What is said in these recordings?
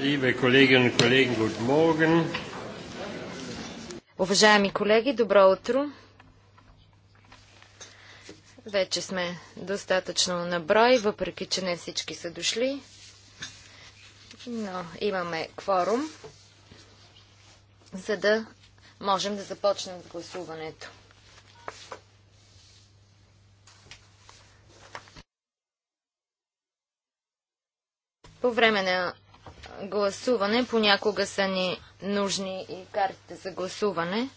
Liebe Kolleginnen und Kollegen, guten Morgen. Уважаеми колеги, добро утро. Вече сме достатъчно на брой, въпреки че не всички са дошли. Но имаме кворум, за да можем да започнем с гласуването. По време на гласуване. Понякога са ни нужни и картите за гласуване.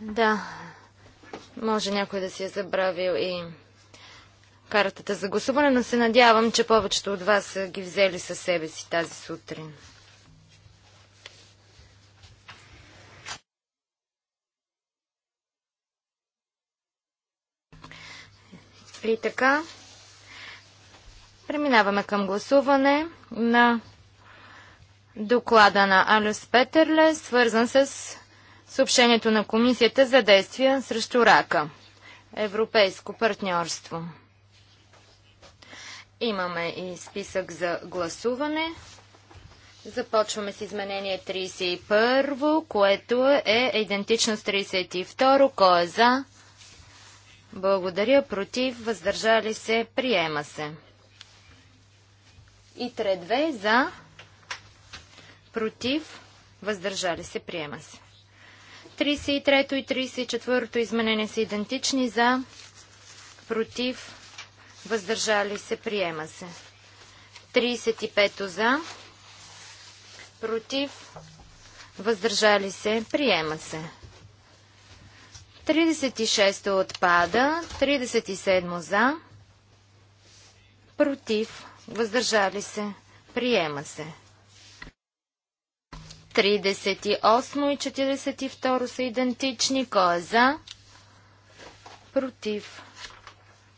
Да, може някой да си е забравил и картата за гласуване, но се надявам, че повечето от вас са ги взели със себе си тази сутрин. При така, преминаваме към гласуване на доклада на Алюс Петерле, свързан с съобщението на Комисията за действия срещу рака. Европейско партньорство. Имаме и списък за гласуване. Започваме с изменение 31, което е идентично с 32. Кой е за? Благодаря. Против. Въздържали се. Приема се. И тре две за. Против. Въздържали се. Приема се. 33 и 34 то изменение са идентични за. Против. Въздържали се. Приема се. 35 за. Против. Въздържали се. Приема се. 36 отпада. 37 за. Против. Въздържали се. Приема се. 38 и 42 са идентични. Кой е за? Против.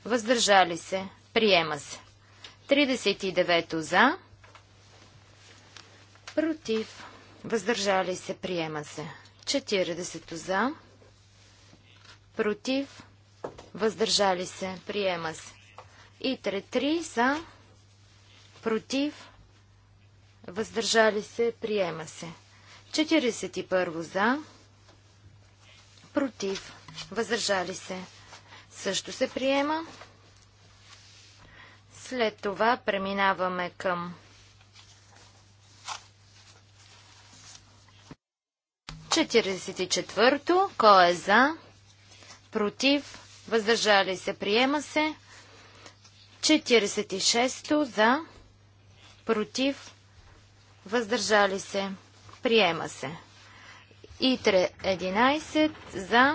Въздържали се. Приема се. 39 за. Против. Въздържали се. Приема се. 40 за против, въздържали се, приема се. И 3 за, против, въздържали се, приема се. 41 за, против, въздържали се, също се приема. След това преминаваме към 44-то. Кой е за? против, въздържали се, приема се. 46-то за, против, въздържали се, приема се. Итре 11 за,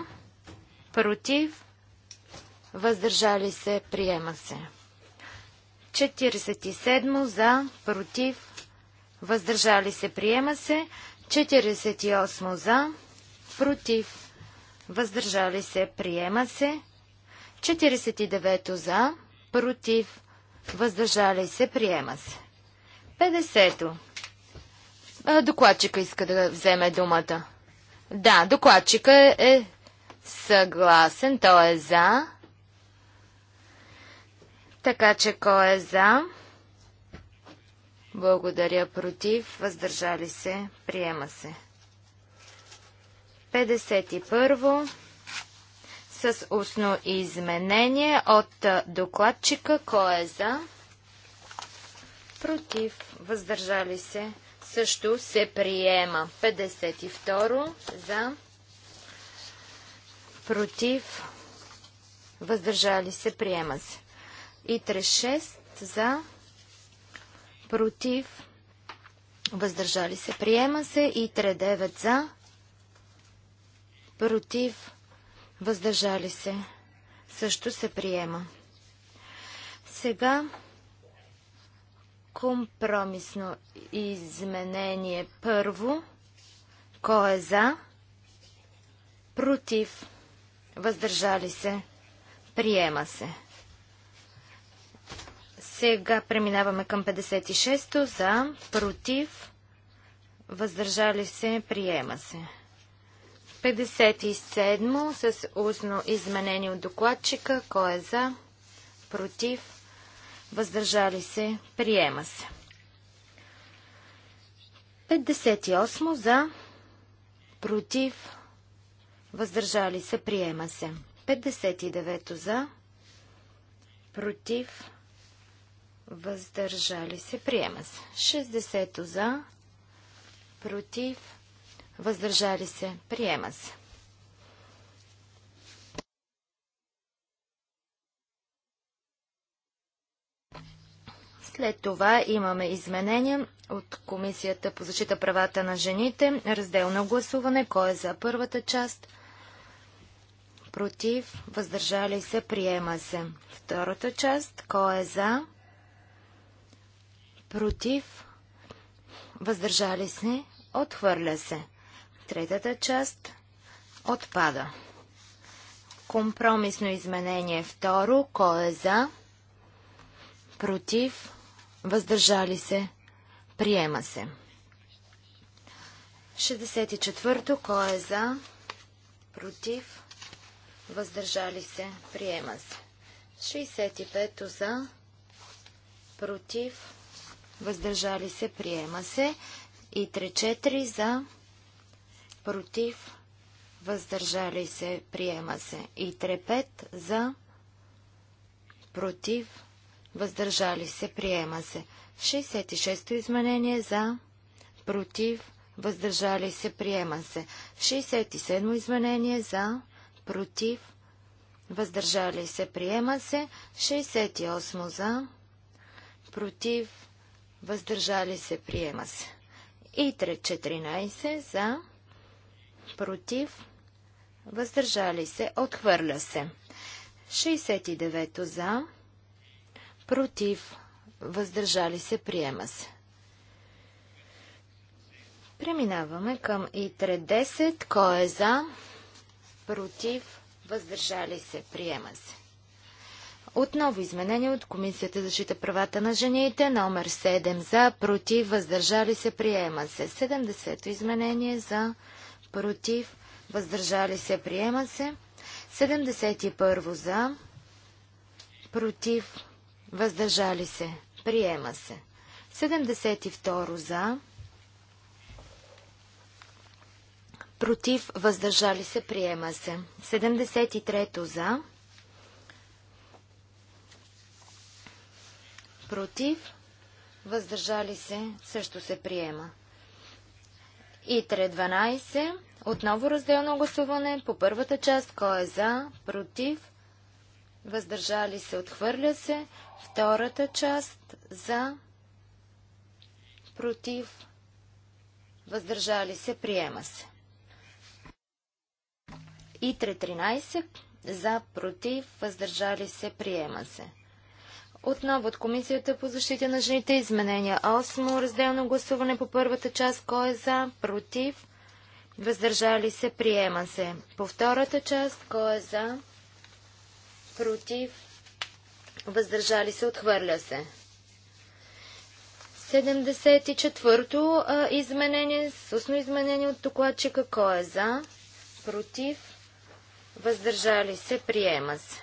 против, въздържали се, приема се. 47 за, против, въздържали се, приема се. 48 за, против, въздържали се, приема се. 49 за, против, въздържали се, приема се. 50 Докладчика иска да вземе думата. Да, докладчика е съгласен, той е за. Така че кой е за? Благодаря против, въздържали се, приема се. 51 с устно изменение от докладчика. Кой е за? Против. Въздържали се. Също се приема. 52 за. Против. Въздържали се. Приема се. И 36 за. Против. Въздържали се. Приема се. И 39 за против, въздържали се, също се приема. Сега компромисно изменение първо. Кой е за? Против. Въздържали се. Приема се. Сега преминаваме към 56-то. За. Против. Въздържали се. Приема се. 57 с устно изменение от докладчика. Кой е за? Против? Въздържали се? Приема се. 58 за? Против? Въздържали се? Приема се. 59 за? Против? Въздържали се? Приема се. 60 за? Против? въздържали се, приема се. След това имаме изменения от Комисията по защита правата на жените. Разделно гласуване. Кой е за първата част? Против. Въздържали се. Приема се. Втората част. Кой е за? Против. Въздържали се. Отхвърля се. Третата част отпада. Компромисно изменение второ. Кой е за? Против? Въздържали се? Приема се. 64-то. Кой е за? Против? Въздържали се? Приема се. 65-то за? Против? Въздържали се? Приема се. И 3-4 за? Против? против, въздържали се, приема се. И трепет за, против, въздържали се, приема се. 66-то изменение за, против, въздържали се, приема се. 67-то изменение за, против, въздържали се, приема се. 68 за, против, въздържали се, приема се. И 3, 14 за, против, въздържали се, отхвърля се. 69 за, против, въздържали се, приема се. Преминаваме към и 10. Кой е за? Против? Въздържали се? Приема се. Отново изменение от Комисията за защита правата на жените. Номер 7 за. Против? Въздържали се? Приема се. 70-то изменение за против, въздържали се, приема се. 71 за, против, въздържали се, приема се. 72 за, против, въздържали се, приема се. 73 за, против, въздържали се, също се приема. ИТРЕ 12. Отново разделно гласуване по първата част. Кой е за? Против? Въздържали се? Отхвърля се. Втората част. За? Против? Въздържали се? Приема се. ИТРЕ 13. За? Против? Въздържали се? Приема се. Отново от Комисията по защита на жените изменения. Осмо разделно гласуване по първата част. Кой е за? Против? Въздържали се? Приема се. По втората част. Кой е за? Против? Въздържали се? Отхвърля се. 74-то изменение, сусно изменение от докладчика. Кой е за? Против? Въздържали се? Приема се.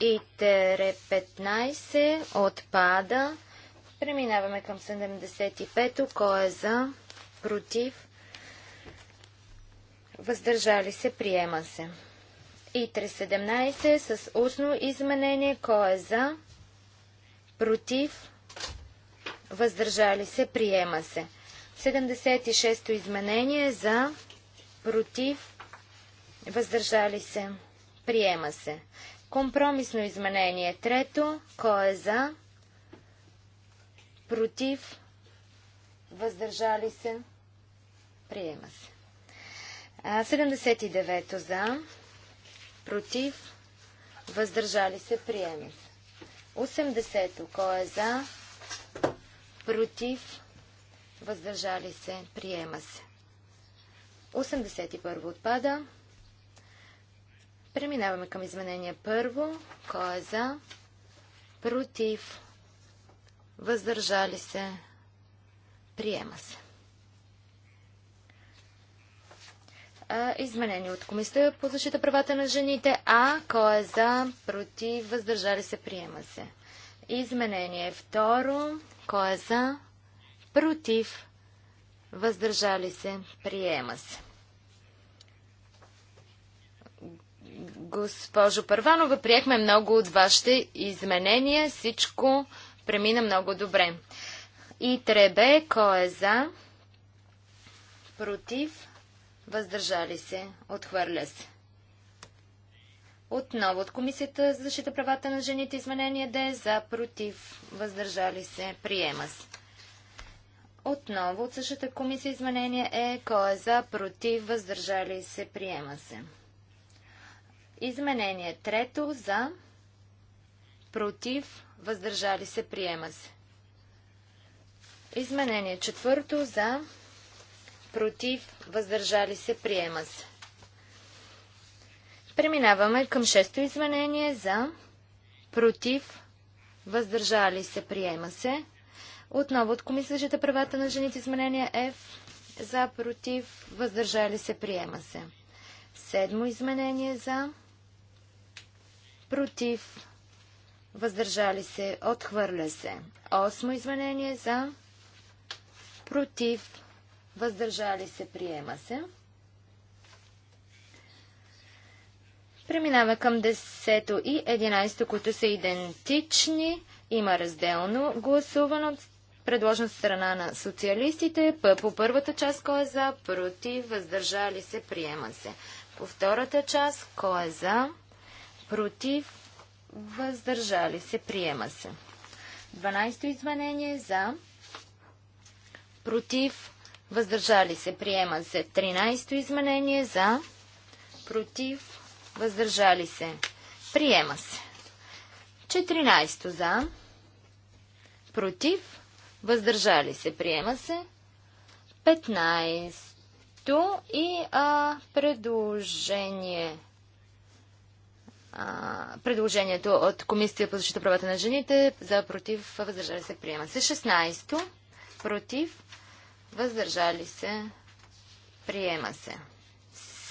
И Тере 15 отпада. Преминаваме към 75-то. Кой е за? Против? Въздържали се? Приема се. И 17 с устно изменение. Кой е за? Против? Въздържали се? Приема се. 76-то изменение за? Против? Въздържали се? Приема се. Компромисно изменение трето. Кой е за? Против? Въздържали се? Приема се. 79 за. Против? Въздържали се? Приема се. 80 Кой е за? Против? Въздържали се? Приема се. 81 отпада. Преминаваме към изменение първо. Кой е за? Против. Въздържали се. Приема се. Изменение от Комисията по защита правата на жените. А. Кой е за? Против. Въздържали се. Приема се. Изменение второ. Кой е за? Против. Въздържали се. Приема се. Госпожо Първанова, приехме много от вашите изменения. Всичко премина много добре. И Требе, кой е за? Против? Въздържали се? Отхвърля се. Отново от Комисията за защита правата на жените изменение да е за, против, въздържали се, приема се. Отново от същата комисия изменение е кой е за, против, въздържали се, приема се. Изменение трето за, против, въздържали се, приема се. Изменение четвърто за, против, въздържали се, приема се. Преминаваме към шесто изменение за, против, въздържали се, приема се. Отново от Комисията правата на жените изменение F за, против, въздържали се, приема се. Седмо изменение за, против, въздържали се, отхвърля се. Осмо изменение за, против, въздържали се, приема се. Преминаваме към 10 и 11, които са идентични. Има разделно гласуване от предложена страна на социалистите. П по първата част, кой е за, против, въздържали се, приема се. По втората част, кой е за, против, въздържали се, приема се. 12-то изменение за, против, въздържали се, приема се. 13-то изменение за, против, въздържали се, приема се. 14 за, против, въздържали се, приема се. 15 и а, предложение предложението от Комисията по защита правата на жените за против въздържали се приема се. 16. Против въздържали се приема се.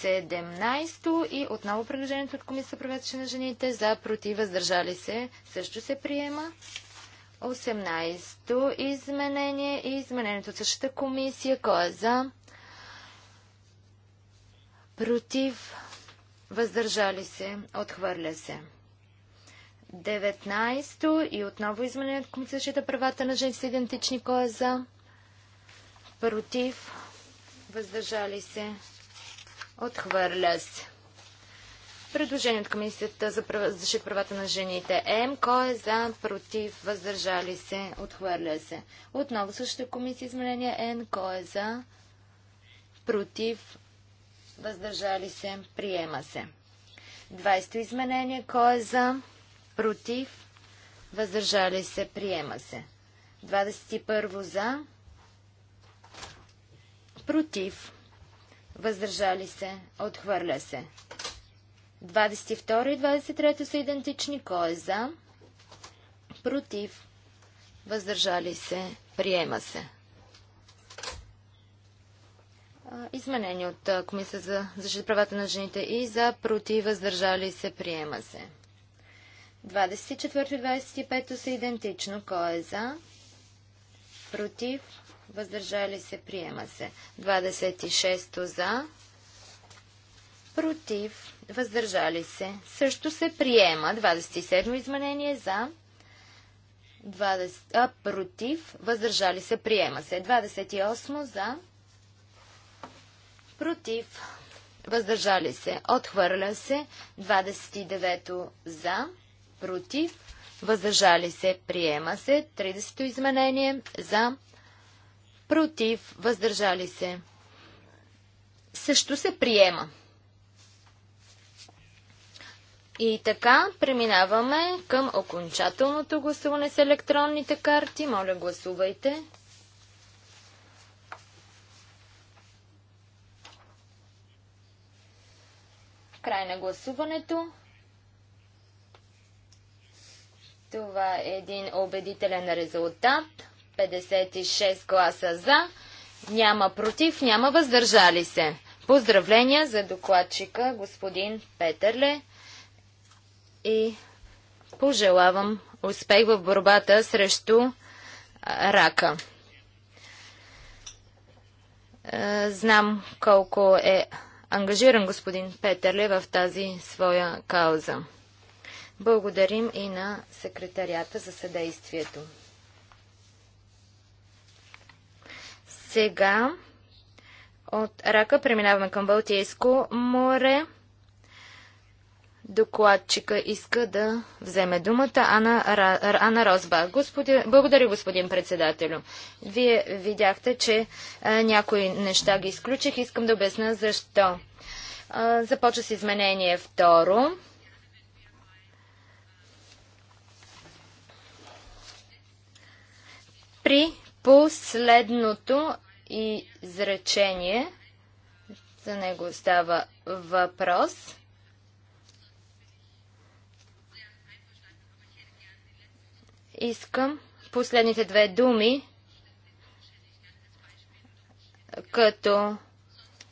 17 и отново предложението от Комисията по защита на жените за против въздържали се също се приема. 18 изменение и изменението от същата комисия. Кой е за? Против въздържали се, отхвърля се. 19 и отново изменение от Комисията правата на жените са идентични. Кой е за? Против? Въздържали се? Отхвърля се. Предложение от Комисията за защита правата на жените М. Кой е за? Против? Въздържали се? Отхвърля се. Отново същата комисия изменение Н. Кой е за? Против? въздържали се, приема се. 20 изменение, кой е за, против, въздържали се, приема се. 21 за, против, въздържали се, отхвърля се. 22 и 23 са идентични, кой е за, против, въздържали се, приема се. Изменение от Комисия за защита правата на жените и за против въздържали се приема се. 24 и 25 са идентично. Кой е за? Против? Въздържали се? Приема се. 26 за? Против? Въздържали се? Също се приема. 27 изменение за? 20, а, против? Въздържали се? Приема се. 28 за? против, въздържали се, отхвърля се, 29 за, против, въздържали се, приема се, 30 изменение за, против, въздържали се, също се приема. И така преминаваме към окончателното гласуване с електронните карти. Моля, гласувайте. Край на гласуването. Това е един убедителен резултат. 56 гласа за, няма против, няма въздържали се. Поздравления за докладчика господин Петърле и пожелавам успех в борбата срещу рака. Знам колко е ангажиран господин Петерле в тази своя кауза. Благодарим и на секретарията за съдействието. Сега от Рака преминаваме към Балтийско море докладчика иска да вземе думата. Ана, Ана Розба. Господи, благодаря, господин председателю. Вие видяхте, че а, някои неща ги изключих. Искам да обясна защо. А, започва с изменение второ. При последното изречение за него става въпрос – Искам последните две думи като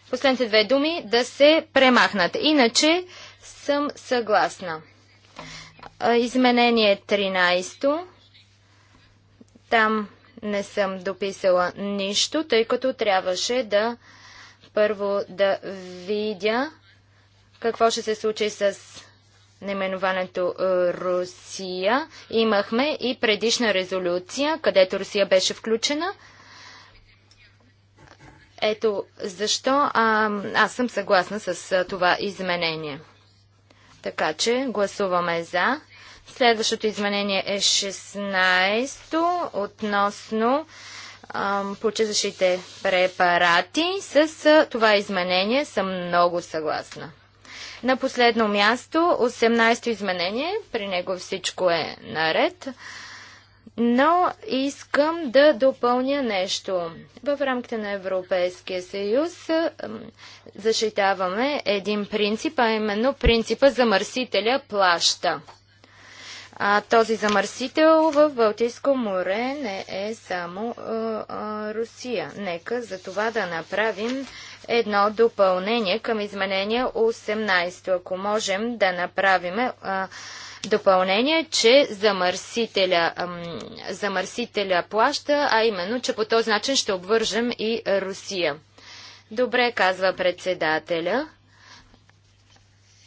последните две думи да се премахнат. Иначе съм съгласна. Изменение 13. Там не съм дописала нищо, тъй като трябваше да първо да видя какво ще се случи с наименуването е, Русия. Имахме и предишна резолюция, където Русия беше включена. Ето защо а, аз съм съгласна с а, е, това изменение. Така че гласуваме за. Следващото изменение е 16-то относно почезащите препарати. С а, е, това изменение съм много съгласна. На последно място, 18-то изменение, при него всичко е наред, но искам да допълня нещо. В рамките на Европейския съюз защитаваме един принцип, а именно принципа замърсителя плаща. А този замърсител в Балтийско море не е само а, а, Русия. Нека за това да направим едно допълнение към изменение 18. Ако можем да направим а, допълнение, че замърсителя, а, замърсителя плаща, а именно, че по този начин ще обвържем и Русия. Добре, казва председателя.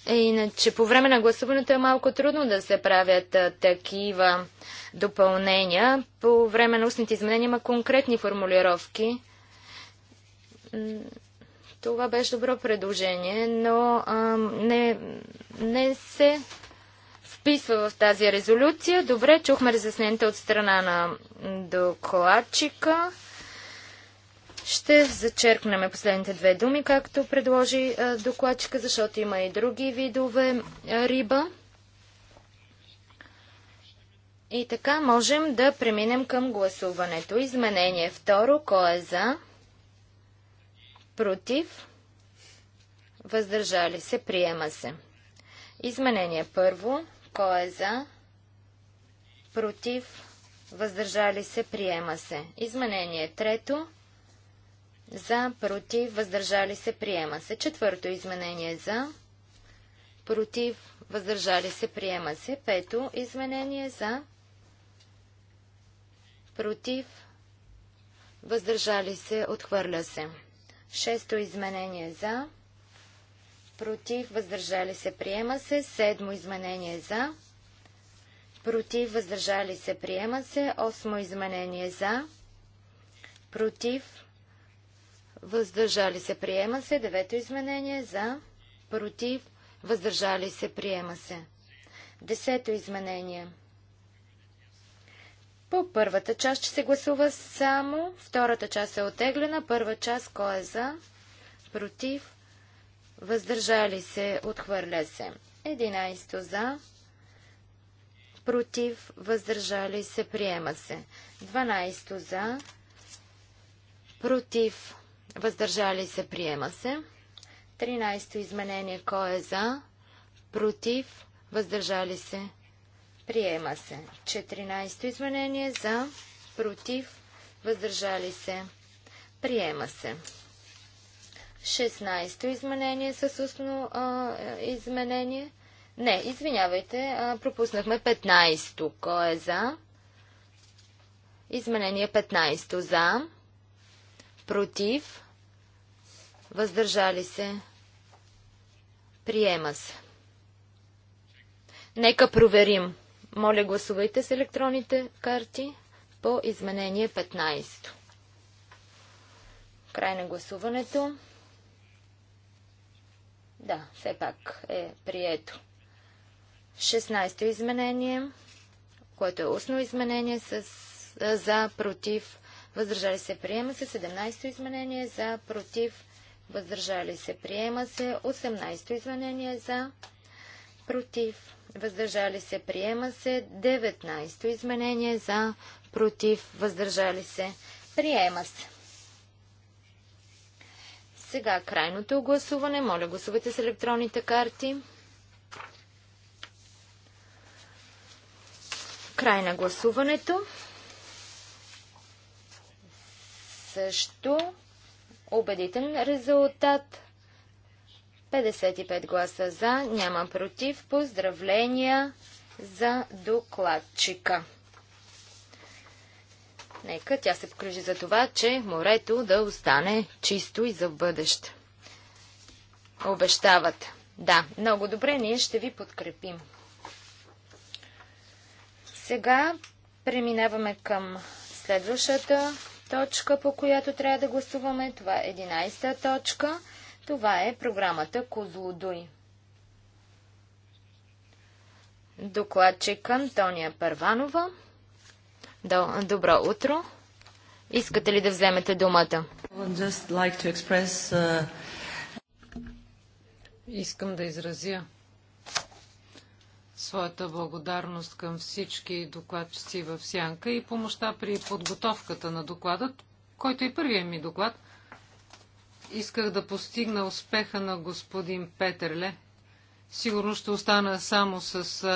Е, иначе по време на гласуването е малко трудно да се правят а, такива допълнения. По време на устните изменения има конкретни формулировки това беше добро предложение, но а, не, не се вписва в тази резолюция. Добре, чухме разяснените от страна на докладчика. Ще зачеркнем последните две думи, както предложи докладчика, защото има и други видове а, риба. И така можем да преминем към гласуването. Изменение второ. Кой е за? против, въздържали се, приема се. Изменение първо, кой е за, против, въздържали се, приема се. Изменение трето, за, против, въздържали се, приема се. Четвърто изменение за, против, въздържали се, приема се. Пето изменение за, против, въздържали се, отхвърля се. Шесто изменение за. Против, въздържали се, приема се. Седмо изменение за. Против, въздържали се, приема се. Осмо изменение за. Против, въздържали се, приема се. Девето изменение за. Против, въздържали се, приема се. Десето изменение. По първата част ще се гласува само. Втората част е отеглена. Първа част кой е за? Против. Въздържали се. Отхвърля се. 11 за. Против. Въздържали се. Приема се. 12 за. Против. Въздържали се. Приема се. 13 изменение кой е за? Против. Въздържали се. Приема се. 14-то изменение за, против, въздържали се. Приема се. 16-то изменение с устно а, е, изменение. Не, извинявайте, а, пропуснахме 15-то. Кое е за? Изменение 15-то за, против, въздържали се. Приема се. Нека проверим. Моля, гласувайте с електронните карти по изменение 15. Край на гласуването. Да, все пак е прието. 16-то изменение, което е устно изменение с, за, против, въздържали се, приема се. 17-то изменение за, против, въздържали се, приема се. 18-то изменение за, против, въздържали се, приема се. 19-то изменение за, против, въздържали се, приема се. Сега крайното гласуване. Моля, гласувайте с електронните карти. Край на гласуването. Също убедителен резултат. 55 гласа за, няма против. Поздравления за докладчика. Нека тя се покрижи за това, че морето да остане чисто и за бъдеще. Обещават. Да, много добре, ние ще ви подкрепим. Сега преминаваме към следващата точка, по която трябва да гласуваме. Това е 11-та точка – това е програмата Козлодуй. Докладчик Антония Първанова. Добро утро. Искате ли да вземете думата? Uh, Искам да изразя своята благодарност към всички докладчици в Сянка и помощта при подготовката на докладът, който е първият ми доклад – исках да постигна успеха на господин Петърле. Сигурно ще остана само с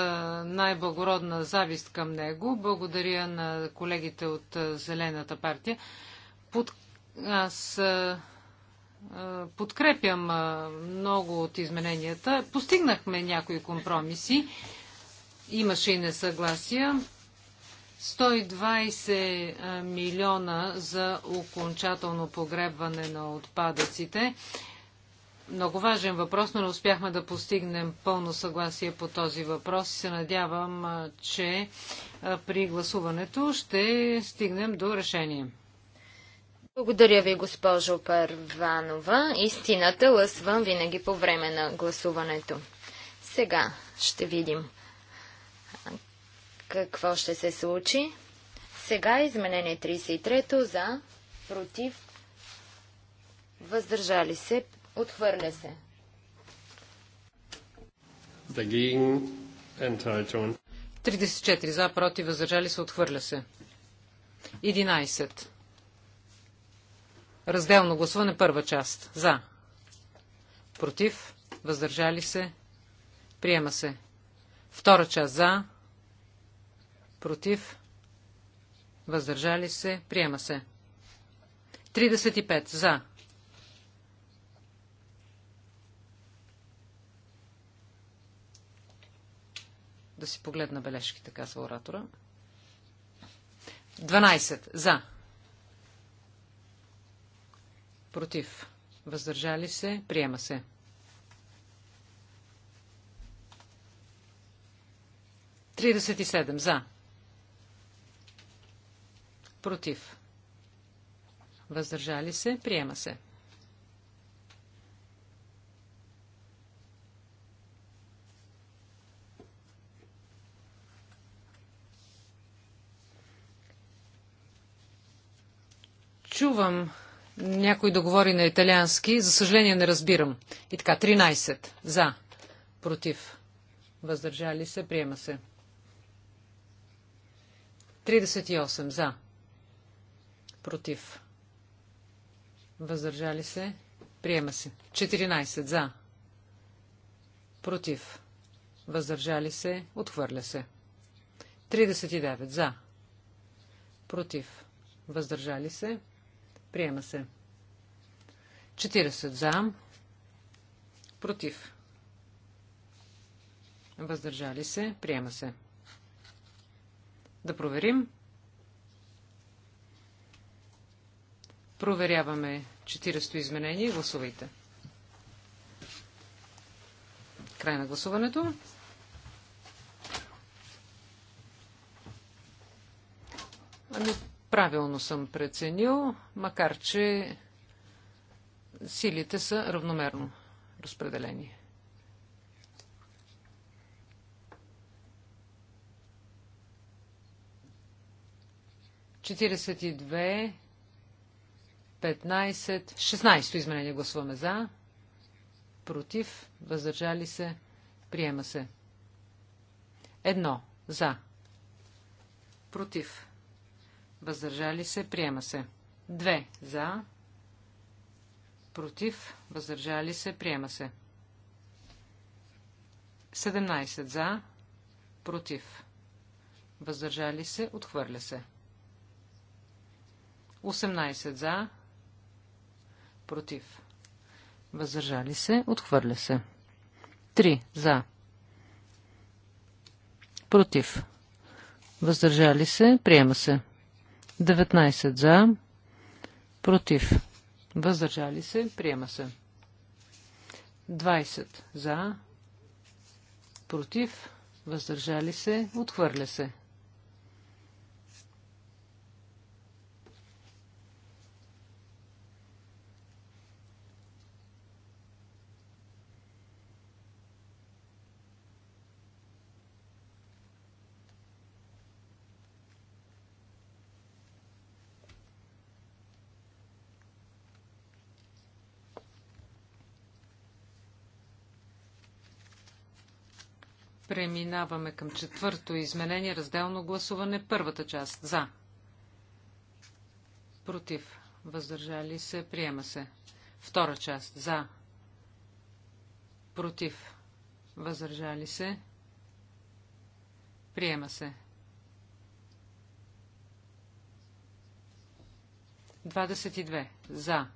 най-благородна завист към него. Благодаря на колегите от Зелената партия. Под... Аз подкрепям много от измененията. Постигнахме някои компромиси. Имаше и несъгласия. 120 милиона за окончателно погребване на отпадъците. Много важен въпрос, но не успяхме да постигнем пълно съгласие по този въпрос и се надявам, че при гласуването ще стигнем до решение. Благодаря ви, госпожо Парванова. Истината лъсвам винаги по време на гласуването. Сега ще видим какво ще се случи. Сега изменение 33 за, против, въздържали се, отхвърля се. Dagegen Enthaltung. 34 за, против, въздържали се, отхвърля се. 11. Разделно гласуване, първа част. За. Против, въздържали се, приема се. Втора част за, против, въздържали се, приема се. 35 за. Да си погледна бележките, казва оратора. 12 за. Против. Въздържали се. Приема се. 37 за. Против. Въздържали се. Приема се. Чувам някой да говори на италиански. За съжаление не разбирам. И така, 13. За. Против. Въздържали се. Приема се. 38. За. Против. Въздържали се. Приема се. 14 за. Против. Въздържали се. Отхвърля се. 39 за. Против. Въздържали се. Приема се. 40 за. Против. Въздържали се. Приема се. Да проверим. Проверяваме 40-то изменение и гласувайте. Край на гласуването. Ами, правилно съм преценил, макар че силите са равномерно разпределени. Четиридесет и две 15, 16 изменение гласуваме за, против, въздържали се, приема се. Едно, за, против, въздържали се, приема се. Две, за, против, въздържали се, приема се. 17 за, против, въздържали се, отхвърля се. 18 за, Против. Въздържали се. Отхвърля се. 3. За. Против. Въздържали се. Приема се. 19. За. Против. Въздържали се. Приема се. 20. За. Против. Въздържали се. Отхвърля се. Преминаваме към четвърто изменение, разделно гласуване, първата част. За. Против. Въздържали се. Приема се. Втора част. За. Против. Въздържали се. Приема се. 22. За.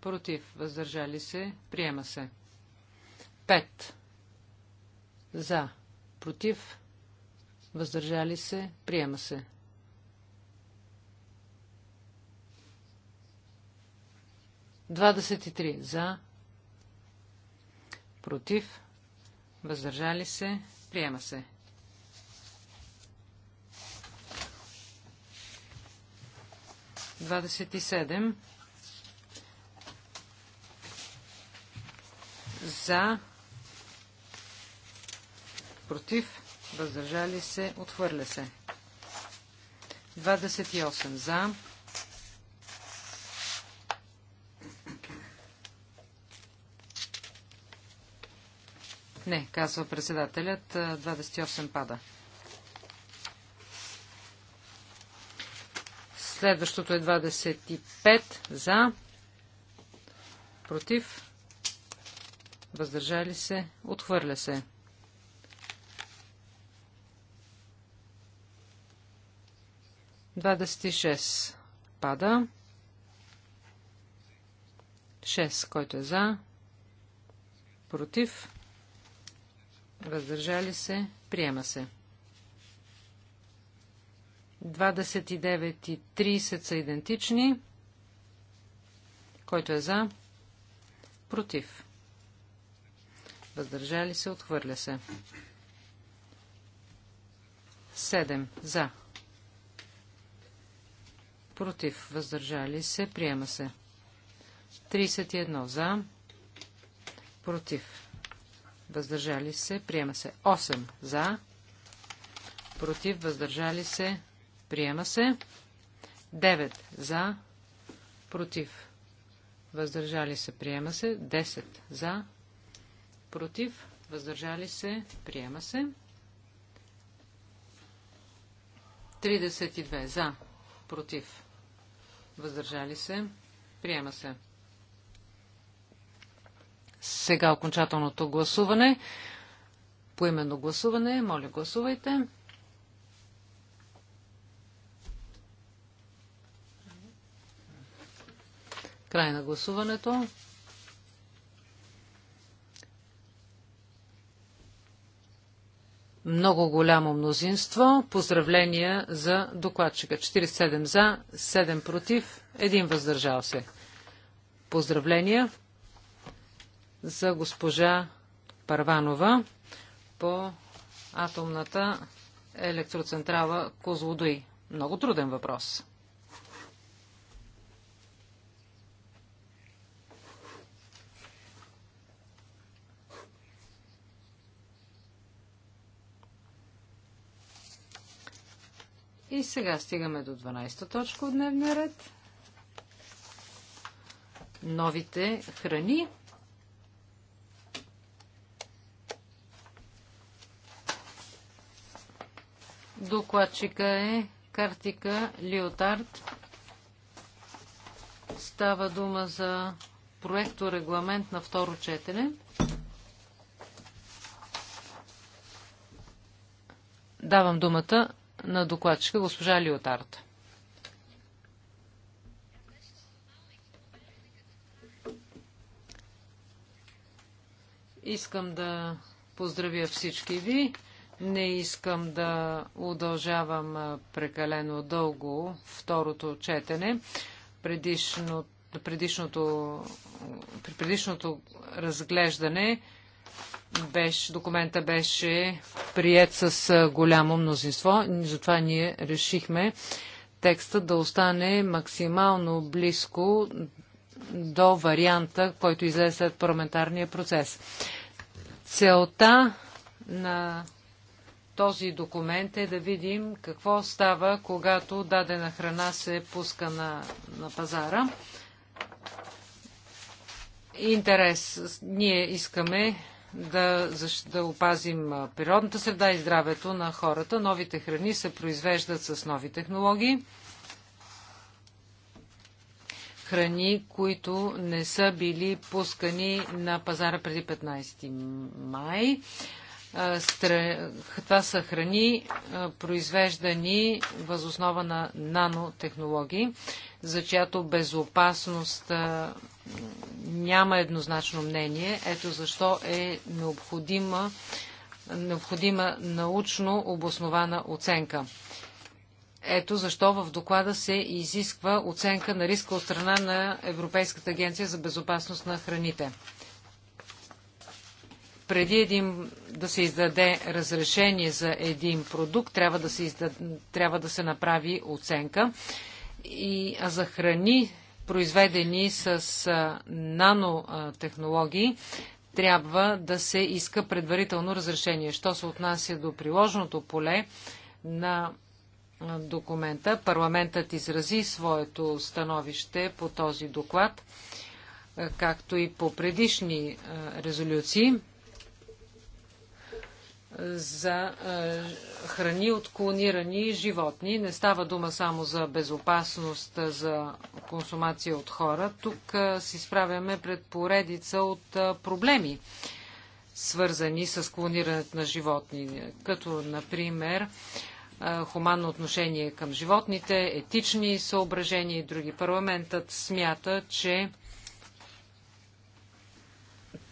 Против. Въздържали се. Приема се. 5 за, против, въздържали се, приема се. Двадесет и три за, против, въздържали се, приема се. Двадесет и седем за, против, въздържали се, отхвърля се. 28 за. Не, казва председателят, 28 пада. Следващото е 25 за, против, въздържали се, отхвърля се. 26 пада. 6, който е за, против, въздържали се, приема се. 29 и 30 са идентични. Който е за, против. Въздържали се, отхвърля се. 7 за против, въздържали се, приема се. 31 за, против, въздържали се, приема се. 8 за, против, въздържали се, приема се. 9 за, против, въздържали се, приема се. 10 за, против, въздържали се, приема се. 32 за, против, Въздържали се. Приема се. Сега окончателното гласуване. Поименно гласуване. Моля, гласувайте. Край на гласуването. много голямо мнозинство. Поздравления за докладчика. 47 за, 7 против, 1 въздържал се. Поздравления за госпожа Парванова по атомната електроцентрала Козлодуй. Много труден въпрос. И сега стигаме до 12-та точка от дневния ред. Новите храни. Докладчика е Картика Лиотард. Става дума за проекто регламент на второ четене. Давам думата на докладчика госпожа Лиотард. Искам да поздравя всички ви. Не искам да удължавам прекалено дълго второто четене. Предишно, предишното, предишното разглеждане беше, документа беше прият с голямо мнозинство, затова ние решихме текста да остане максимално близко до варианта, който излезе след парламентарния процес. Целта на този документ е да видим какво става, когато дадена храна се пуска на, на пазара. Интерес. Ние искаме да, да опазим природната среда и здравето на хората. Новите храни се произвеждат с нови технологии. Храни, които не са били пускани на пазара преди 15 май. Това са храни, произвеждани възоснова на нанотехнологии за чиято безопасност няма еднозначно мнение. Ето защо е необходима, необходима научно обоснована оценка. Ето защо в доклада се изисква оценка на риска от страна на Европейската агенция за безопасност на храните. Преди един, да се издаде разрешение за един продукт, трябва да се, издад, трябва да се направи оценка и за храни, произведени с нанотехнологии, трябва да се иска предварително разрешение. Що се отнася до приложното поле на документа, парламентът изрази своето становище по този доклад, както и по предишни резолюции за е, храни от клонирани животни. Не става дума само за безопасност за консумация от хора. Тук се изправяме пред поредица от е, проблеми, свързани с клонирането на животни, като, например, е, хуманно отношение към животните, етични съображения и други. Парламентът смята, че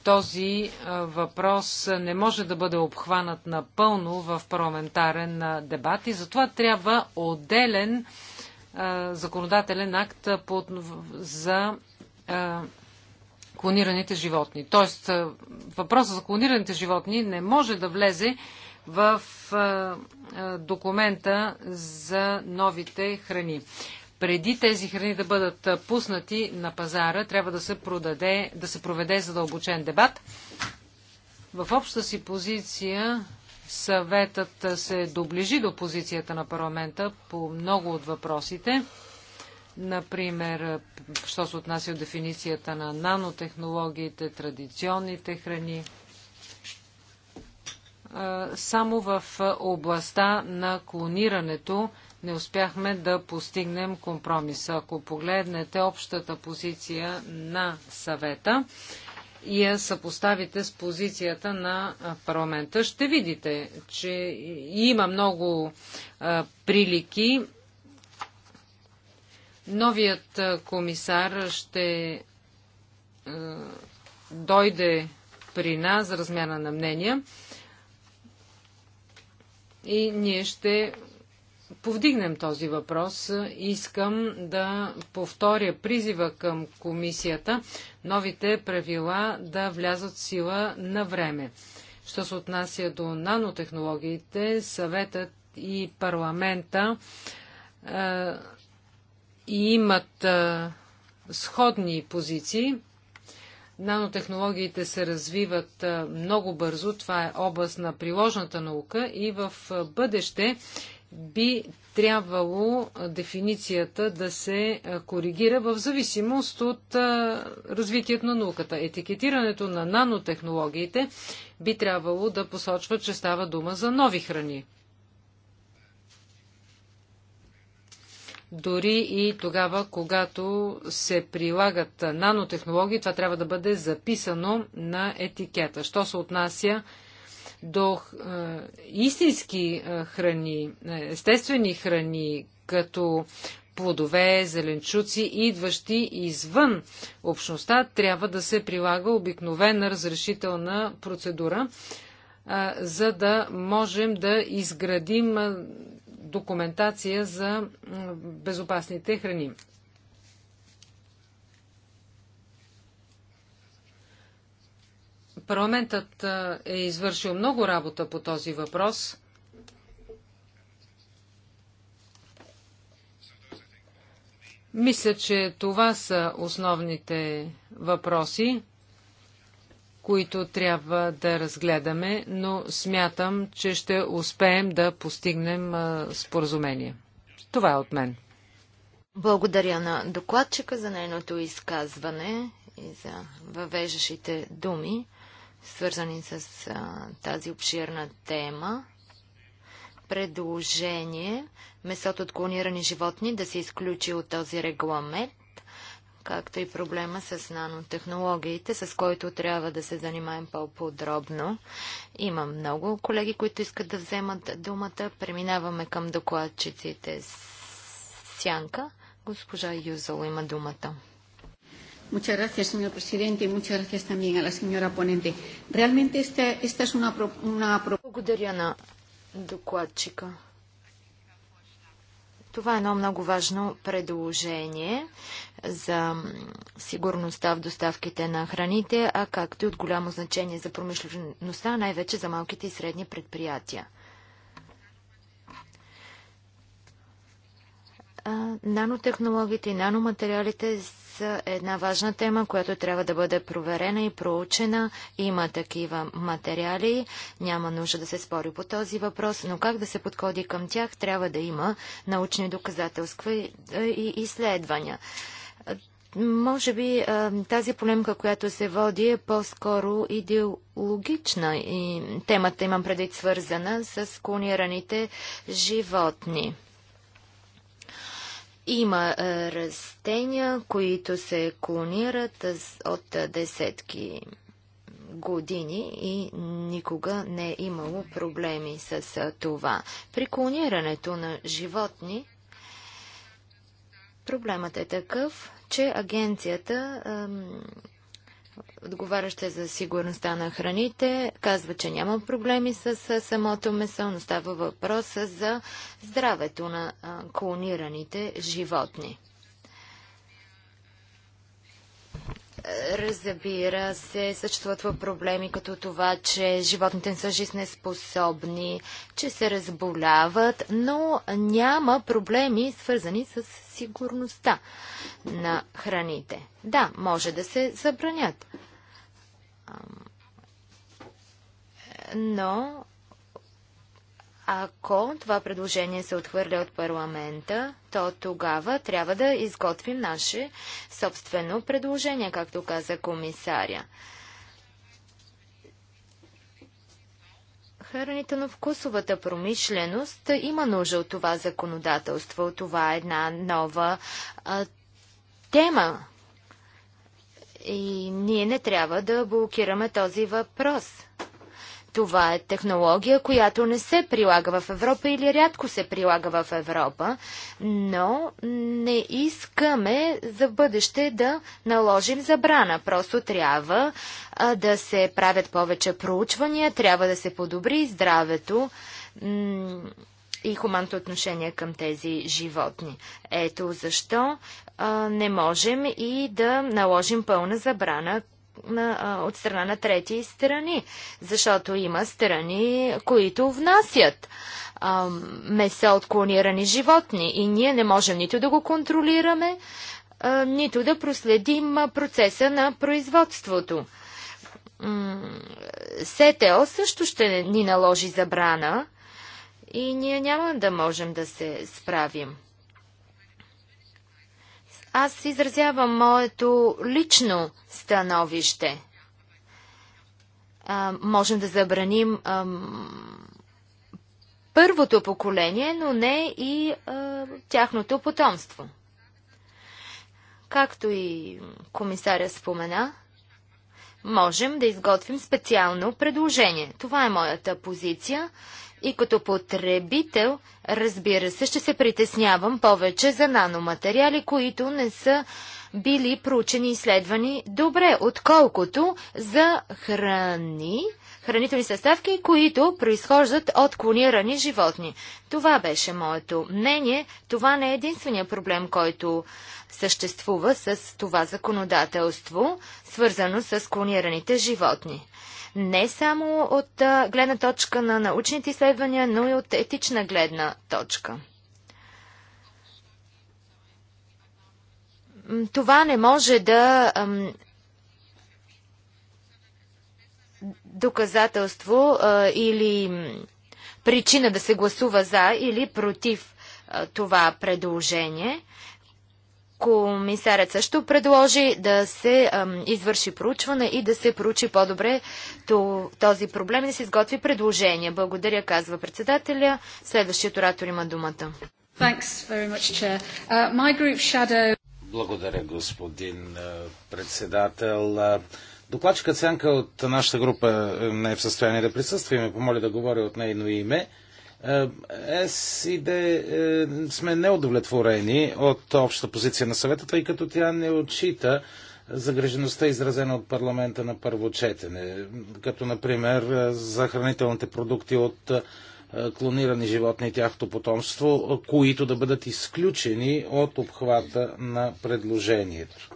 този въпрос не може да бъде обхванат напълно в парламентарен дебат и затова трябва отделен законодателен акт за клонираните животни. Тоест, въпросът за клонираните животни не може да влезе в документа за новите храни преди тези храни да бъдат пуснати на пазара, трябва да се, продаде, да се проведе задълбочен дебат. В обща си позиция съветът се доближи до позицията на парламента по много от въпросите. Например, що се отнася от дефиницията на нанотехнологиите, традиционните храни. Само в областта на клонирането не успяхме да постигнем компромиса. Ако погледнете общата позиция на съвета и я съпоставите с позицията на парламента, ще видите, че има много прилики. Новият комисар ще дойде при нас за размяна на мнения и ние ще повдигнем този въпрос. Искам да повторя призива към комисията новите правила да влязат в сила на време. Що се отнася до нанотехнологиите, съветът и парламента е, имат е, сходни позиции. Нанотехнологиите се развиват е, много бързо. Това е област на приложната наука и в е, бъдеще би трябвало дефиницията да се коригира в зависимост от развитието на науката. Етикетирането на нанотехнологиите би трябвало да посочва, че става дума за нови храни. Дори и тогава, когато се прилагат нанотехнологии, това трябва да бъде записано на етикета. Що се отнася до е, истински е, храни, е, естествени храни, като плодове, зеленчуци, идващи извън общността, трябва да се прилага обикновена разрешителна процедура, за да можем да изградим документация за безопасните храни. Парламентът е извършил много работа по този въпрос. Мисля, че това са основните въпроси, които трябва да разгледаме, но смятам, че ще успеем да постигнем споразумение. Това е от мен. Благодаря на докладчика за нейното изказване и за въвеждащите думи свързани с а, тази обширна тема. Предложение месото от клонирани животни да се изключи от този регламент, както и проблема с нанотехнологиите, с който трябва да се занимаем по-подробно. Има много колеги, които искат да вземат думата. Преминаваме към докладчиците. Сянка, госпожа Юзол има думата. Muchas gracias, señor presidente, y muchas gracias también a la señora ponente. Realmente esta, esta es una, una... Благодаря на докладчика. Това е едно много важно предложение за сигурността в доставките на храните, а както и от голямо значение за промишлеността, най-вече за малките и средни предприятия. Нанотехнологиите и наноматериалите е една важна тема, която трябва да бъде проверена и проучена. Има такива материали, няма нужда да се спори по този въпрос, но как да се подходи към тях, трябва да има научни доказателства и, и изследвания. Може би тази полемка, която се води, е по-скоро идеологична и темата имам преди свързана с клонираните животни. Има е, растения, които се клонират от е, десетки години и никога не е имало проблеми с е, това. При клонирането на животни проблемът е такъв, че агенцията отговаряща за сигурността на храните, казва, че няма проблеми с самото месо, но става въпрос за здравето на клонираните животни. Разбира се, съществуват проблеми като това, че животните са жизнеспособни, че се разболяват, но няма проблеми свързани с сигурността на храните. Да, може да се забранят. Но ако това предложение се отхвърля от парламента, то тогава трябва да изготвим наше собствено предложение, както каза комисаря. Хранително-вкусовата промишленост има нужда от това законодателство. Това е една нова а, тема. И ние не трябва да блокираме този въпрос. Това е технология, която не се прилага в Европа или рядко се прилага в Европа, но не искаме за бъдеще да наложим забрана. Просто трябва а, да се правят повече проучвания, трябва да се подобри здравето и хуманното отношение към тези животни. Ето защо а, не можем и да наложим пълна забрана на, от страна на трети страни, защото има страни, които внасят а, меса от клонирани животни и ние не можем нито да го контролираме, а, нито да проследим процеса на производството. СТО също ще ни наложи забрана и ние няма да можем да се справим. Аз изразявам моето лично становище. А, можем да забраним ам, първото поколение, но не и а, тяхното потомство. Както и комисаря спомена, можем да изготвим специално предложение. Това е моята позиция. И като потребител, разбира се, ще се притеснявам повече за наноматериали, които не са били проучени и изследвани добре, отколкото за храни, хранителни съставки, които произхождат от клонирани животни. Това беше моето мнение. Това не е единствения проблем, който съществува с това законодателство, свързано с клонираните животни не само от гледна точка на научните изследвания, но и от етична гледна точка. Това не може да доказателство а, или причина да се гласува за или против а, това предложение. Комисарят също предложи да се ам, извърши проучване и да се проучи по-добре то, този проблем и да се изготви предложение. Благодаря, казва председателя. Следващият оратор има думата. Much, uh, shadow... Благодаря, господин председател. Докладчика Цянка от нашата група е, не е в състояние да присъства и ме помоли да говоря от нейно име. Е, е, С и да е, сме неудовлетворени от общата позиция на съвета, тъй като тя не отчита загрежеността, изразена от парламента на първо четене, като например за хранителните продукти от клонирани животни и тяхното потомство, които да бъдат изключени от обхвата на предложението.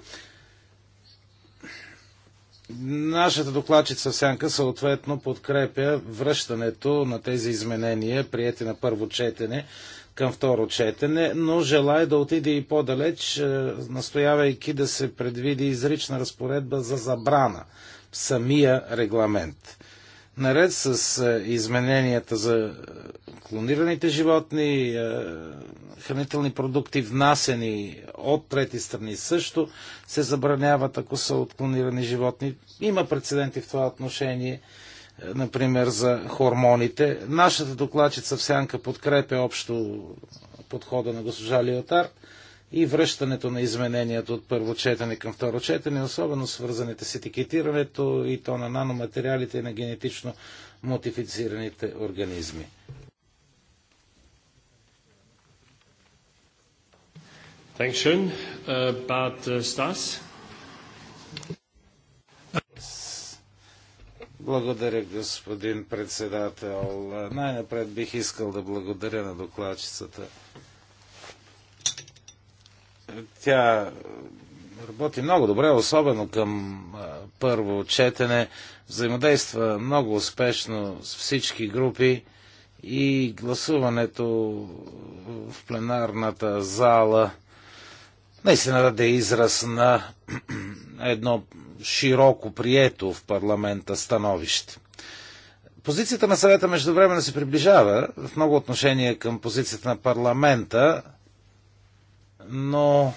Нашата докладчица Сянка съответно подкрепя връщането на тези изменения, приети на първо четене, към второ четене, но желая да отиде и по-далеч, е, настоявайки да се предвиди изрична разпоредба за забрана в самия регламент. Наред с е, измененията за е, клонираните животни, е, хранителни продукти, внасени от трети страни също се забраняват, ако са от клонирани животни. Има прецеденти в това отношение, например за хормоните. Нашата докладчица Всянка сянка подкрепя общо подхода на госпожа Лиотар – и връщането на измененията от първо четене към второ четене, особено свързаните с етикетирането и то на наноматериалите и на генетично модифицираните организми. Uh, Bart uh, Stas. Благодаря, господин председател. Най-напред бих искал да благодаря на докладчицата тя работи много добре, особено към първо четене. Взаимодейства много успешно с всички групи и гласуването в пленарната зала наистина даде израз на едно широко прието в парламента становище. Позицията на съвета междувременно се приближава в много отношение към позицията на парламента, но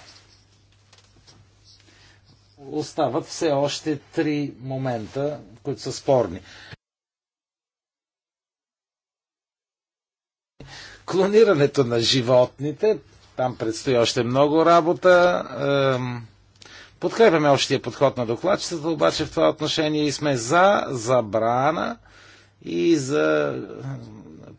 остават все още три момента, които са спорни. Клонирането на животните, там предстои още много работа. Подкрепяме общия подход на докладчицата, обаче в това отношение и сме за забрана и за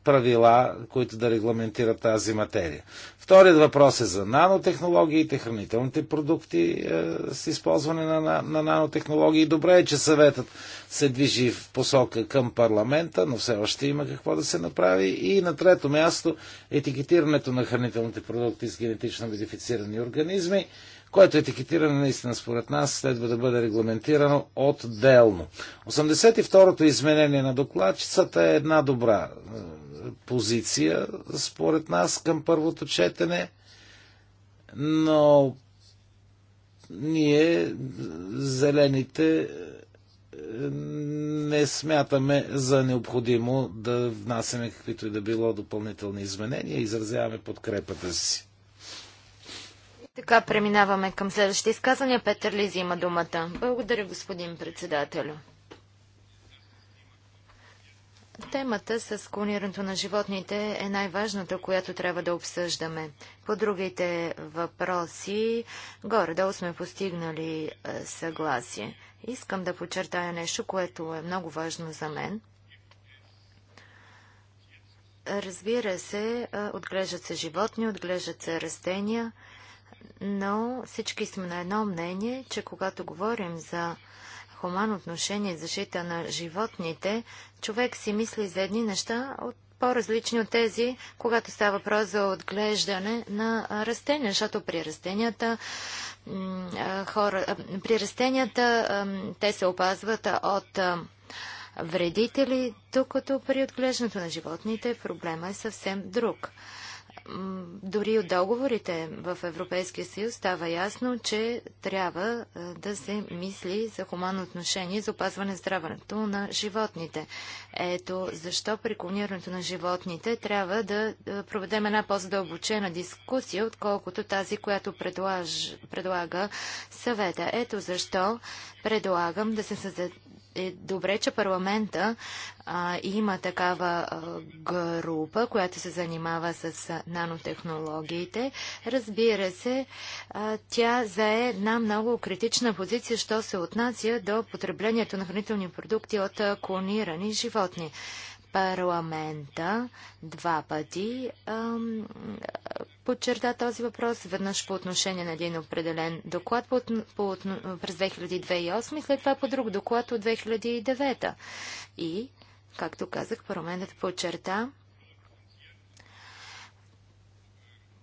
правила, които да регламентират тази материя. Вторият въпрос е за нанотехнологиите, хранителните продукти е, с използване на, на, на нанотехнологии. Добре е, че съветът се движи в посока към парламента, но все още има какво да се направи. И на трето място етикетирането на хранителните продукти с генетично модифицирани организми, което етикетиране наистина според нас следва да бъде регламентирано отделно. 82-то изменение на докладчицата е една добра е, позиция, според нас, към първото четене, но ние, зелените, не смятаме за необходимо да внасяме каквито и да било допълнителни изменения и изразяваме подкрепата си. Така преминаваме към следващите изказвания. Петър Лизи има думата. Благодаря, господин председателю. Темата с клонирането на животните е най-важната, която трябва да обсъждаме. По другите въпроси, горе-долу сме постигнали е, съгласие. Искам да подчертая нещо, което е много важно за мен. Разбира се, е, отглеждат се животни, отглеждат се растения, но всички сме на едно мнение, че когато говорим за хуман отношение и защита на животните, човек си мисли за едни неща от по-различни от тези, когато става въпрос за отглеждане на растения, защото при растенията, хора, при растенията те се опазват от вредители, докато при отглеждането на животните проблема е съвсем друг. Дори от договорите в Европейския съюз става ясно, че трябва да се мисли за хуманно отношение за опазване здравето на животните. Ето защо при клонирането на животните трябва да проведем една по-задълбочена дискусия, отколкото тази, която предлаж... предлага съвета. Ето защо предлагам да се създаде е добре, че парламента а, има такава а, група, която се занимава с а, нанотехнологиите. Разбира се, а, тя зае една много критична позиция, що се отнася до потреблението на хранителни продукти от а, клонирани животни парламента два пъти подчерта този въпрос. Веднъж по отношение на един определен доклад по, по, през 2008 и след това по друг доклад от 2009. И, както казах, парламентът подчерта,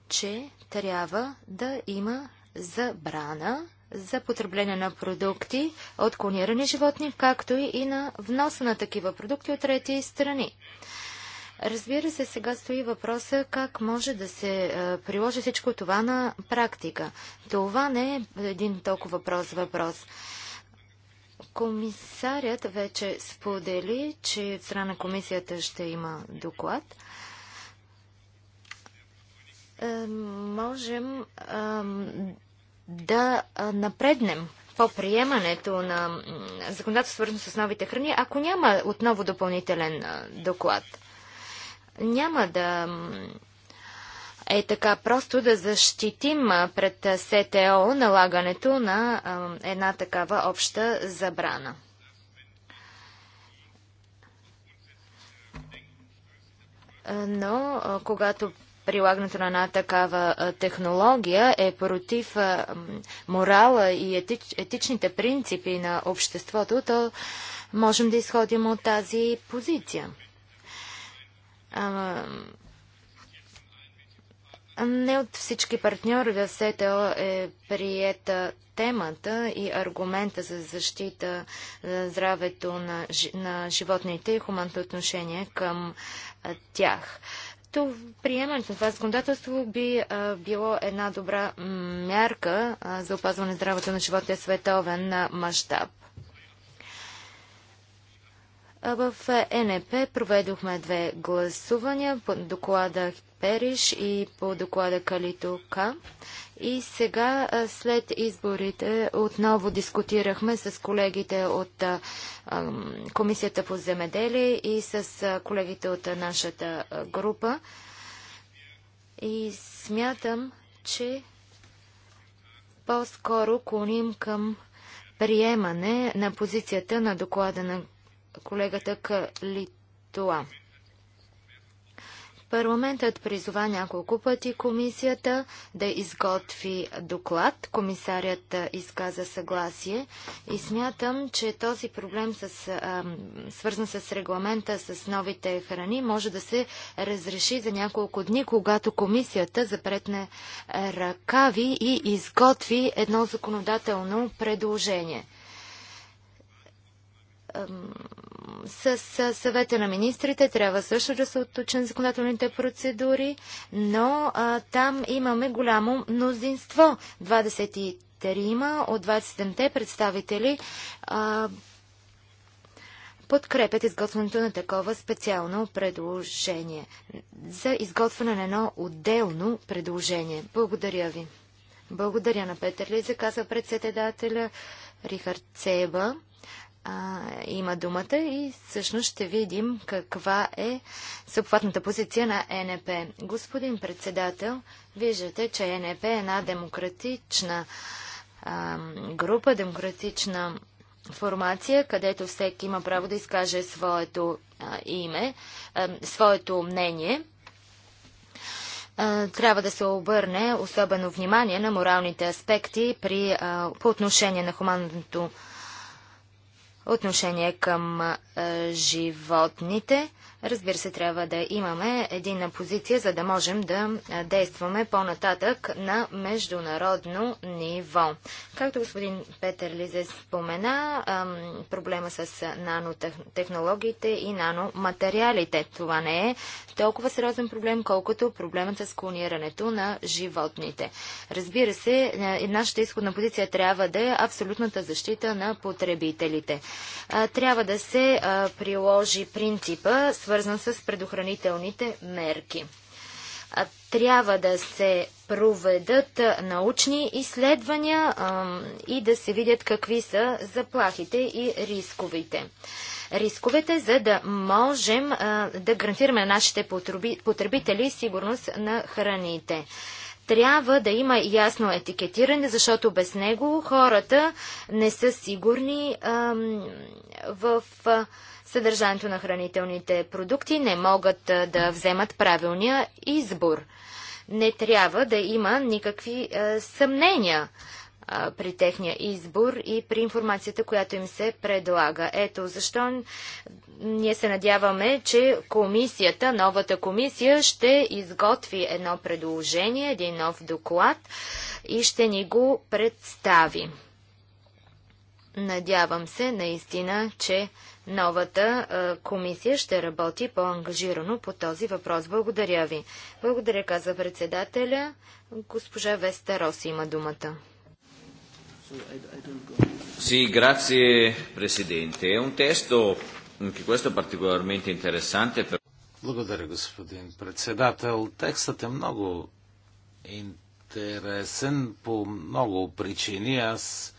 че трябва да има забрана за потребление на продукти от клонирани животни, както и на вноса на такива продукти от трети страни. Разбира се, сега стои въпроса как може да се е, приложи всичко това на практика. Това не е един толкова въпрос въпрос. Комисарят вече сподели, че от страна на комисията ще има доклад. Е, можем да напреднем по приемането на законодателство свързано с новите храни, ако няма отново допълнителен доклад. Няма да е така просто да защитим пред СТО налагането на една такава обща забрана. Но когато прилагането на една такава технология е против морала и етич, етичните принципи на обществото, то можем да изходим от тази позиция. Не от всички партньори в СТО е приета темата и аргумента за защита за здравето на, на животните и хуманното отношение към тях приемането на това законодателство би а, било една добра мярка а, за опазване здравето на живота в световен мащаб. В ЕНП проведохме две гласувания по доклада Периш и по доклада Калитока. И сега, след изборите, отново дискутирахме с колегите от Комисията по земеделие и с колегите от нашата група. И смятам, че по-скоро клоним към приемане на позицията на доклада на колегата Калитоа. Парламентът призова няколко пъти комисията да изготви доклад. Комисарят изказа съгласие и смятам, че този проблем с, а, свързан с регламента с новите храни може да се разреши за няколко дни, когато комисията запретне ръкави и изготви едно законодателно предложение с, съвета на министрите трябва също да се отточен законодателните процедури, но а, там имаме голямо мнозинство. 23 от 27-те представители а, подкрепят изготвянето на такова специално предложение за изготвяне на едно отделно предложение. Благодаря ви. Благодаря на Петър Лиза, каза председателя Рихард Цеба а, има думата и всъщност ще видим каква е съобхватната позиция на ЕНП. Господин председател, виждате, че ЕНП е една демократична а, група, демократична формация, където всеки има право да изкаже своето а, име, а, своето мнение. трябва да се обърне особено внимание на моралните аспекти при, по отношение на хуманното отношение към животните. Разбира се, трябва да имаме единна позиция, за да можем да действаме по-нататък на международно ниво. Както господин Петър Лизе спомена, проблема с нанотехнологиите и наноматериалите. Това не е толкова сериозен проблем, колкото проблемът с клонирането на животните. Разбира се, нашата изходна позиция трябва да е абсолютната защита на потребителите. Трябва да се приложи принципа, свързан с предохранителните мерки. Трябва да се проведат научни изследвания и да се видят какви са заплахите и рисковите. Рисковете, за да можем да гарантираме нашите потребители сигурност на храните трябва да има ясно етикетиране, защото без него хората не са сигурни в съдържанието на хранителните продукти, не могат да вземат правилния избор. Не трябва да има никакви съмнения при техния избор и при информацията, която им се предлага. Ето защо ние се надяваме, че комисията, новата комисия ще изготви едно предложение, един нов доклад и ще ни го представи. Надявам се наистина, че новата а, комисия ще работи по-ангажирано по този въпрос. Благодаря ви. Благодаря, каза председателя. Госпожа Веста Рос има думата. Sì, grazie Presidente. È un testo, anche questo particolarmente interessante. Per... Благодаря, господин председател. Текстът е много интересен по много причини. Аз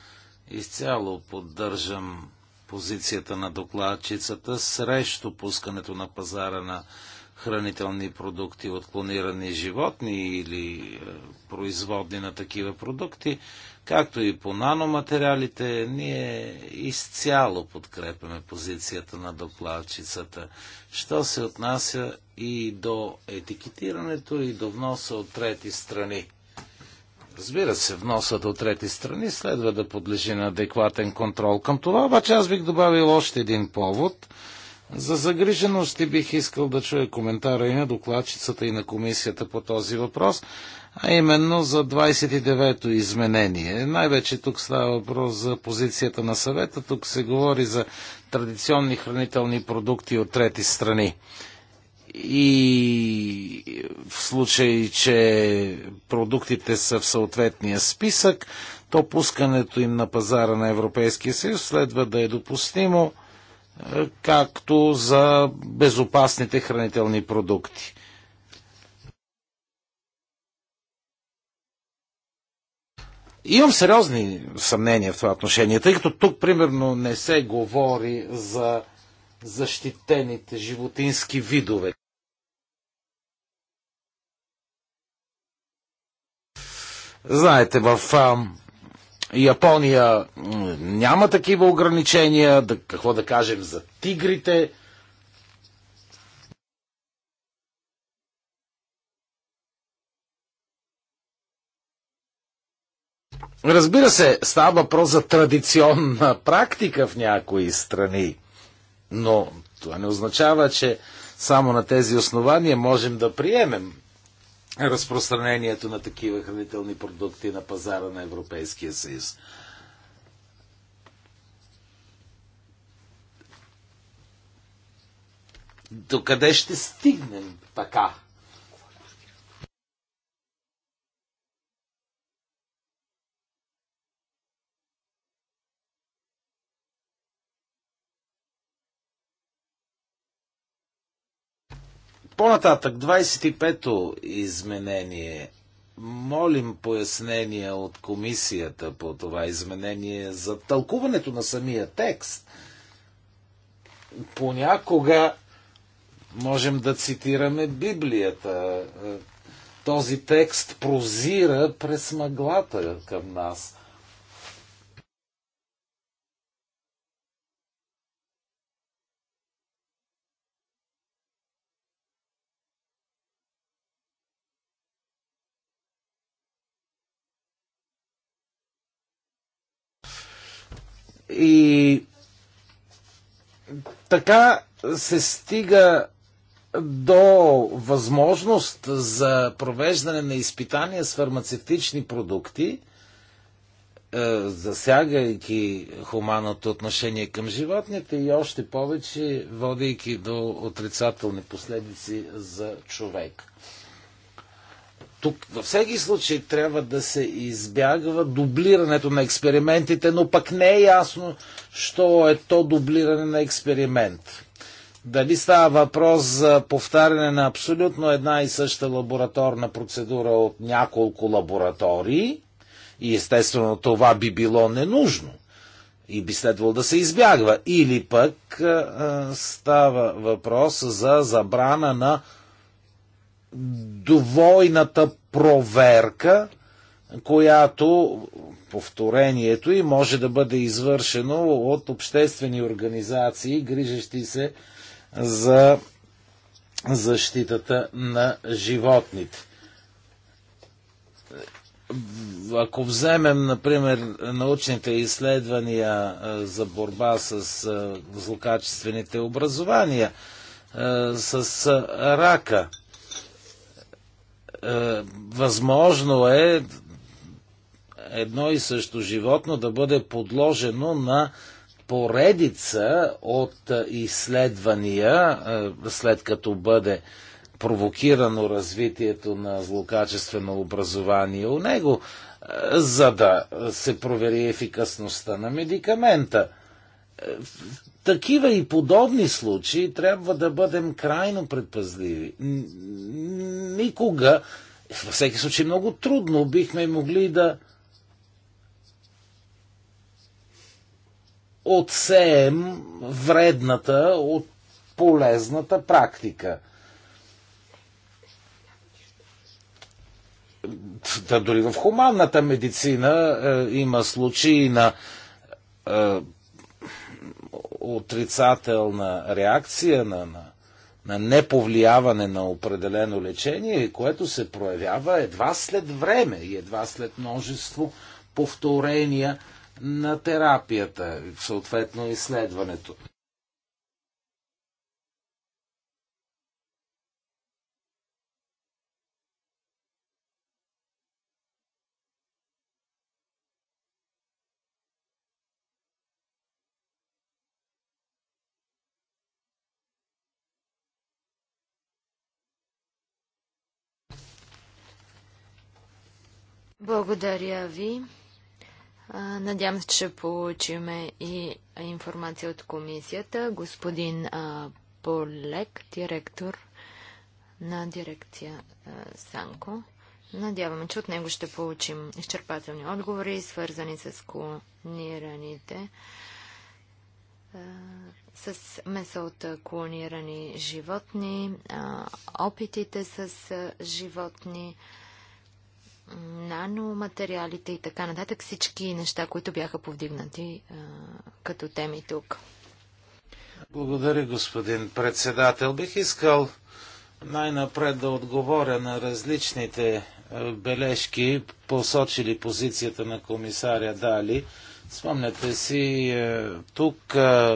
Изцяло поддържам позицията на докладчицата срещу пускането на пазара на хранителни продукти от клонирани животни или е, производни на такива продукти, както и по наноматериалите, ние изцяло подкрепяме позицията на докладчицата. Що се отнася и до етикетирането, и до вноса от трети страни. Разбира се, вносът от трети страни следва да подлежи на адекватен контрол. Към това обаче аз бих добавил още един повод. За загриженост и бих искал да чуя коментара и на докладчицата и на комисията по този въпрос, а именно за 29-то изменение. Най-вече тук става въпрос за позицията на съвета, тук се говори за традиционни хранителни продукти от трети страни и в случай, че продуктите са в съответния списък, то пускането им на пазара на Европейския съюз следва да е допустимо е, както за безопасните хранителни продукти. Имам сериозни съмнения в това отношение, тъй като тук примерно не се говори за защитените животински видове. Знаете, в а, Япония няма такива ограничения, да, какво да кажем за тигрите. Разбира се, става въпрос за традиционна практика в някои страни. Но това не означава, че само на тези основания можем да приемем разпространението на такива хранителни продукти на пазара на Европейския съюз. До къде ще стигнем така? По-нататък, 25-то изменение. Молим пояснения от комисията по това изменение за тълкуването на самия текст. Понякога можем да цитираме Библията. Този текст прозира през мъглата към нас. И така се стига до възможност за провеждане на изпитания с фармацевтични продукти, е, засягайки хуманното отношение към животните и още повече водейки до отрицателни последици за човек тук във всеки случай трябва да се избягва дублирането на експериментите, но пък не е ясно, що е то дублиране на експеримент. Дали става въпрос за повтаряне на абсолютно една и съща лабораторна процедура от няколко лаборатории, и естествено това би било ненужно и би следвало да се избягва, или пък а, става въпрос за забрана на двойната проверка, която повторението и може да бъде извършено от обществени организации, грижащи се за защитата на животните. Ако вземем, например, научните изследвания за борба с злокачествените образования, с рака, е, възможно е едно и също животно да бъде подложено на поредица от е, изследвания, е, след като бъде провокирано развитието на злокачествено образование у него, за да се провери ефикасността на медикамента такива и подобни случаи трябва да бъдем крайно предпазливи. Никога, във всеки случай много трудно, бихме могли да отсеем вредната от полезната практика. Да, дори в хуманната медицина е, има случаи на е, отрицателна реакция на, на, на неповлияване на определено лечение, което се проявява едва след време и едва след множество повторения на терапията, съответно изследването. Благодаря ви. Надявам се, че получиме и информация от комисията. Господин Полек, директор на дирекция Санко. Надяваме, че от него ще получим изчерпателни отговори, свързани с клонираните с месо от клонирани животни, опитите с животни, наноматериалите и така нататък, всички неща, които бяха повдигнати а, като теми тук. Благодаря, господин председател. Бих искал най-напред да отговоря на различните бележки, посочили позицията на комисаря Дали. Спомняте си, е, тук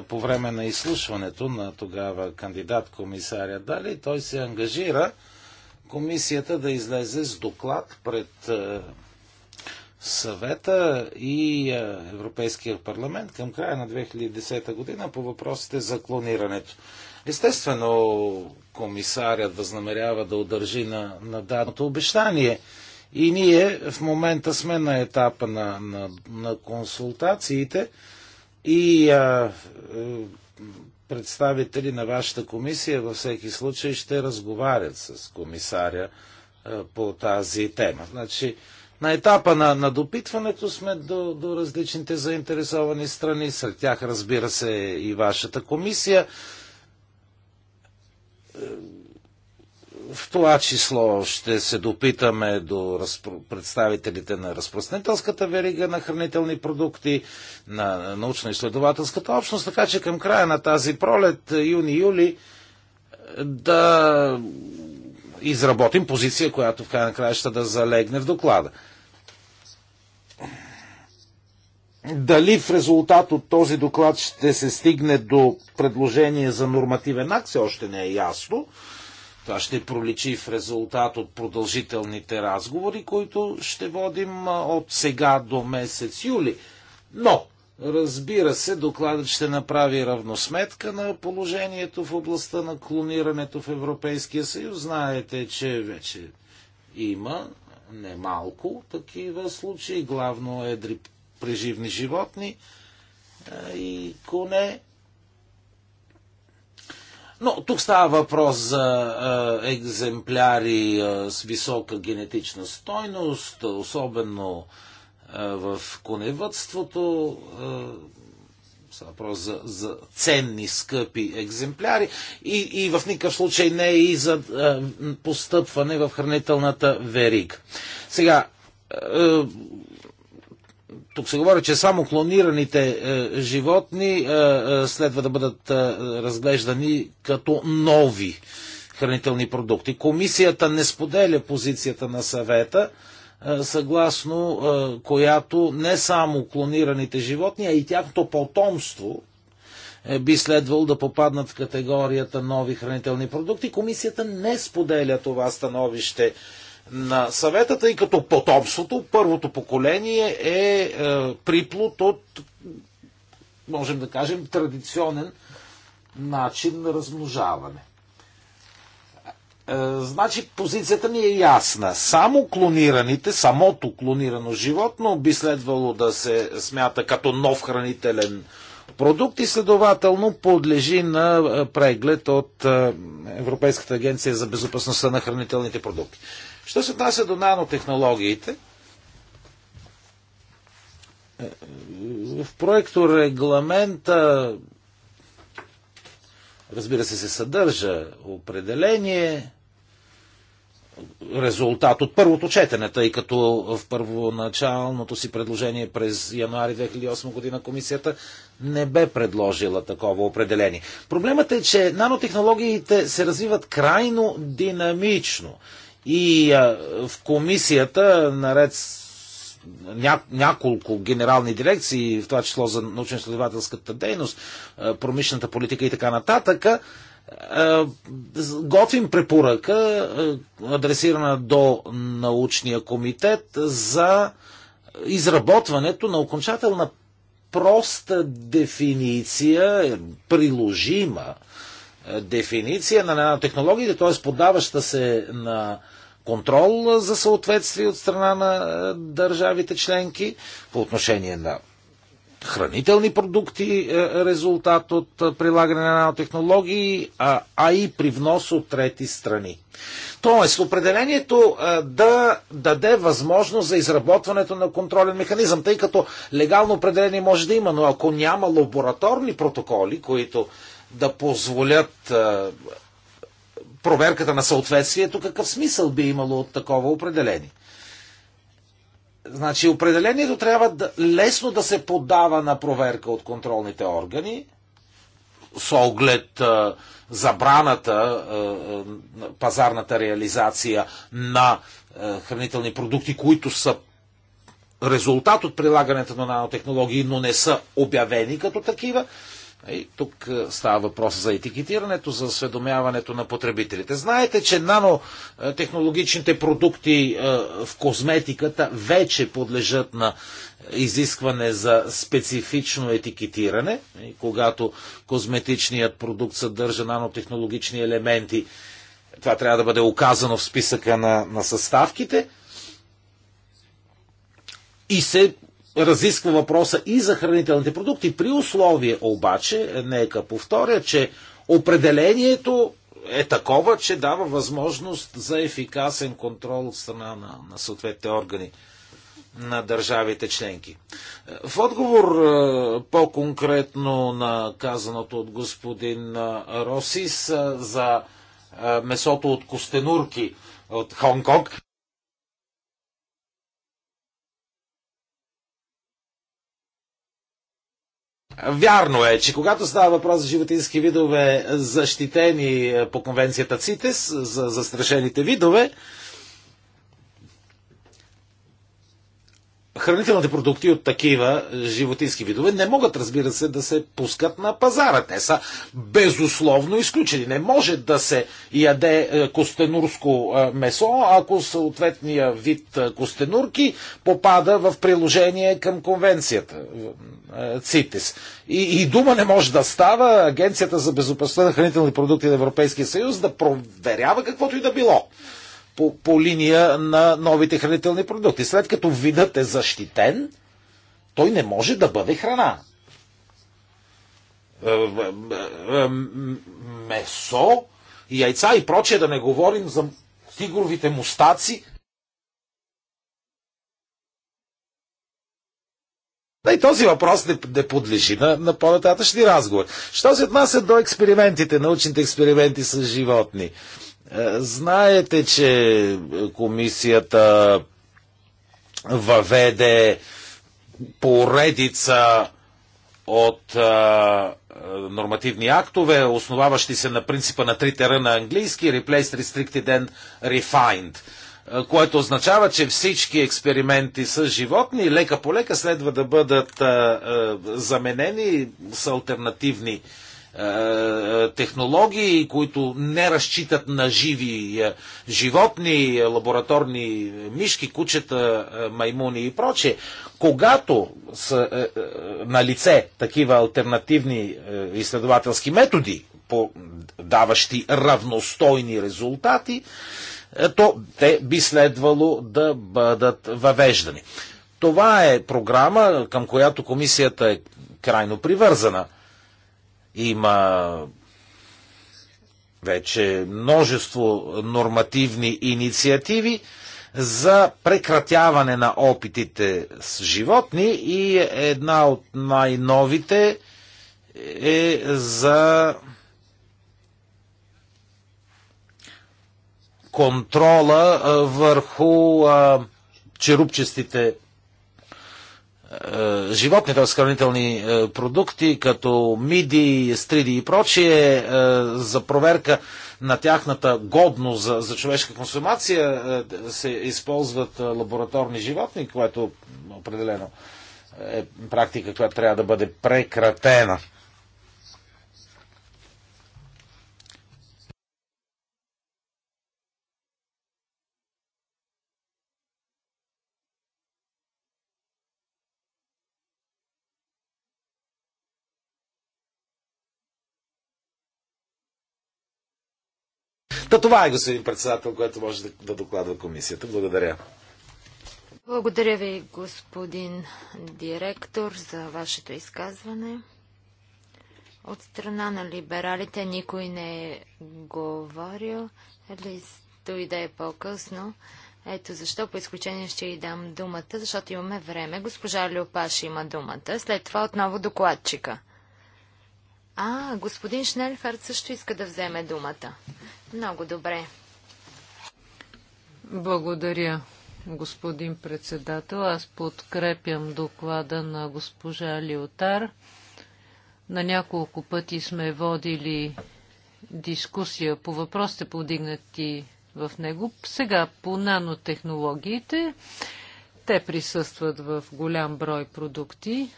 по време на изслушването на тогава кандидат комисаря Дали, той се ангажира комисията да излезе с доклад пред е, съвета и е, Европейския парламент към края на 2010 година по въпросите за клонирането. Естествено, комисарят възнамерява да удържи на, на даното обещание. И ние в момента сме на етапа на, на, на консултациите и а, е, представители на вашата комисия във всеки случай ще разговарят с комисаря по тази тема. Значи, на етапа на, на допитването сме до, до различните заинтересовани страни, сред тях разбира се и вашата комисия е, в това число ще се допитаме до разпро... представителите на разпространителската верига на хранителни продукти, на научно-изследователската общност, така че към края на тази пролет, е, юни-юли, е, да изработим позиция, която в края на края ще да залегне в доклада. Дали в резултат от този доклад ще се стигне до предложение за нормативен акт, все още не е ясно. Това ще проличи в резултат от продължителните разговори, които ще водим от сега до месец юли. Но, разбира се, докладът ще направи равносметка на положението в областта на клонирането в Европейския съюз. Знаете, че вече има немалко такива случаи, главно едри преживни животни и коне. Но тук става въпрос за а, екземпляри а, с висока генетична стойност, особено а, в коневътството. Става въпрос за, за ценни, скъпи екземпляри и, и в никакъв случай не е и за а, постъпване в хранителната верига. Сега, тук се говори, че само клонираните е, животни е, е, следва да бъдат разглеждани като нови хранителни продукти. Комисията не споделя позицията на съвета, съгласно която не само клонираните животни, а и тяхното потомство би следвало да попаднат в категорията нови хранителни продукти. Комисията не споделя това становище на съвета, тъй като потомството, първото поколение е, е приплод от, можем да кажем, традиционен начин на размножаване. Е, значи позицията ни е ясна. Само клонираните, самото клонирано животно би следвало да се смята като нов хранителен продукт и следователно подлежи на е, преглед от е, Европейската агенция за безопасността на хранителните продукти. Що се отнася до нанотехнологиите, в проекто регламента разбира се, се съдържа определение, резултат от първото четене, тъй като в първоначалното си предложение през януари 2008 година комисията не бе предложила такова определение. Проблемът е, че нанотехнологиите се развиват крайно динамично. И в комисията, наред с няколко генерални дирекции, в това число за научно-изследователската дейност, промишлената политика и така нататък, готвим препоръка, адресирана до научния комитет, за изработването на окончателна проста дефиниция, приложима дефиниция на нанотехнологиите, т.е. подаваща се на контрол за съответствие от страна на държавите членки по отношение на хранителни продукти, е, резултат от прилагане на нанотехнологии, а, а и при внос от трети страни. Тоест, определението е, да даде възможност за изработването на контролен механизъм, тъй като легално определение може да има, но ако няма лабораторни протоколи, които да позволят е, проверката на съответствието, какъв смисъл би имало от такова определение? Значи определението трябва да, лесно да се подава на проверка от контролните органи, с оглед а, забраната, а, пазарната реализация на а, хранителни продукти, които са резултат от прилагането на нанотехнологии, но не са обявени като такива, и е, тук е, става въпрос за етикетирането, за осведомяването на потребителите. Знаете, че нанотехнологичните е, продукти в козметиката вече подлежат на изискване за специфично етикетиране, когато козметичният продукт съдържа нанотехнологични елементи. Това трябва да бъде оказано в списъка на, на съставките и се разисква въпроса и за хранителните продукти, при условие обаче, нека повторя, че определението е такова, че дава възможност за ефикасен контрол от страна на, на съответните органи на държавите членки. В отговор е, по-конкретно на казаното от господин е, Росис е, за месото от костенурки от Хонконг, Вярно е, че когато става въпрос за животински видове, защитени е, по конвенцията ЦИТЕС, за застрашените видове, хранителните продукти от такива животински видове не могат, разбира се, да се пускат на пазара. Те са безусловно изключени. Не може да се яде е, костенурско е, месо, ако съответния вид е, костенурки попада в приложение към конвенцията ЦИТИС. И, и дума не може да става Агенцията за безопасността на хранителни продукти на Европейския съюз да проверява каквото и да било по, по линия на новите хранителни продукти. След като видът е защитен, той не може да бъде храна. Е, е, е, месо, яйца и прочее, да не говорим за тигровите мустаци. Да и този въпрос не, не подлежи на, на по-нататъчни разговори. Що се отнася до експериментите, научните експерименти с животни? Е, знаете, че комисията въведе поредица от а, е, нормативни актове, основаващи се на принципа на трите на английски Replaced, Restricted and Refined, е, което означава, че всички експерименти с животни лека по лека следва да бъдат а, а, заменени с альтернативни а, е, е, технологии, които не разчитат на живи е, животни, лабораторни мишки, кучета, маймуни и прочее. Когато са на лице такива альтернативни изследователски методи, даващи равностойни резултати, то те би следвало да бъдат въвеждани. Това е програма, към която комисията е крайно привързана – има вече множество нормативни инициативи за прекратяване на опитите с животни и една от най-новите е за контрола върху черупчестите е, животните, т.е. Е, продукти, като миди, стриди и прочие, е, за проверка на тяхната годност за, за човешка консумация се използват лабораторни животни, което определено е практика, която трябва да бъде прекратена. Та това е, господин председател, което може да, да докладва комисията. Благодаря. Благодаря ви, господин директор, за вашето изказване. От страна на либералите никой не е говорил, или дойде по-късно. Ето защо по изключение ще й дам думата, защото имаме време. Госпожа Леопаш има думата. След това отново докладчика. А, господин Шнельфард също иска да вземе думата. Много добре. Благодаря, господин председател. Аз подкрепям доклада на госпожа Лиотар. На няколко пъти сме водили дискусия по въпросите, подигнати в него. Сега по нанотехнологиите. Те присъстват в голям брой продукти.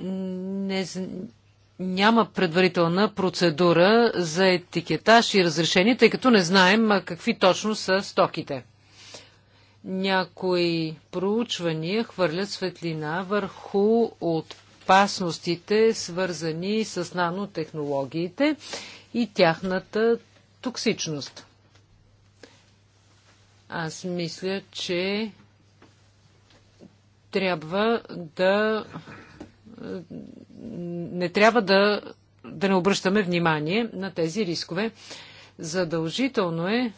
Не, няма предварителна процедура за етикетаж и разрешение, тъй като не знаем какви точно са стоките. Някои проучвания хвърлят светлина върху опасностите, свързани с нанотехнологиите и тяхната токсичност. Аз мисля, че трябва да не трябва да, да не обръщаме внимание на тези рискове. Задължително е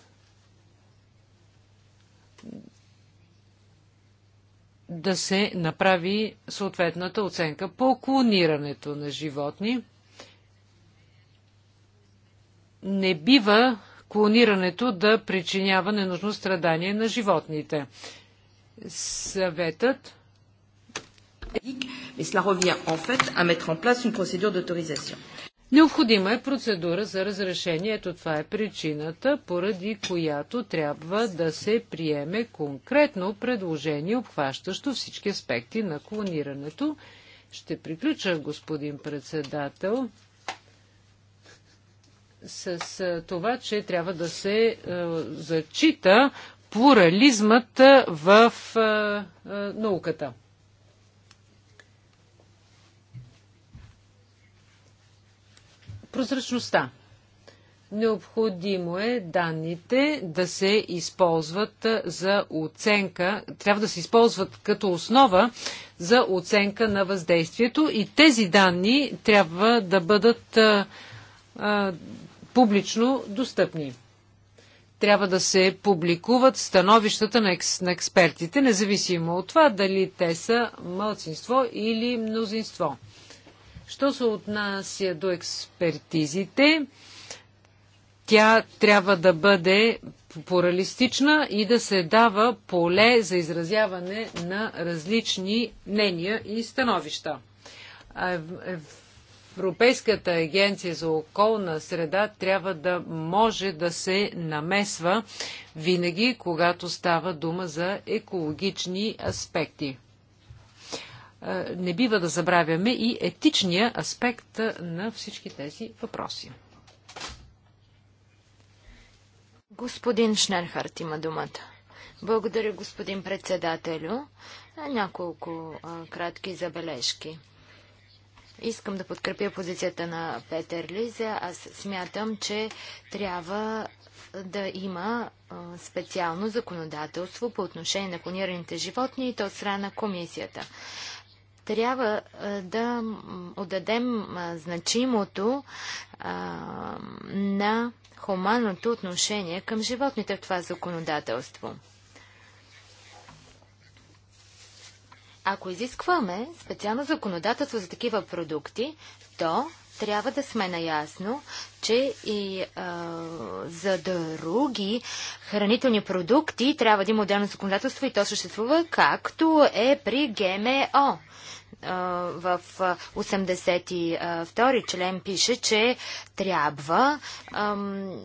да се направи съответната оценка по клонирането на животни. Не бива клонирането да причинява ненужно страдание на животните. Съветът Et cela revient en fait à mettre en place une procédure d'autorisation. Необходима е процедура за разрешение. Ето това е причината, поради която трябва да се приеме конкретно предложение, обхващащо всички аспекти на клонирането. Ще приключа, господин председател, с това, че трябва да се е, зачита плурализмът в е, науката. Прозрачността. Необходимо е данните да се използват за оценка, трябва да се използват като основа за оценка на въздействието и тези данни трябва да бъдат а, а, публично достъпни. Трябва да се публикуват становищата на, екс, на експертите, независимо от това дали те са мълцинство или мнозинство. Що се отнася до експертизите, тя трябва да бъде плуралистична и да се дава поле за изразяване на различни мнения и становища. Европейската агенция за околна среда трябва да може да се намесва винаги, когато става дума за екологични аспекти. Е, не бива да забравяме и етичния аспект на всички тези въпроси. Господин Шнерхарт има думата. Благодаря, господин председателю. Няколко кратки забележки. Искам да подкрепя позицията на Петър Лиза. Аз смятам, че трябва да има специално законодателство по отношение на клонираните животни и то от страна на комисията трябва да отдадем значимото на хуманното отношение към животните в това законодателство. Ако изискваме специално законодателство за такива продукти, то трябва да сме наясно, че и а, за други хранителни продукти трябва да има отделно законодателство и то съществува както е при ГМО в 82 член пише, че трябва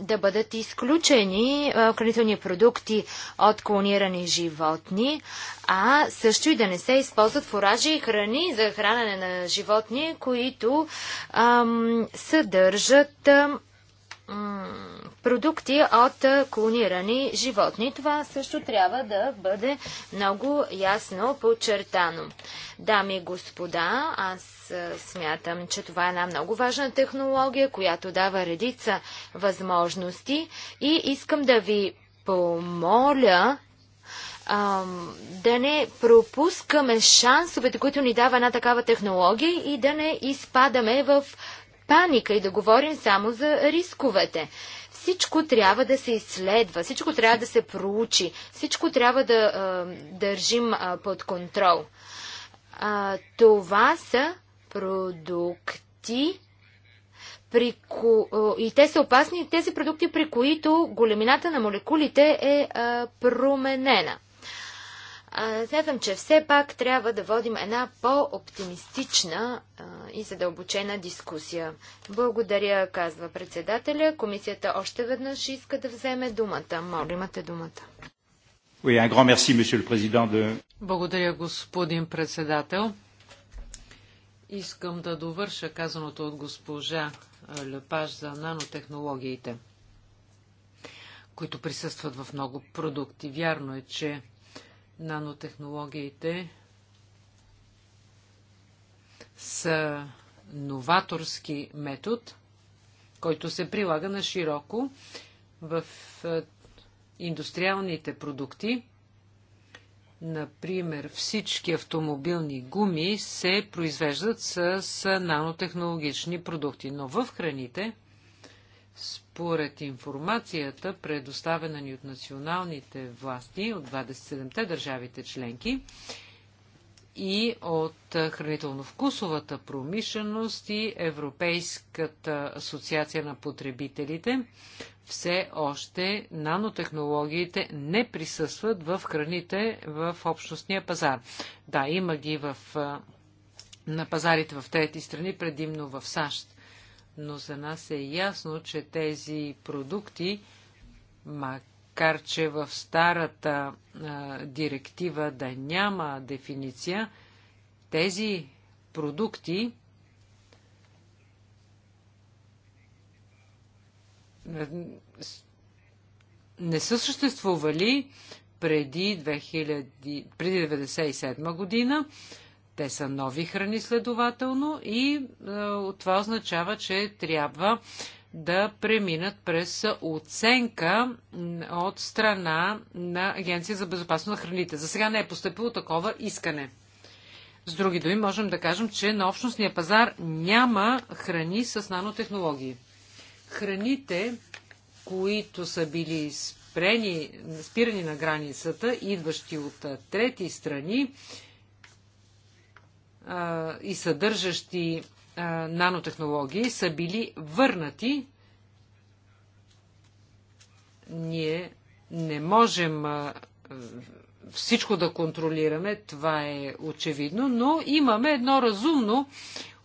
да бъдат изключени хранителни продукти от клонирани животни, а също и да не се използват фуражи и храни за хранене на животни, които съдържат продукти от клонирани животни. Това също трябва да бъде много ясно подчертано. Дами и господа, аз смятам, че това е една много важна технология, която дава редица възможности и искам да ви помоля ам, да не пропускаме шансовете, които ни дава една такава технология и да не изпадаме в паника и да говорим само за рисковете. Всичко трябва да се изследва, всичко трябва да се проучи, всичко трябва да а, държим а, под контрол. А, това са продукти, при ко... и те са опасни, тези продукти, при които големината на молекулите е а, променена. следвам, че все пак трябва да водим една по-оптимистична и задълбочена дискусия. Благодаря, казва председателя. Комисията още веднъж иска да вземе думата. Моля, имате думата. Благодаря, господин председател. Искам да довърша казаното от госпожа Лепаш за нанотехнологиите, които присъстват в много продукти. Вярно е, че нанотехнологиите с новаторски метод, който се прилага на широко в е, индустриалните продукти. Например, всички автомобилни гуми се произвеждат с нанотехнологични продукти, но в храните, според информацията, предоставена ни от националните власти, от 27-те държавите членки, и от хранително-вкусовата промишленост и Европейската асоциация на потребителите, все още нанотехнологиите не присъстват в храните в общностния пазар. Да, има ги в, на пазарите в трети страни, предимно в САЩ. Но за нас е ясно, че тези продукти, макар макар че в старата а, директива да няма дефиниция, тези продукти не са съществували преди, 2000, преди 1997 година. Те са нови храни следователно и а, това означава, че трябва да преминат през оценка от страна на Агенция за безопасност на храните. За сега не е поступило такова искане. С други думи, можем да кажем, че на общностния пазар няма храни с нанотехнологии. Храните, които са били спрени, спирани на границата, идващи от трети страни а, и съдържащи а, нанотехнологии са били върнати. Ние не можем а, всичко да контролираме, това е очевидно, но имаме едно разумно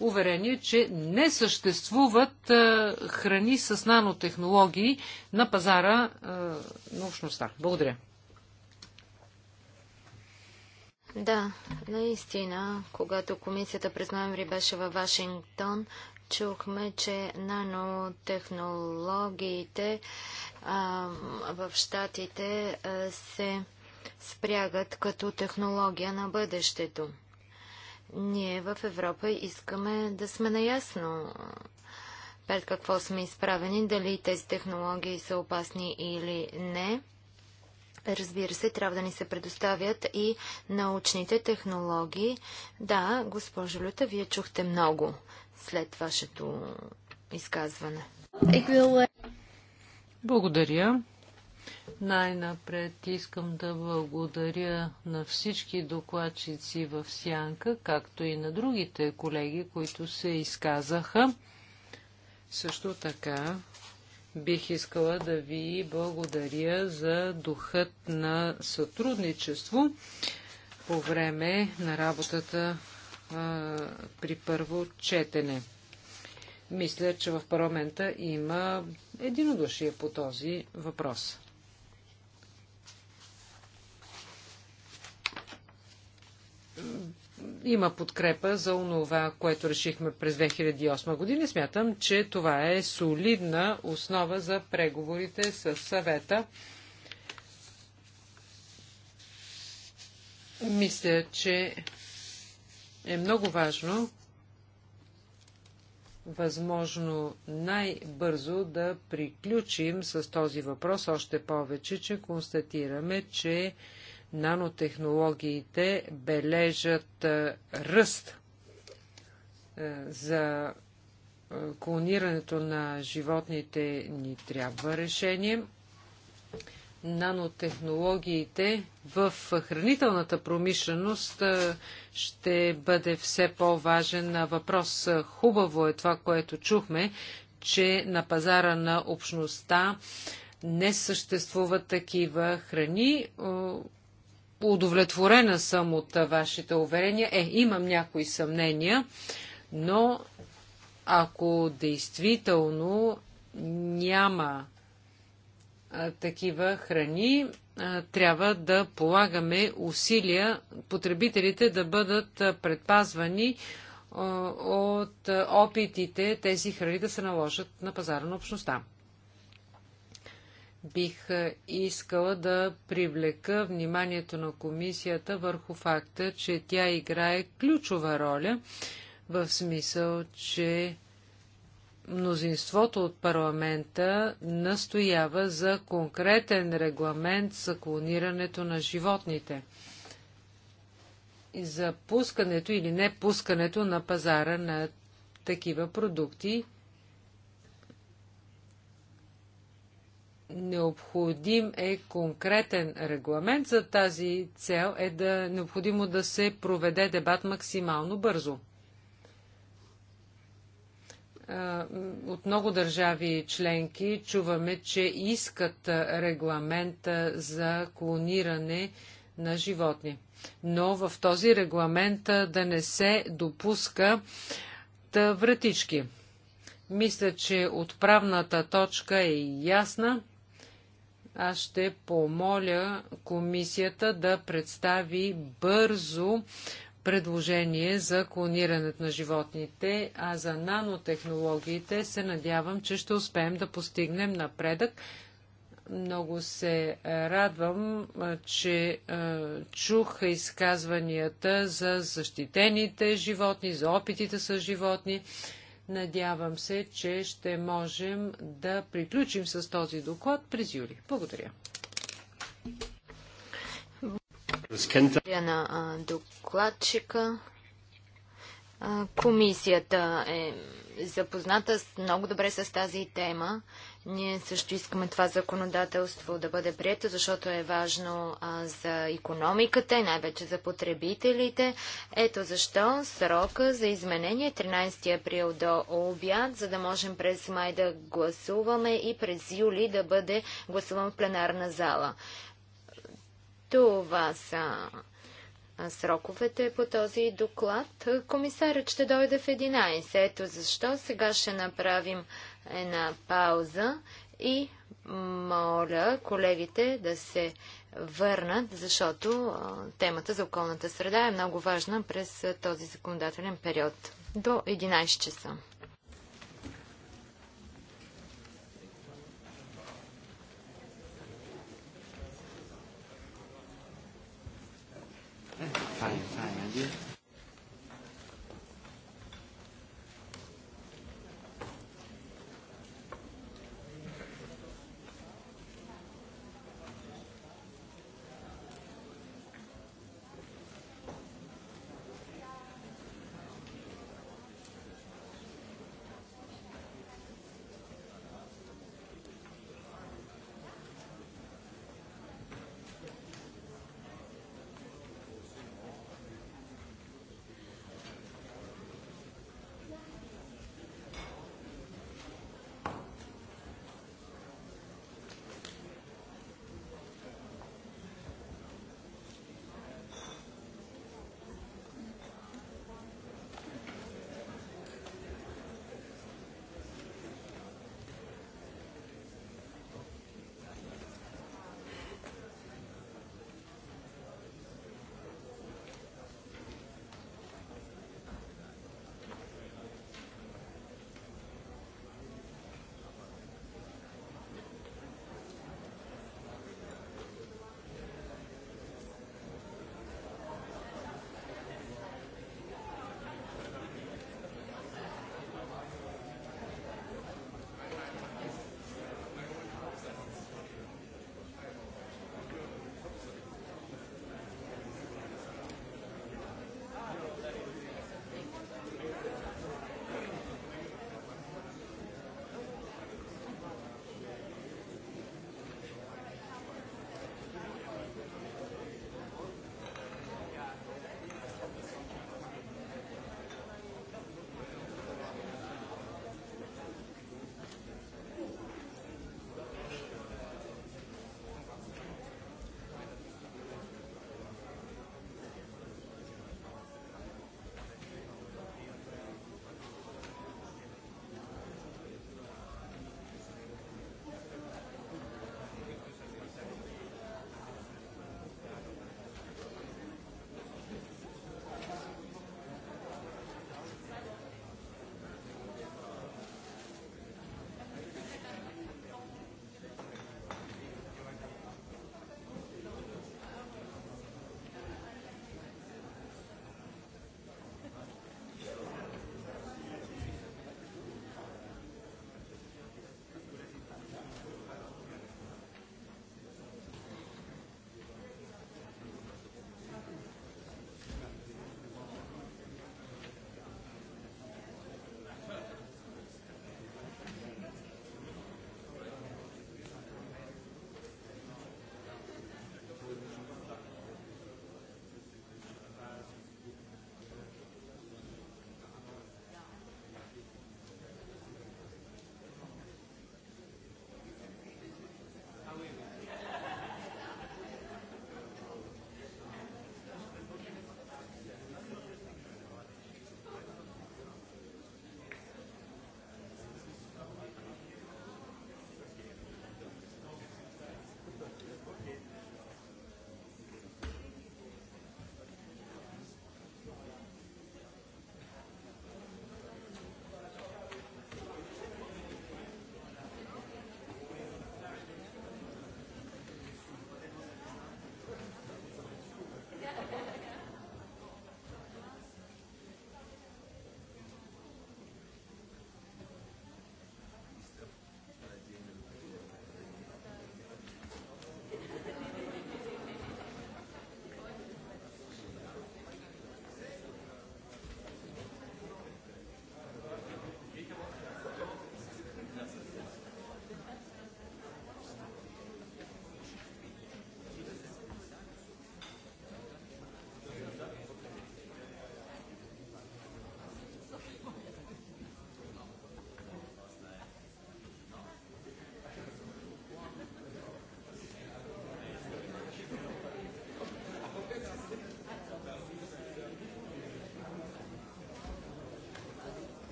уверение, че не съществуват а, храни с нанотехнологии на пазара а, на общността. Благодаря. Да, наистина, когато комисията през ноември беше във Вашингтон, чухме, че нанотехнологиите а, в щатите а, се спрягат като технология на бъдещето. Ние в Европа искаме да сме наясно пред какво сме изправени, дали тези технологии са опасни или не. Разбира се, трябва да ни се предоставят и научните технологии. Да, госпожо Люта, вие чухте много след вашето изказване. Е, е. Благодаря. Най-напред искам да благодаря на всички докладчици в Сянка, както и на другите колеги, които се изказаха. Също така Бих искала да ви благодаря за духът на сътрудничество по време на работата а, при първо четене. Мисля, че в парламента има единодушие по този въпрос има подкрепа за онова, което решихме през 2008 година. Смятам, че това е солидна основа за преговорите с съвета. Мисля, че е много важно възможно най-бързо да приключим с този въпрос, още повече, че констатираме, че Нанотехнологиите бележат е, ръст е, за е, клонирането на животните ни трябва решение. Нанотехнологиите в хранителната промишленост ще бъде все по-важен въпрос. Хубаво е това, което чухме, че на пазара на общността не съществуват такива храни, удовлетворена съм от вашите уверения. Е, имам някои съмнения, но ако действително няма такива храни, трябва да полагаме усилия потребителите да бъдат предпазвани от опитите тези храни да се наложат на пазара на общността бих е, искала да привлека вниманието на комисията върху факта, че тя играе ключова роля, в смисъл, че мнозинството от парламента настоява за конкретен регламент за клонирането на животните и за пускането или не пускането на пазара на такива продукти необходим е конкретен регламент. За тази цел е да, необходимо да се проведе дебат максимално бързо. От много държави членки чуваме, че искат регламент за клониране на животни. Но в този регламент да не се допуска вратички. Мисля, че отправната точка е ясна аз ще помоля комисията да представи бързо предложение за клонирането на животните, а за нанотехнологиите се надявам, че ще успеем да постигнем напредък. Много се радвам, че чух изказванията за защитените животни, за опитите с животни. Надявам се, че ще можем да приключим с този доклад през юли. Благодаря. Благодаря на докладчика. Комисията е запозната много добре с тази тема ние също искаме това законодателство да бъде прието, защото е важно а, за економиката и най-вече за потребителите. Ето защо срока за изменение 13 е април до обяд, за да можем през май да гласуваме и през юли да бъде гласуван в пленарна зала. Това са сроковете по този доклад. Комисарът ще дойде в 11. Ето защо сега ще направим една пауза и моля колегите да се върнат, защото темата за околната среда е много важна през този законодателен период. До 11 часа. Fine, fine, I do.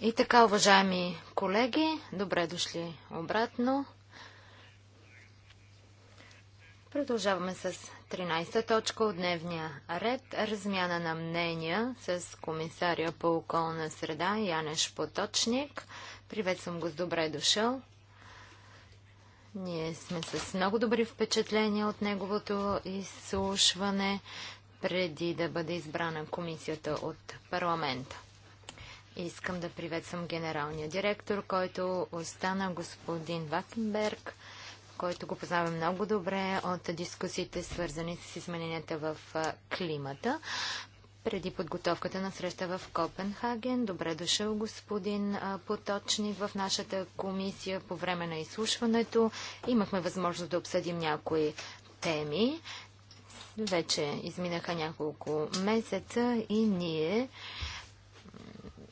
И така, уважаеми колеги, добре дошли обратно. Продължаваме с 13-та точка от дневния ред. Размяна на мнения с комисаря по околна среда Янеш Поточник. Приветствам го с добре дошъл. Ние сме с много добри впечатления от неговото изслушване преди да бъде избрана комисията от парламента. Искам да приветствам генералния директор, който остана господин Вакенберг, който го познава много добре от дискусиите, свързани с измененията в климата преди подготовката на среща в Копенхаген. Добре дошъл господин Поточник, в нашата комисия по време на изслушването. Имахме възможност да обсъдим някои теми. Вече изминаха няколко месеца и ние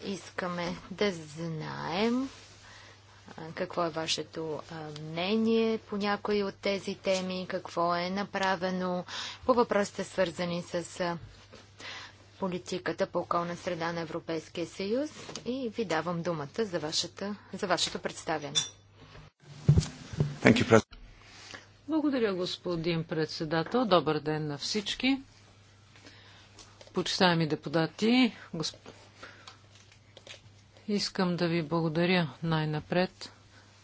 искаме да знаем какво е вашето мнение по някои от тези теми, какво е направено по въпросите свързани с политиката по околна среда на Европейския съюз и ви давам думата за, вашата, за вашето представяне. You, благодаря, господин председател. Добър ден на всички. Почитаеми депутати, госп... искам да ви благодаря най-напред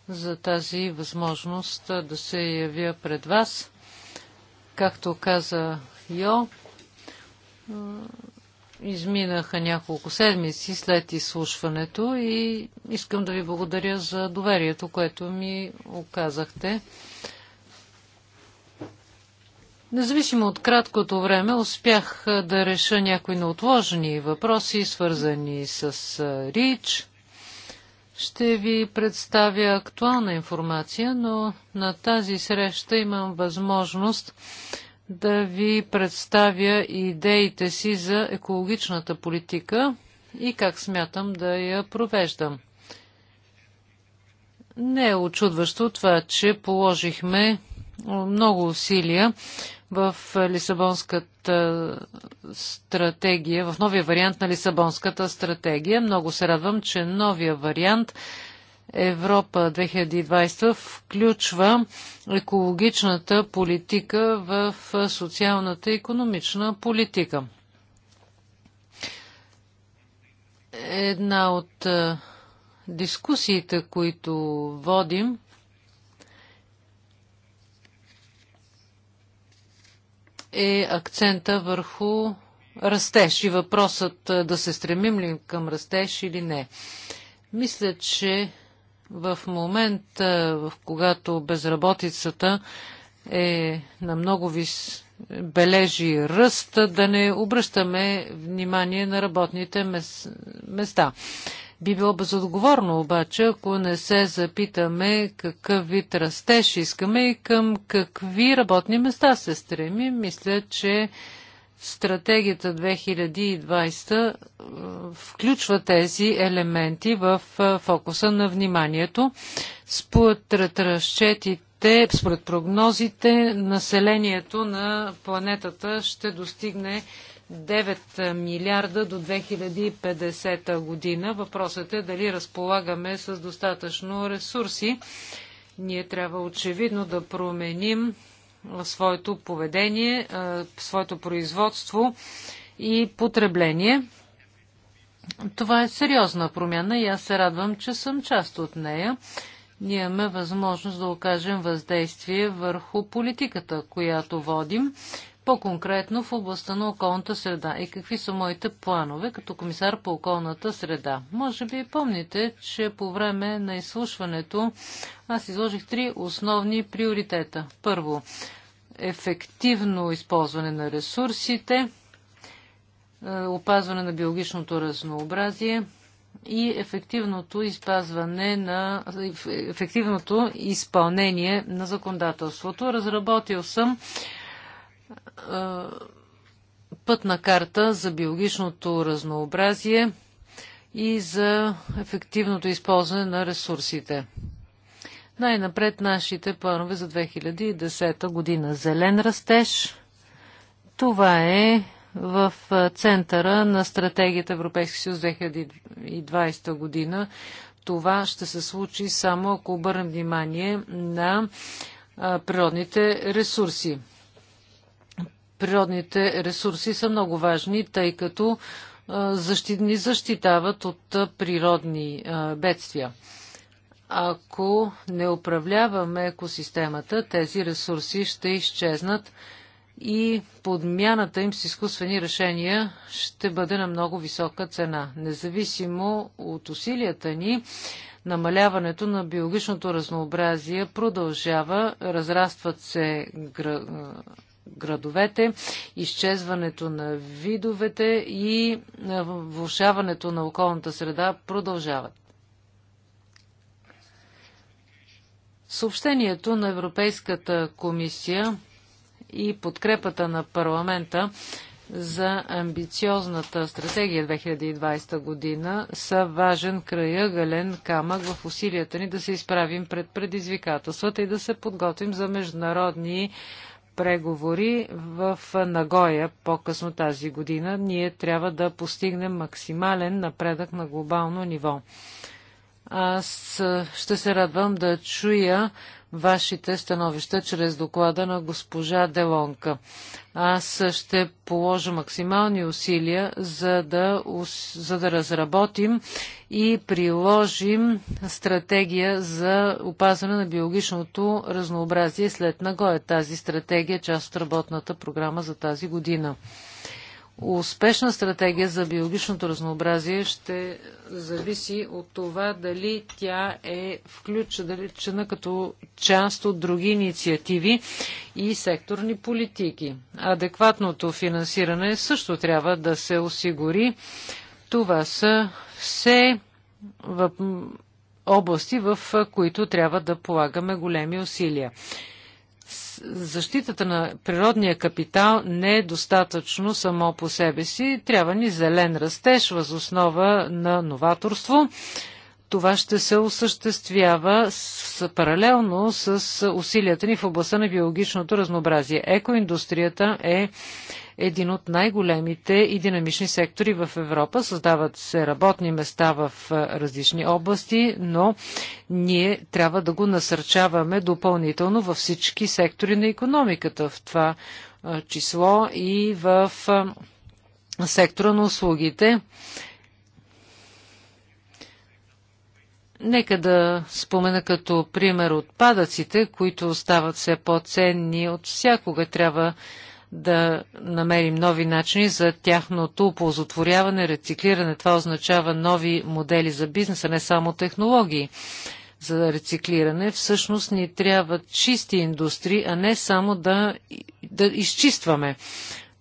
за тази възможност да се явя пред вас. Както каза Йо, изминаха няколко седмици след изслушването и искам да ви благодаря за доверието, което ми оказахте. Независимо от краткото време, успях да реша някои неотложни въпроси, свързани с РИЧ. Ще ви представя актуална информация, но на тази среща имам възможност да ви представя идеите си за екологичната политика и как смятам да я провеждам. Не е очудващо това, че положихме много усилия в е, Лисабонската е, стратегия, в новия вариант на Лисабонската стратегия. Много се радвам, че новия вариант Европа 2020 включва екологичната политика в е, социалната и економична политика. Една от дискусиите, които водим, е акцента върху растеж и въпросът е, да се стремим ли към растеж или не. Мисля, че в момента, е, в когато безработицата е на много вис... бележи ръст, да не обръщаме внимание на работните мес... места. Би било безотговорно обаче, ако не се запитаме какъв вид растеж искаме и към какви работни места се стремим. Мисля, че стратегията 2020 е, включва тези елементи в е, фокуса на вниманието. Според разчетите, според прогнозите, населението на планетата ще достигне 9 милиарда до 2050 година. Въпросът е дали разполагаме с достатъчно ресурси. Ние трябва очевидно да променим своето поведение, своето производство и потребление. Това е сериозна промяна и аз се радвам, че съм част от нея. Ние имаме възможност да окажем въздействие върху политиката, която водим по-конкретно в областта на околната среда и какви са моите планове като комисар по околната среда. Може би помните, че по време на изслушването аз изложих три основни приоритета. Първо, ефективно използване на ресурсите, е, опазване на биологичното разнообразие и ефективното изпазване на ефективното изпълнение на законодателството. Разработил съм пътна карта за биологичното разнообразие и за ефективното използване на ресурсите. Най-напред нашите планове за 2010 година. Зелен растеж. Това е в центъра на стратегията Европейски съюз 2020 година. Това ще се случи само ако обърнем внимание на природните ресурси природните ресурси са много важни, тъй като защит, ни защитават от природни бедствия. Ако не управляваме екосистемата, тези ресурси ще изчезнат и подмяната им с изкуствени решения ще бъде на много висока цена. Независимо от усилията ни, намаляването на биологичното разнообразие продължава, разрастват се градовете, изчезването на видовете и влушаването на околната среда продължават. Съобщението на Европейската комисия и подкрепата на парламента за амбициозната стратегия 2020 година са важен краягален камък в усилията ни да се изправим пред предизвикателствата и да се подготвим за международни преговори в Нагоя по-късно тази година. Ние трябва да постигнем максимален напредък на глобално ниво. Аз ще се радвам да чуя вашите становища чрез доклада на госпожа Делонка. Аз ще положа максимални усилия, за да, за да разработим и приложим стратегия за опазване на биологичното разнообразие след Нагоя. Тази стратегия е част от работната програма за тази година успешна стратегия за биологичното разнообразие ще зависи от това дали тя е включена като част от други инициативи и секторни политики. Адекватното финансиране също трябва да се осигури. Това са все в области, в които трябва да полагаме големи усилия защитата на природния капитал не е достатъчно само по себе си. Трябва ни зелен растеж възоснова на новаторство. Това ще се осъществява с, паралелно с усилията ни в областта на биологичното разнообразие. Екоиндустрията е един от най-големите и динамични сектори в Европа. Създават се работни места в различни области, но ние трябва да го насърчаваме допълнително във всички сектори на економиката, в това число и в сектора на услугите. Нека да спомена като пример отпадъците, които стават все по-ценни от всякога. Трябва да намерим нови начини за тяхното оползотворяване, рециклиране. Това означава нови модели за бизнеса, не само технологии за рециклиране. Всъщност ни трябват чисти индустрии, а не само да, да изчистваме.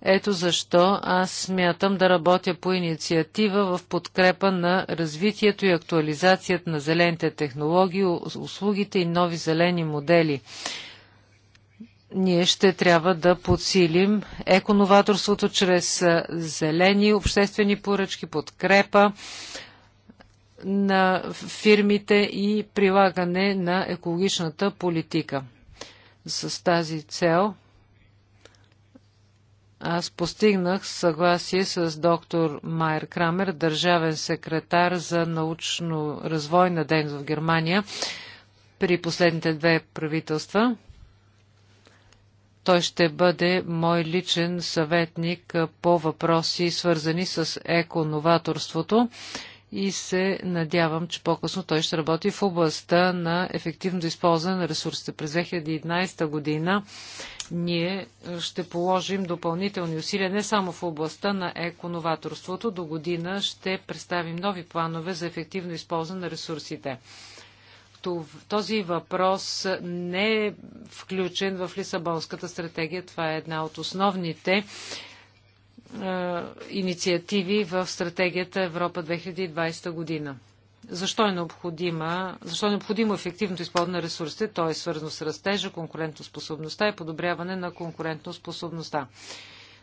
Ето защо аз смятам да работя по инициатива в подкрепа на развитието и актуализацията на зелените технологии, услугите и нови зелени модели ние ще трябва да подсилим еконоваторството чрез зелени обществени поръчки, подкрепа на фирмите и прилагане на екологичната политика. С тази цел аз постигнах съгласие с доктор Майер Крамер, държавен секретар за научно-развойна дейност в Германия при последните две правителства – той ще бъде мой личен съветник по въпроси, свързани с еконоваторството и се надявам, че по-късно той ще работи в областта на ефективното използване на ресурсите. През 2011 година ние ще положим допълнителни усилия не само в областта на еконоваторството. До година ще представим нови планове за ефективно използване на ресурсите този въпрос не е включен в Лисабонската стратегия. Това е една от основните е, инициативи в стратегията Европа 2020 година. Защо е, необходима, защо е необходимо ефективното използване на ресурсите? То е свързано с растежа, конкурентоспособността и подобряване на конкурентоспособността.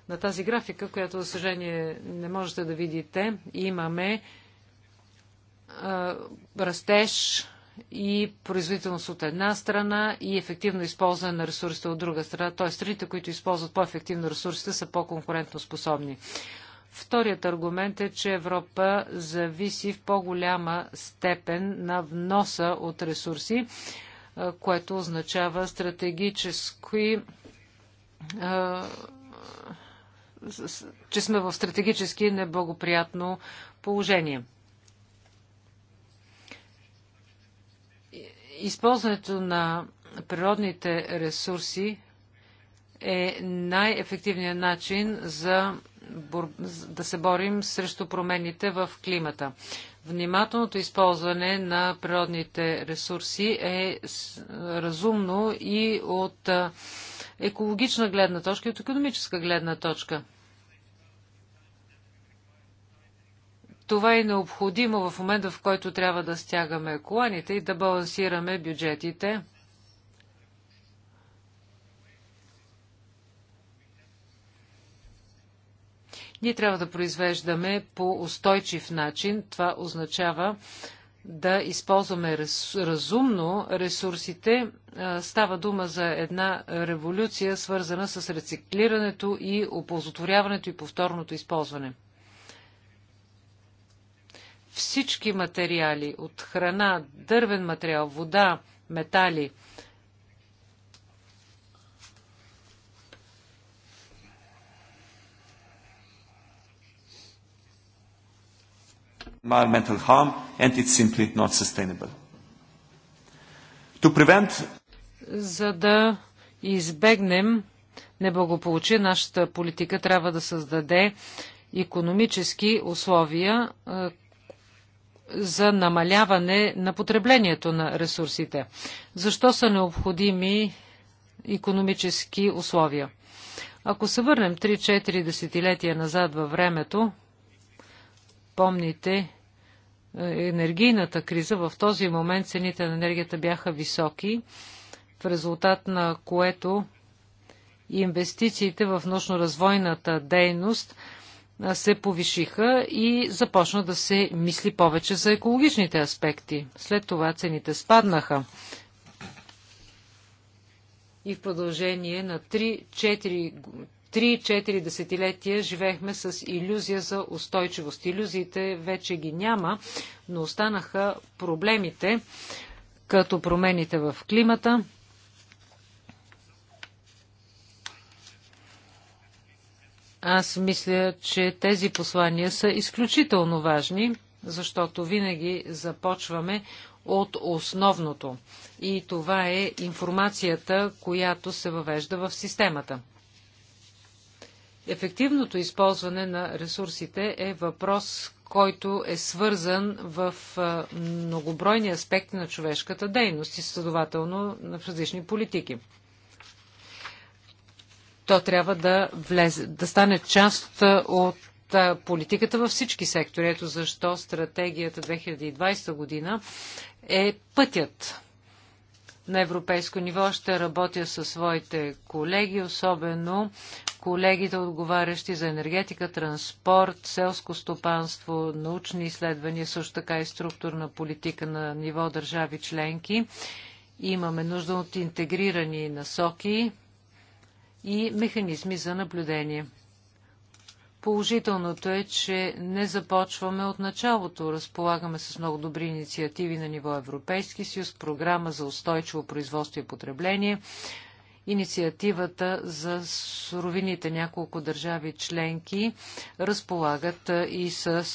На тази графика, която, за съжаление, не можете да видите, имаме е, растеж, и производителност от една страна и ефективно използване на ресурсите от друга страна. Т.е. страните, които използват по-ефективно ресурсите, са по-конкурентно способни. Вторият аргумент е, че Европа зависи в по-голяма степен на вноса от ресурси, което означава стратегически че сме в стратегически неблагоприятно положение. Използването на природните ресурси е най-ефективният начин за да се борим срещу промените в климата. Внимателното използване на природните ресурси е разумно и от екологична гледна точка, и от економическа гледна точка. Това е необходимо в момента, в който трябва да стягаме коланите и да балансираме бюджетите. Ние трябва да произвеждаме по устойчив начин. Това означава да използваме разумно ресурсите. Става дума за една революция, свързана с рециклирането и оползотворяването и повторното използване всички материали от храна, дървен материал, вода, метали. environmental harm and it's simply not sustainable. To prevent... За да избегнем неблагополучие, нашата политика трябва да създаде економически условия, за намаляване на потреблението на ресурсите. Защо са необходими економически условия? Ако се върнем 3-4 десетилетия назад във времето, помните е, енергийната криза, в този момент цените на енергията бяха високи, в резултат на което инвестициите в научно-развойната дейност – се повишиха и започна да се мисли повече за екологичните аспекти. След това цените спаднаха. И в продължение на 3-4 десетилетия живеехме с иллюзия за устойчивост. Иллюзиите вече ги няма, но останаха проблемите, като промените в климата, Аз мисля, че тези послания са изключително важни, защото винаги започваме от основното. И това е информацията, която се въвежда в системата. Ефективното използване на ресурсите е въпрос, който е свързан в многобройни аспекти на човешката дейност и следователно на различни политики то трябва да, влезе, да стане част от политиката във всички сектори. Ето защо стратегията 2020 година е пътят на европейско ниво. Ще работя със своите колеги, особено колегите отговарящи за енергетика, транспорт, селско стопанство, научни изследвания, също така и структурна политика на ниво държави членки. Имаме нужда от интегрирани насоки, и механизми за наблюдение. Положителното е, че не започваме от началото. Разполагаме с много добри инициативи на ниво Европейски съюз, програма за устойчиво производство и потребление, инициативата за суровините няколко държави членки разполагат и с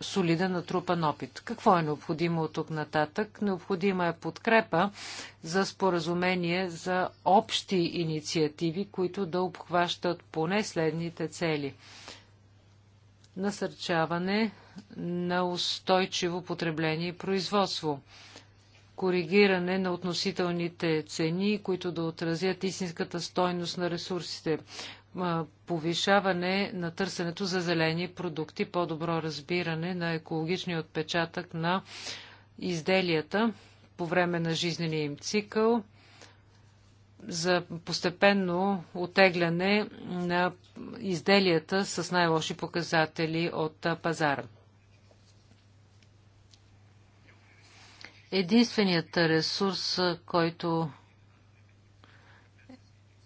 солиден натрупан опит. Какво е необходимо от тук нататък? Необходима е подкрепа за споразумение за общи инициативи, които да обхващат поне следните цели. Насърчаване на устойчиво потребление и производство коригиране на относителните цени, които да отразят истинската стойност на ресурсите, повишаване на търсенето за зелени продукти, по-добро разбиране на екологичния отпечатък на изделията по време на жизнения им цикъл, за постепенно отегляне на изделията с най-лоши показатели от пазара. Единственият ресурс, който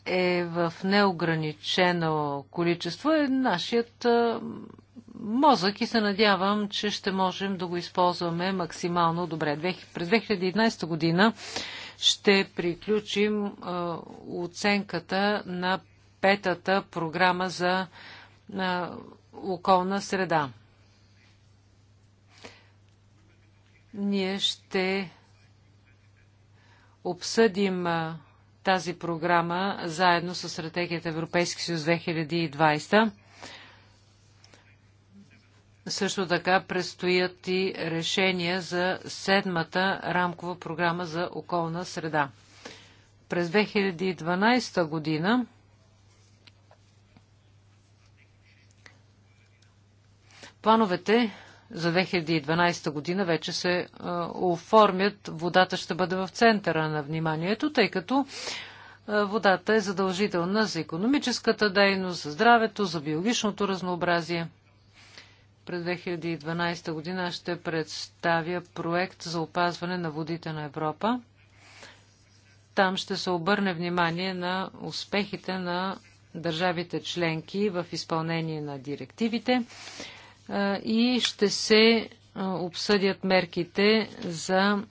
е в неограничено количество е нашият мозък и се надявам, че ще можем да го използваме максимално добре. През 2011 година ще приключим оценката на петата програма за околна среда. Ние ще обсъдим тази програма заедно с стратегията Европейски съюз 2020. Също така предстоят и решения за седмата рамкова програма за околна среда. През 2012 година плановете за 2012 година вече се е, оформят. Водата ще бъде в центъра на вниманието, тъй като е, водата е задължителна за економическата дейност, за здравето, за биологичното разнообразие. През 2012 година ще представя проект за опазване на водите на Европа. Там ще се обърне внимание на успехите на държавите членки в изпълнение на директивите и ще се обсъдят мерките за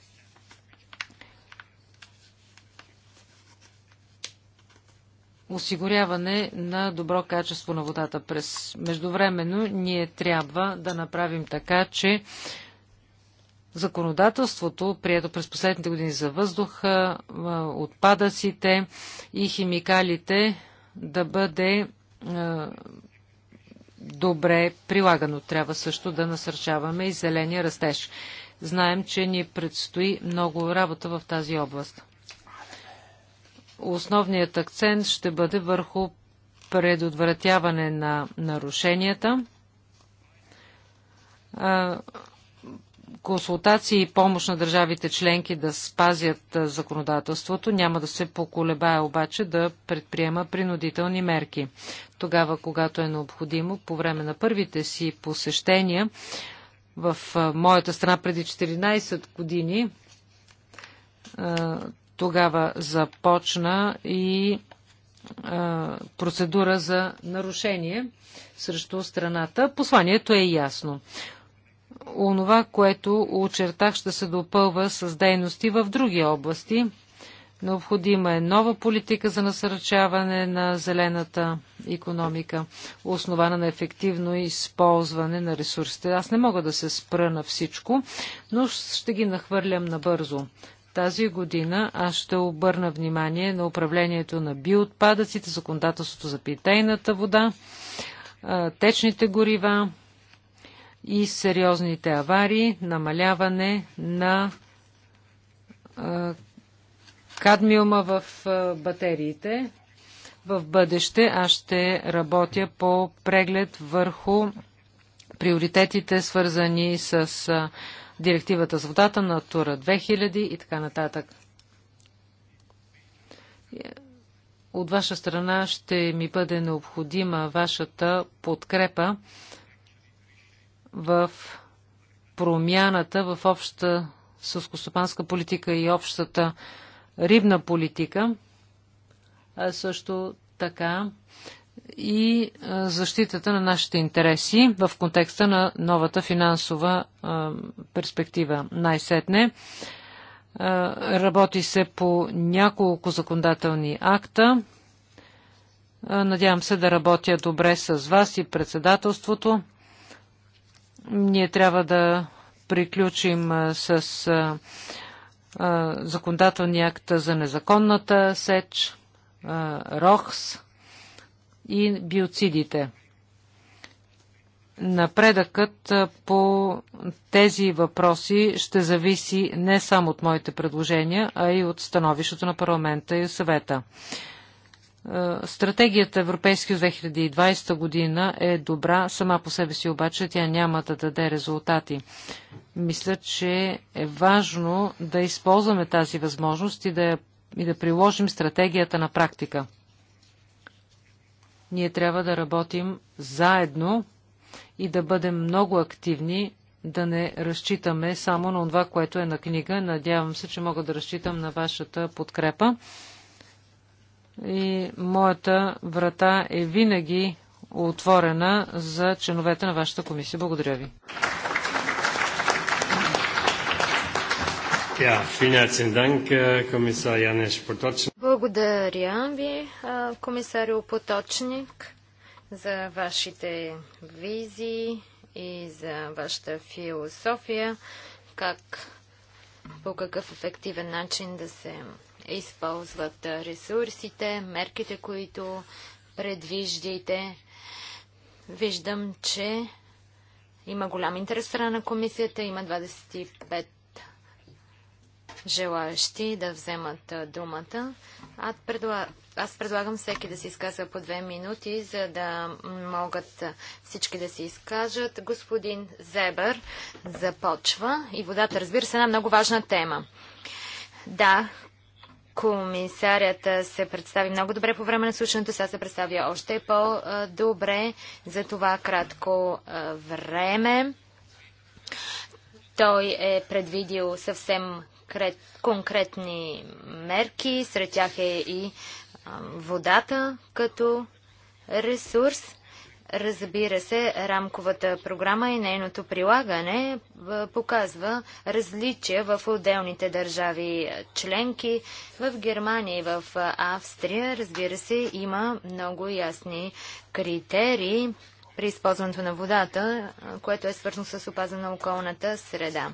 осигуряване на добро качество на водата. През междувременно ние трябва да направим така, че законодателството, прието през последните години за въздуха, отпадъците и химикалите да бъде добре прилагано. Трябва също да насърчаваме и зеления растеж. Знаем, че ни предстои много работа в тази област. Основният акцент ще бъде върху предотвратяване на нарушенията консултации и помощ на държавите членки да спазят законодателството. Няма да се поколебая обаче да предприема принудителни мерки. Тогава, когато е необходимо, по време на първите си посещения в моята страна преди 14 години, тогава започна и процедура за нарушение срещу страната. Посланието е ясно онова, което очертах, ще се допълва с дейности в други области. Необходима е нова политика за насърчаване на зелената економика, основана на ефективно използване на ресурсите. Аз не мога да се спра на всичко, но ще ги нахвърлям набързо. Тази година аз ще обърна внимание на управлението на биоотпадъците, законодателството за питейната вода, течните горива, и сериозните аварии, намаляване на кадмиума в батериите. В бъдеще аз ще работя по преглед върху приоритетите, свързани с директивата с водата, на Тура 2000 и така нататък. От ваша страна ще ми бъде необходима вашата подкрепа в промяната в общата сълскостопанска политика и общата рибна политика, а също така и защитата на нашите интереси в контекста на новата финансова перспектива. Най-сетне работи се по няколко законодателни акта. Надявам се да работя добре с вас и председателството. Ние трябва да приключим с законодателния акт за незаконната сеч, РОХС и биоцидите. Напредъкът по тези въпроси ще зависи не само от моите предложения, а и от становището на парламента и съвета. Е, стратегията Европейски от 2020 година е добра, сама по себе си обаче тя няма да даде резултати. Мисля, че е важно да използваме тази възможност и да, и да приложим стратегията на практика. Ние трябва да работим заедно и да бъдем много активни, да не разчитаме само на това, което е на книга. Надявам се, че мога да разчитам на вашата подкрепа. И моята врата е винаги отворена за членовете на вашата комисия. Благодаря ви. Äh, Благодаря ви, комисарио Поточник, за вашите визии и за вашата философия, как по какъв ефективен начин да се използват ресурсите, мерките, които предвиждайте, Виждам, че има голям интерес страна на комисията. Има 25 желаящи да вземат думата. Аз, Аз предлагам всеки да се изказва по две минути, за да могат всички да се изкажат. Господин Зебър започва и водата, разбира се, е една много важна тема. Да, Комисарят се представи много добре по време на слушането, сега се представя още по-добре за това кратко време. Той е предвидил съвсем конкретни мерки, сред тях е и водата като ресурс. Разбира се, рамковата програма и нейното прилагане показва различия в отделните държави членки. В Германия и в Австрия, разбира се, има много ясни критерии при използването на водата, което е свързано с опазване на околната среда.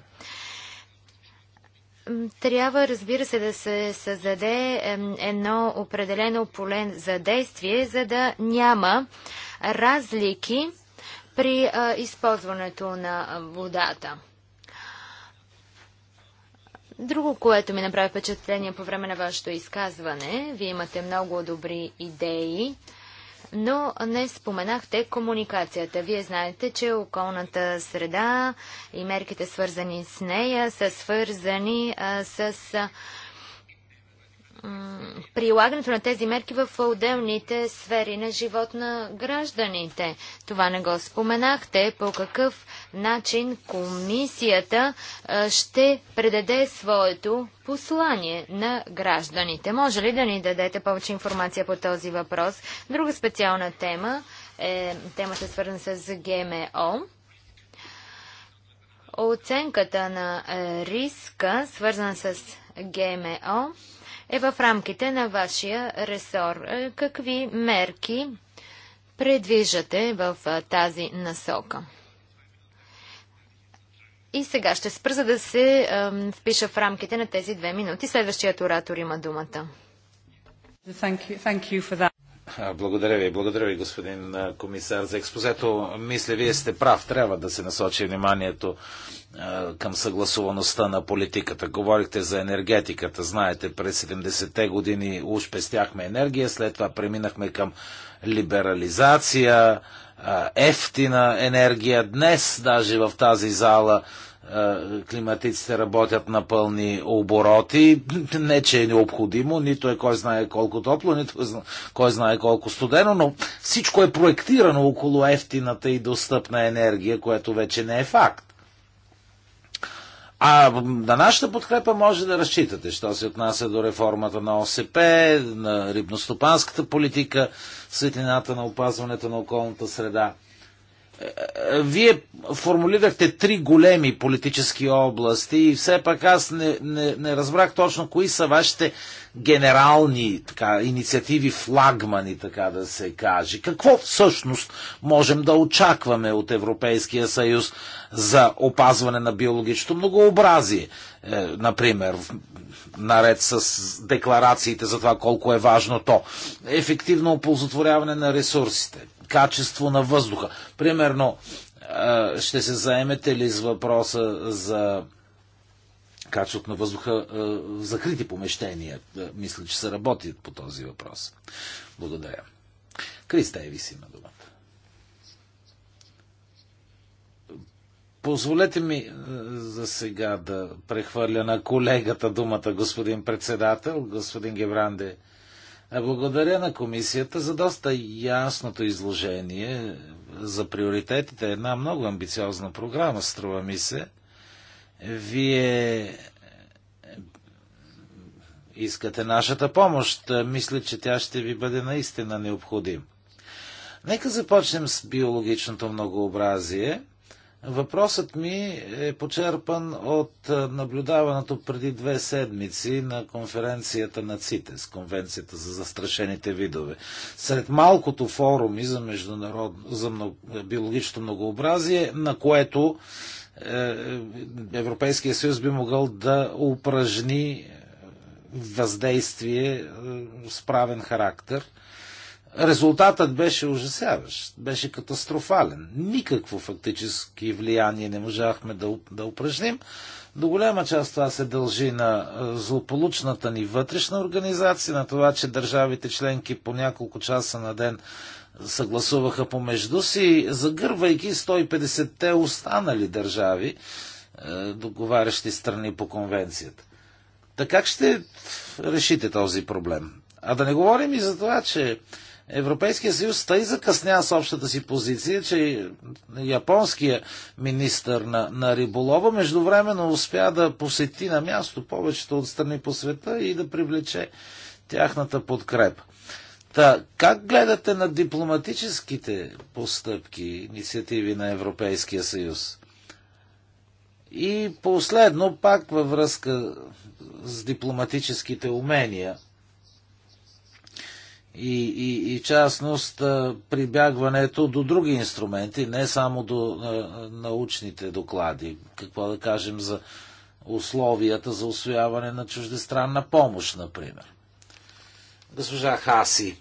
Трябва, разбира се, да се създаде едно определено поле за действие, за да няма разлики при използването на водата. Друго, което ми направи впечатление по време на вашето изказване, вие имате много добри идеи но не споменахте комуникацията. Вие знаете, че околната среда и мерките свързани с нея са свързани а, с прилагането на тези мерки в отделните сфери на живот на гражданите. Това не го споменахте. По какъв начин комисията ще предаде своето послание на гражданите? Може ли да ни дадете повече информация по този въпрос? Друга специална тема е темата свързана с ГМО оценката на риска, свързана с ГМО, е в рамките на вашия ресор. Е, какви мерки предвиждате в е, тази насока? И сега ще спръза за да се е, впиша в рамките на тези две минути. Следващият оратор има думата. благодаря ви, благодаря ви, господин комисар, за експозето. Мисля, вие сте прав. Трябва да се насочи вниманието към съгласуваността на политиката. Говорихте за енергетиката. Знаете, през 70-те години уж пестяхме енергия, след това преминахме към либерализация, ефтина енергия. Днес даже в тази зала климатиците работят на пълни обороти. Не, че е необходимо, нито е кой знае колко топло, нито е кой знае колко студено, но всичко е проектирано около ефтината и достъпна енергия, което вече не е факт. А на нашата подкрепа може да разчитате, що се отнася до реформата на ОСП, на рибностопанската политика, светлината на опазването на околната среда вие формулирахте три големи политически области и все пак аз не, не, не разбрах точно кои са вашите генерални така, инициативи, флагмани, така да се каже. Какво всъщност можем да очакваме от Европейския съюз за опазване на биологичното многообразие? Е, например, наред с декларациите за това колко е важно то. Ефективно оползотворяване на ресурсите качество на въздуха. Примерно, ще се заемете ли с въпроса за качеството на въздуха в закрити помещения? Мисля, че се работи по този въпрос. Благодаря. Криста си има думата. Позволете ми за сега да прехвърля на колегата думата, господин председател, господин Гевранде. Е, благодаря на комисията за доста ясното изложение за приоритетите. Една много амбициозна програма, струва ми се. Вие искате нашата помощ. Мисля, че тя ще ви бъде наистина необходим. Нека започнем с биологичното многообразие – Въпросът ми е почерпан от е, наблюдаваното преди две седмици на конференцията на ЦИТЕС, Конвенцията за застрашените видове. Сред малкото форуми за, международ... за много... Е, биологично многообразие, на което е, Европейския съюз би могъл да упражни въздействие с правен характер – Резултатът беше ужасяващ, беше катастрофален. Никакво фактически влияние не можахме да, да упражним. До голяма част това се дължи на злополучната ни вътрешна организация, на това, че държавите членки по няколко часа на ден съгласуваха помежду си, загървайки 150-те останали държави, договарящи страни по конвенцията. Така как ще решите този проблем? А да не говорим и за това, че Европейския съюз тъй закъсня с общата си позиция, че японския министр на, на риболова междувременно успя да посети на място повечето от страни по света и да привлече тяхната подкрепа. Та, как гледате на дипломатическите постъпки, инициативи на Европейския съюз? И последно, пак във връзка с дипломатическите умения, и, и, и частност прибягването до други инструменти, не само до научните доклади. Какво да кажем за условията за освояване на чуждестранна помощ, например. Госпожа Хаси,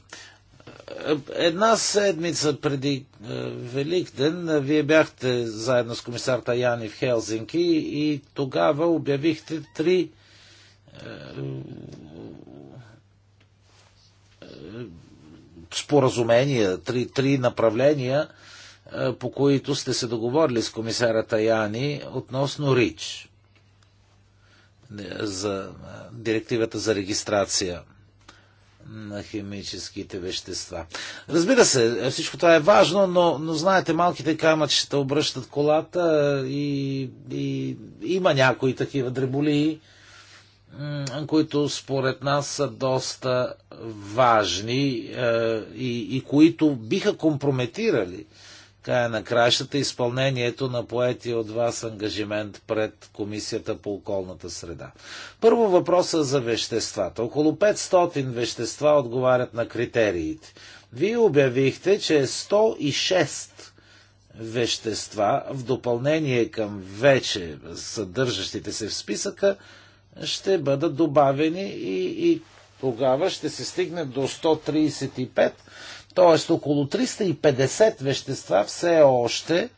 една седмица преди Великден вие бяхте заедно с комисарта Яни в Хелзинки и тогава обявихте три е, споразумения, три, три направления, е, по които сте се договорили с комисара Таяни относно РИЧ е, за директивата за регистрация на химическите вещества. Разбира се, всичко това е важно, но, но знаете, малките камъчета обръщат колата и, и има някои такива дреболии, които според нас са доста важни е, и, и които биха компрометирали края на кращата изпълнението на поети от вас ангажимент пред Комисията по околната среда. Първо въпроса за веществата. Около 500 вещества отговарят на критериите. Вие обявихте, че 106 е вещества в допълнение към вече съдържащите се в списъка ще бъдат добавени и, и тогава ще се стигне до 135, т.е. около 350 вещества все още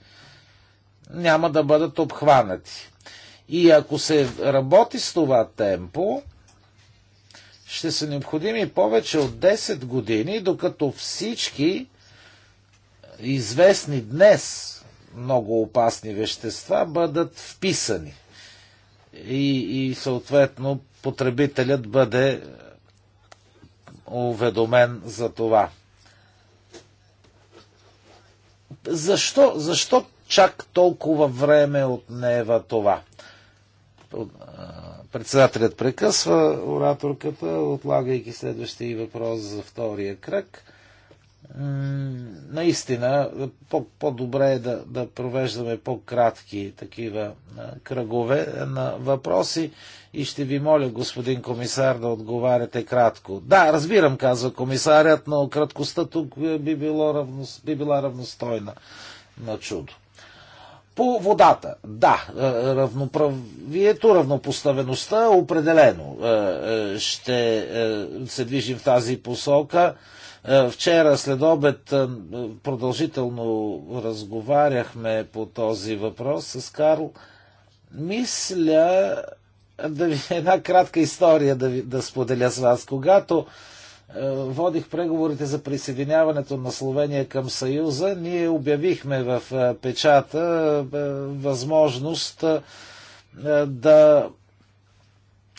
няма да бъдат обхванати. И ако се работи с това темпо, ще са необходими повече от 10 години, докато всички известни днес много опасни вещества бъдат вписани – и, и съответно потребителят бъде уведомен за това. Защо, защо чак толкова време отнева това? Председателят прекъсва ораторката, отлагайки следващия въпрос за втория кръг наистина по-добре -по е да, да провеждаме по-кратки такива кръгове на въпроси и ще ви моля, господин комисар, да отговаряте кратко. Да, разбирам, казва комисарят, но краткостта тук е, би, било равно, би била равностойна на чудо. По водата, да, е, равноправието, равнопоставеността определено е, ще се движим в тази посока. Е, вчера след обед е, продължително разговаряхме по този въпрос с Карл. Мисля да ви една кратка история да, ви, да споделя с вас. Когато е, водих преговорите за присъединяването на Словения към Съюза, ние обявихме в печата възможност да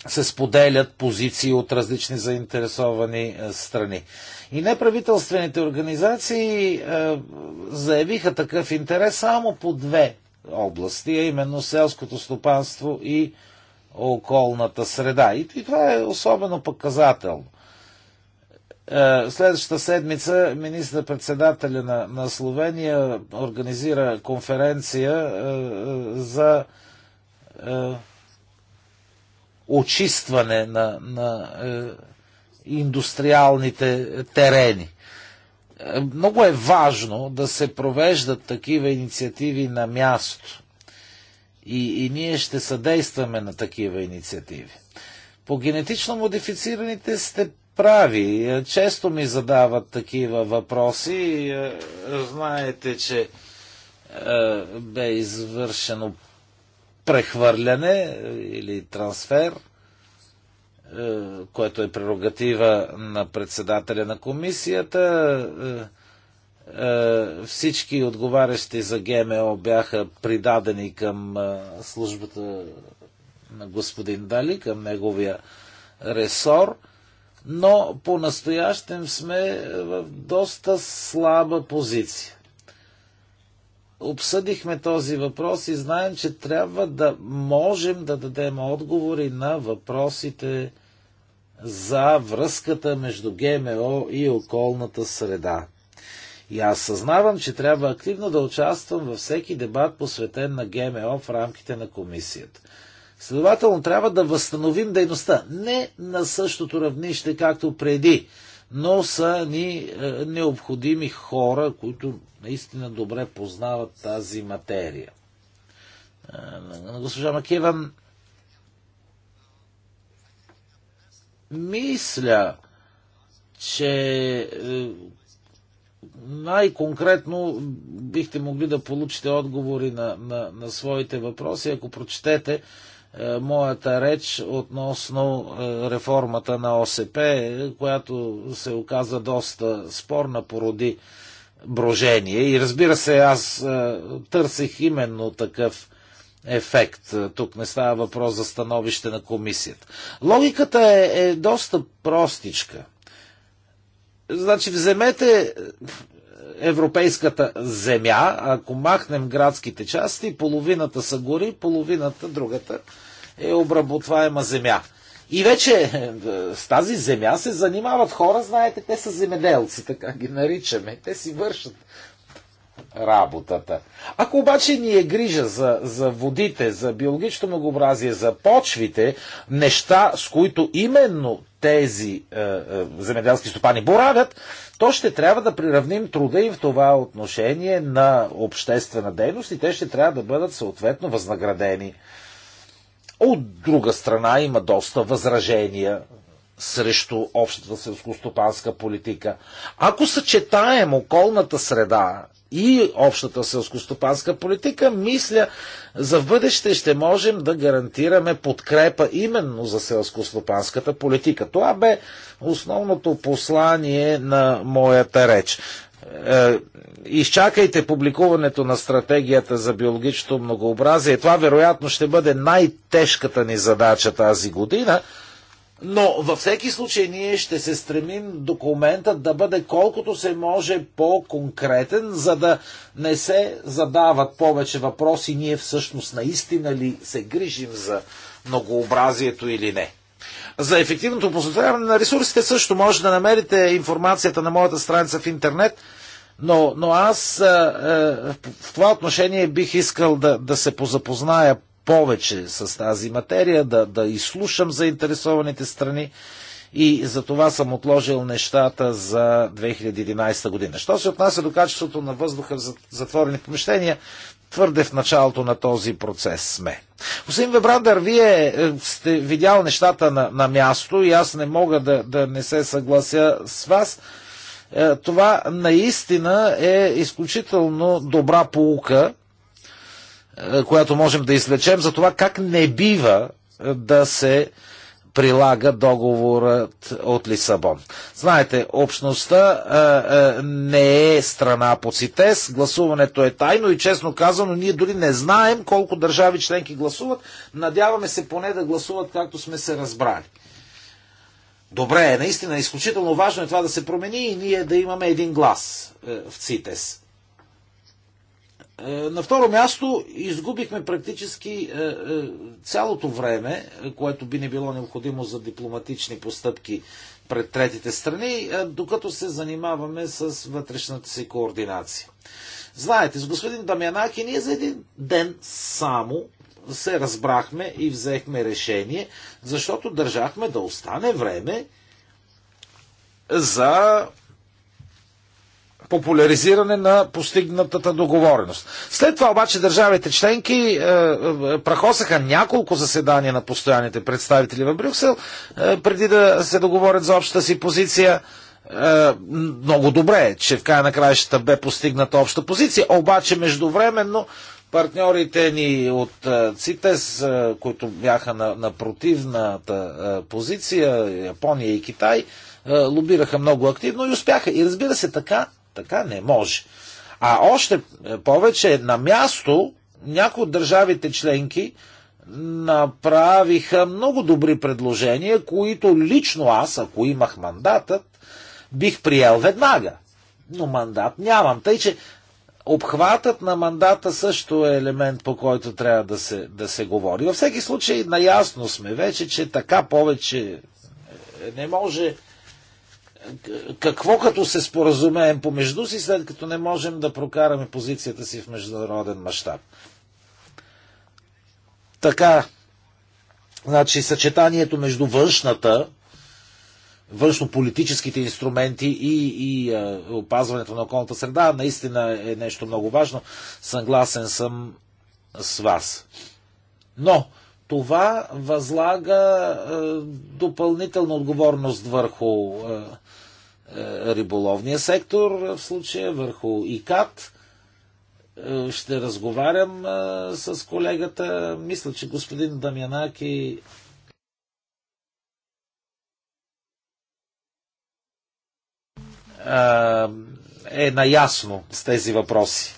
се споделят позиции от различни заинтересовани страни. И неправителствените организации е, заявиха такъв интерес само по две области, а именно селското стопанство и околната среда. И, и това е особено показателно. Е, следващата седмица министър-председателя на, на Словения организира конференция е, е за е, очистване на, на е, индустриалните терени. Много е важно да се провеждат такива инициативи на място. И, и ние ще съдействаме на такива инициативи. По генетично модифицираните сте прави. Често ми задават такива въпроси. Е, знаете, че е, бе извършено прехвърляне или трансфер – е, което е прерогатива на председателя на комисията. Е, е, всички отговарящи за ГМО бяха придадени към службата на господин Дали, към неговия ресор, но по-настоящем сме в доста слаба позиция обсъдихме този въпрос и знаем, че трябва да можем да дадем отговори на въпросите за връзката между ГМО и околната среда. И аз съзнавам, че трябва активно да участвам във всеки дебат, посветен на ГМО в рамките на комисията. Следователно, трябва да възстановим дейността. Не на същото равнище, както преди, но са ни е, необходими хора, които наистина добре познават тази материя. На е, госпожа Макеван мисля, че е, най-конкретно бихте могли да получите отговори на, на, на своите въпроси, ако прочетете е, моята реч относно е, реформата на ОСП, която се оказа доста спорна, породи брожение. И разбира се, аз е, търсих именно такъв ефект. Тук не става въпрос за становище на комисията. Логиката е, е доста простичка. Значи, вземете европейската земя, ако махнем градските части, половината са гори, половината другата е обработваема земя. И вече е, с тази земя се занимават хора, знаете, те са земеделци, така ги наричаме. Те си вършат работата. Ако обаче ни е грижа за, за водите, за биологично многообразие, за почвите, неща, с които именно тези е, е, земеделски стопани боравят, то ще трябва да приравним труда им в това отношение на обществена дейност и те ще трябва да бъдат съответно възнаградени. От друга страна има доста възражения срещу общата селскостопанска политика. Ако съчетаем околната среда и общата селскостопанска политика, мисля, за бъдеще ще можем да гарантираме подкрепа именно за селскостопанската политика. Това бе основното послание на моята реч. Е, изчакайте публикуването на стратегията за биологичното многообразие. Това вероятно ще бъде най-тежката ни задача тази година, но във всеки случай ние ще се стремим документът да бъде колкото се може по-конкретен, за да не се задават повече въпроси ние всъщност наистина ли се грижим за многообразието или не. За ефективното посветяване на ресурсите също може да намерите информацията на моята страница в интернет, но, но аз е, в това отношение бих искал да, да се позапозная повече с тази материя, да, да изслушам заинтересованите страни и за това съм отложил нещата за 2011 година. Що се отнася до качеството на въздуха в затворени помещения, твърде в началото на този процес сме. Господин Вебрандър, вие е, сте видял нещата на, на място и аз не мога да, да не се съглася с вас. Е, това наистина е изключително добра полука е, която можем да извлечем за това как не бива е, да се прилага договорът от Лисабон. Знаете, общността а, е, а, не е страна по ЦИТЕС, гласуването е тайно и честно казано, ние дори не знаем колко държави членки гласуват. Надяваме се поне да гласуват както сме се разбрали. Добре, наистина, изключително важно е това да се промени и ние да имаме един глас в ЦИТЕС. Е, на второ място, изгубихме практически е, е, цялото време, което би не било необходимо за дипломатични постъпки пред третите страни, докато се занимаваме с вътрешната си координация. Знаете, с господин Дамянаки ние за един ден само се разбрахме и взехме решение, защото държахме да остане време за популяризиране на постигнатата договореност. След това обаче държавите членки е, е, прахосаха няколко заседания на постоянните представители в Брюксел, е, преди да се договорят за общата си позиция. Е, много добре, е, че в края на краищата бе постигната обща позиция, обаче междувременно партньорите ни от е, ЦИТЕС, които бяха на, на противната позиция, Япония и Китай, лобираха много активно и успяха. И разбира се, така така не може. А още е, повече на място някои от държавите членки направиха много добри предложения, които лично аз, ако имах мандатът, бих приел веднага. Но мандат нямам. Тъй, че обхватът на мандата също е елемент, по който трябва да се, да се говори. Във всеки случай, наясно сме вече, че така повече е, не може какво като се споразумеем помежду си, след като не можем да прокараме позицията си в международен мащаб? Така, значи съчетанието между външната, външно политическите инструменти и, и а, опазването на околната среда наистина е нещо много важно. Съгласен съм с вас. Но това възлага а, допълнителна отговорност върху а, е, риболовния сектор, е, в случая върху ИКАТ. Е, ще разговарям с колегата. Мисля, че господин Дамянаки е наясно с тези въпроси.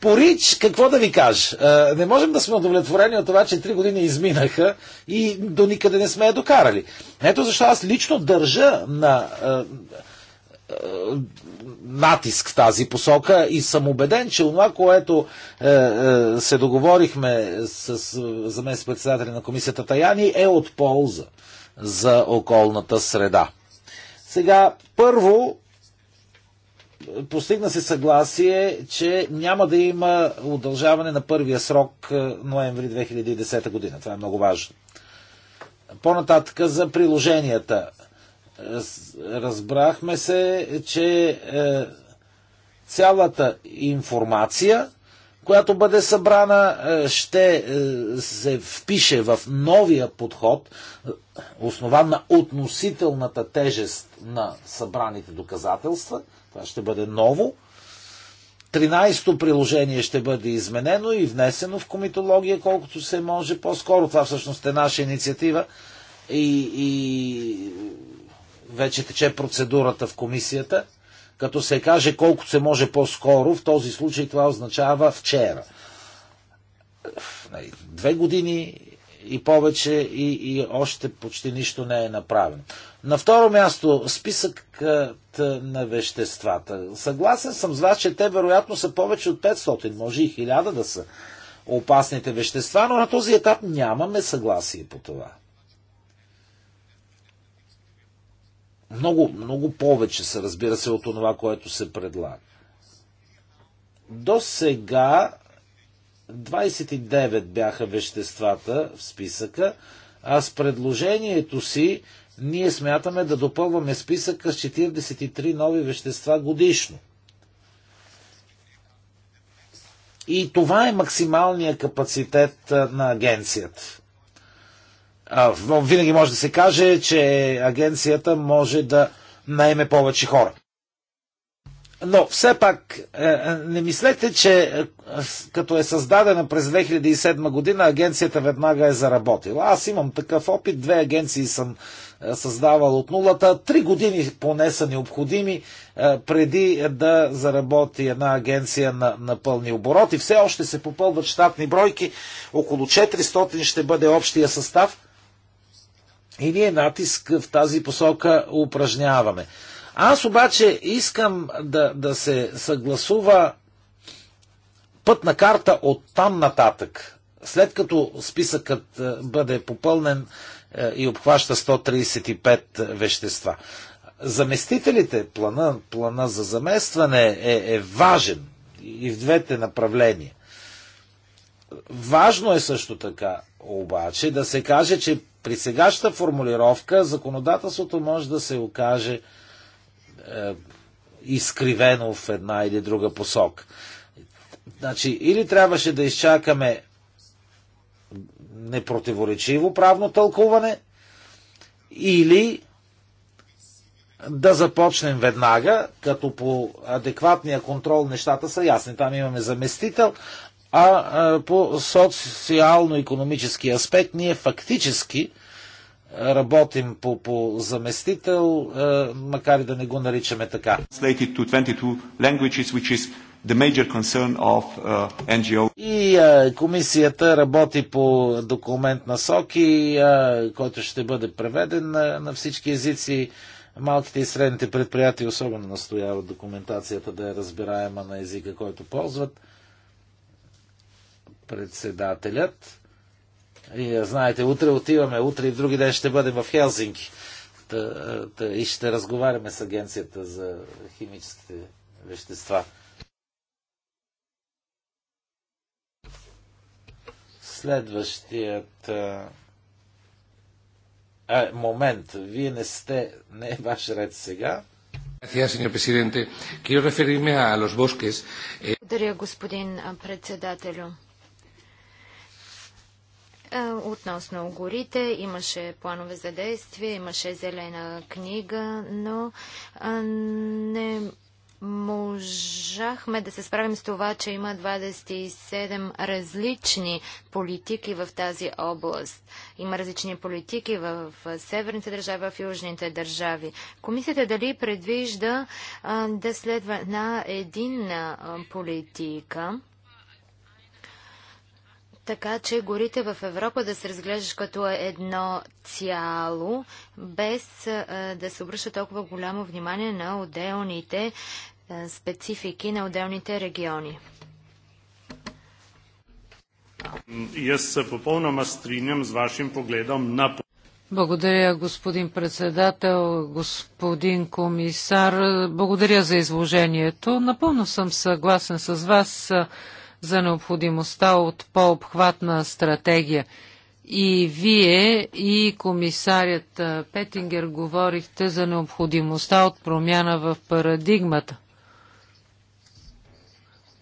По Рич, какво да ви кажа? Е, не можем да сме удовлетворени от това, че три години изминаха и до никъде не сме я докарали. Ето защо аз лично държа на е, е, натиск в тази посока и съм убеден, че това, което е, е, се договорихме с заместник председателя на комисията Таяни е от полза за околната среда. Сега, първо, постигна се съгласие, че няма да има удължаване на първия срок е, ноември 2010 година. Това е много важно. По-нататък за приложенията. Разбрахме се, че е, цялата информация която бъде събрана, е, ще е, се впише в новия подход, е, основан на относителната тежест на събраните доказателства. Това ще бъде ново. 13-то приложение ще бъде изменено и внесено в комитология, колкото се може по-скоро. Това всъщност е наша инициатива и, и вече тече процедурата в комисията – като се каже колкото се може по-скоро, в този случай това означава вчера. Две години и повече и, и още почти нищо не е направено. На второ място, списъкът е, на веществата. Съгласен съм с вас, че те вероятно са повече от 500, може и 1000 да са опасните вещества, но на този етап нямаме съгласие по това. много, много повече се, разбира се, от това, което се предлага. До сега 29 бяха веществата в списъка, а с предложението си ние смятаме да допълваме списъка с 43 нови вещества годишно. И това е максималният капацитет на агенцията винаги може да се каже, че агенцията може да найме повече хора. Но все пак е, е, не мислете, че е, като е създадена през 2007 година, агенцията веднага е заработила. Аз имам такъв опит, две агенции съм създавал от нулата, три години поне са необходими преди да заработи една агенция на, на пълни обороти. Все още се попълват щатни бройки, около 400 ще бъде общия състав – и ние натиск в тази посока упражняваме. Аз обаче искам да, да се съгласува пътна карта от там нататък. След като списъкът е, бъде попълнен е, и обхваща 135 вещества. Заместителите, плана, плана за заместване е, е важен и в двете направления. Важно е също така обаче да се каже, че при сегашната формулировка законодателството може да се окаже е, изкривено в една или друга посока. Значи, или трябваше да изчакаме непротиворечиво правно тълкуване, или да започнем веднага, като по адекватния контрол нещата са ясни. Там имаме заместител, а по социално-економически аспект ние фактически работим по, по заместител, макар и да не го наричаме така. Uh, и а, комисията работи по документ на СОКИ, а, който ще бъде преведен на, на всички езици. Малките и средните предприятия особено настояват документацията да е разбираема на езика, който ползват председателят. И, знаете, утре отиваме, утре и в други ден ще бъдем в Хелзинки. Та, та, и ще разговаряме с агенцията за химическите вещества. Следващият а, момент. Вие не сте, не е ваш ред сега. Благодаря, господин председателю. Относно горите имаше планове за действие, имаше зелена книга, но не можахме да се справим с това, че има 27 различни политики в тази област. Има различни политики в северните държави, в южните държави. Комисията дали предвижда да следва на единна политика? така че горите в Европа да се разглеждаш като едно цяло, без да се обръща толкова голямо внимание на отделните специфики на отделните региони. Благодаря, господин председател, господин комисар. Благодаря за изложението. Напълно съм съгласен с вас за необходимостта от по-обхватна стратегия. И вие, и комисарят Петингер говорихте за необходимостта от промяна в парадигмата.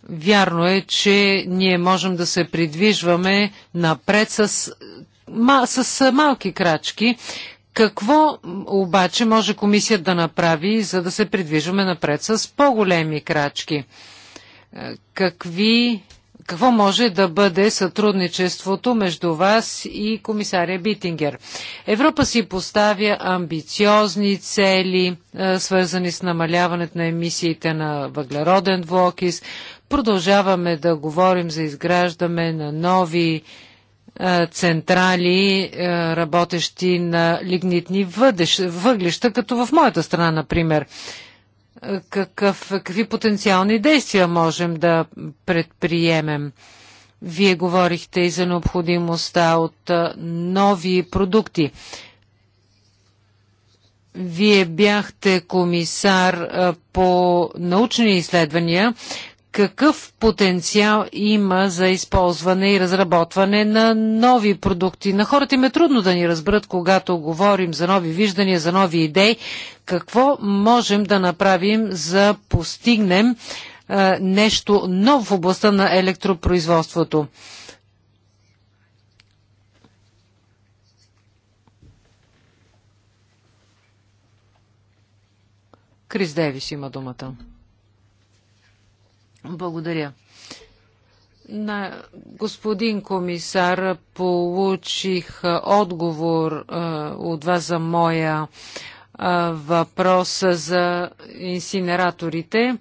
Вярно е, че ние можем да се придвижваме напред с, с малки крачки. Какво обаче може комисията да направи, за да се придвижваме напред с по-големи крачки? Е, какви, какво може да бъде сътрудничеството между вас и комисаря Битингер? Европа си поставя амбициозни цели, е, свързани с намаляването на емисиите на въглероден двуокис. Продължаваме да говорим за изграждане на нови е, централи, работещи на лигнитни въглища, като в моята страна, например какъв, какви потенциални действия можем да предприемем. Вие говорихте и за необходимостта от нови продукти. Вие бяхте комисар по научни изследвания какъв потенциал има за използване и разработване на нови продукти. На хората им е трудно да ни разберат, когато говорим за нови виждания, за нови идеи, какво можем да направим за постигнем а, нещо ново в областта на електропроизводството. Крис Девис има думата. Благодаря. На господин комисар, получих отговор от вас за моя въпрос за инсинераторите.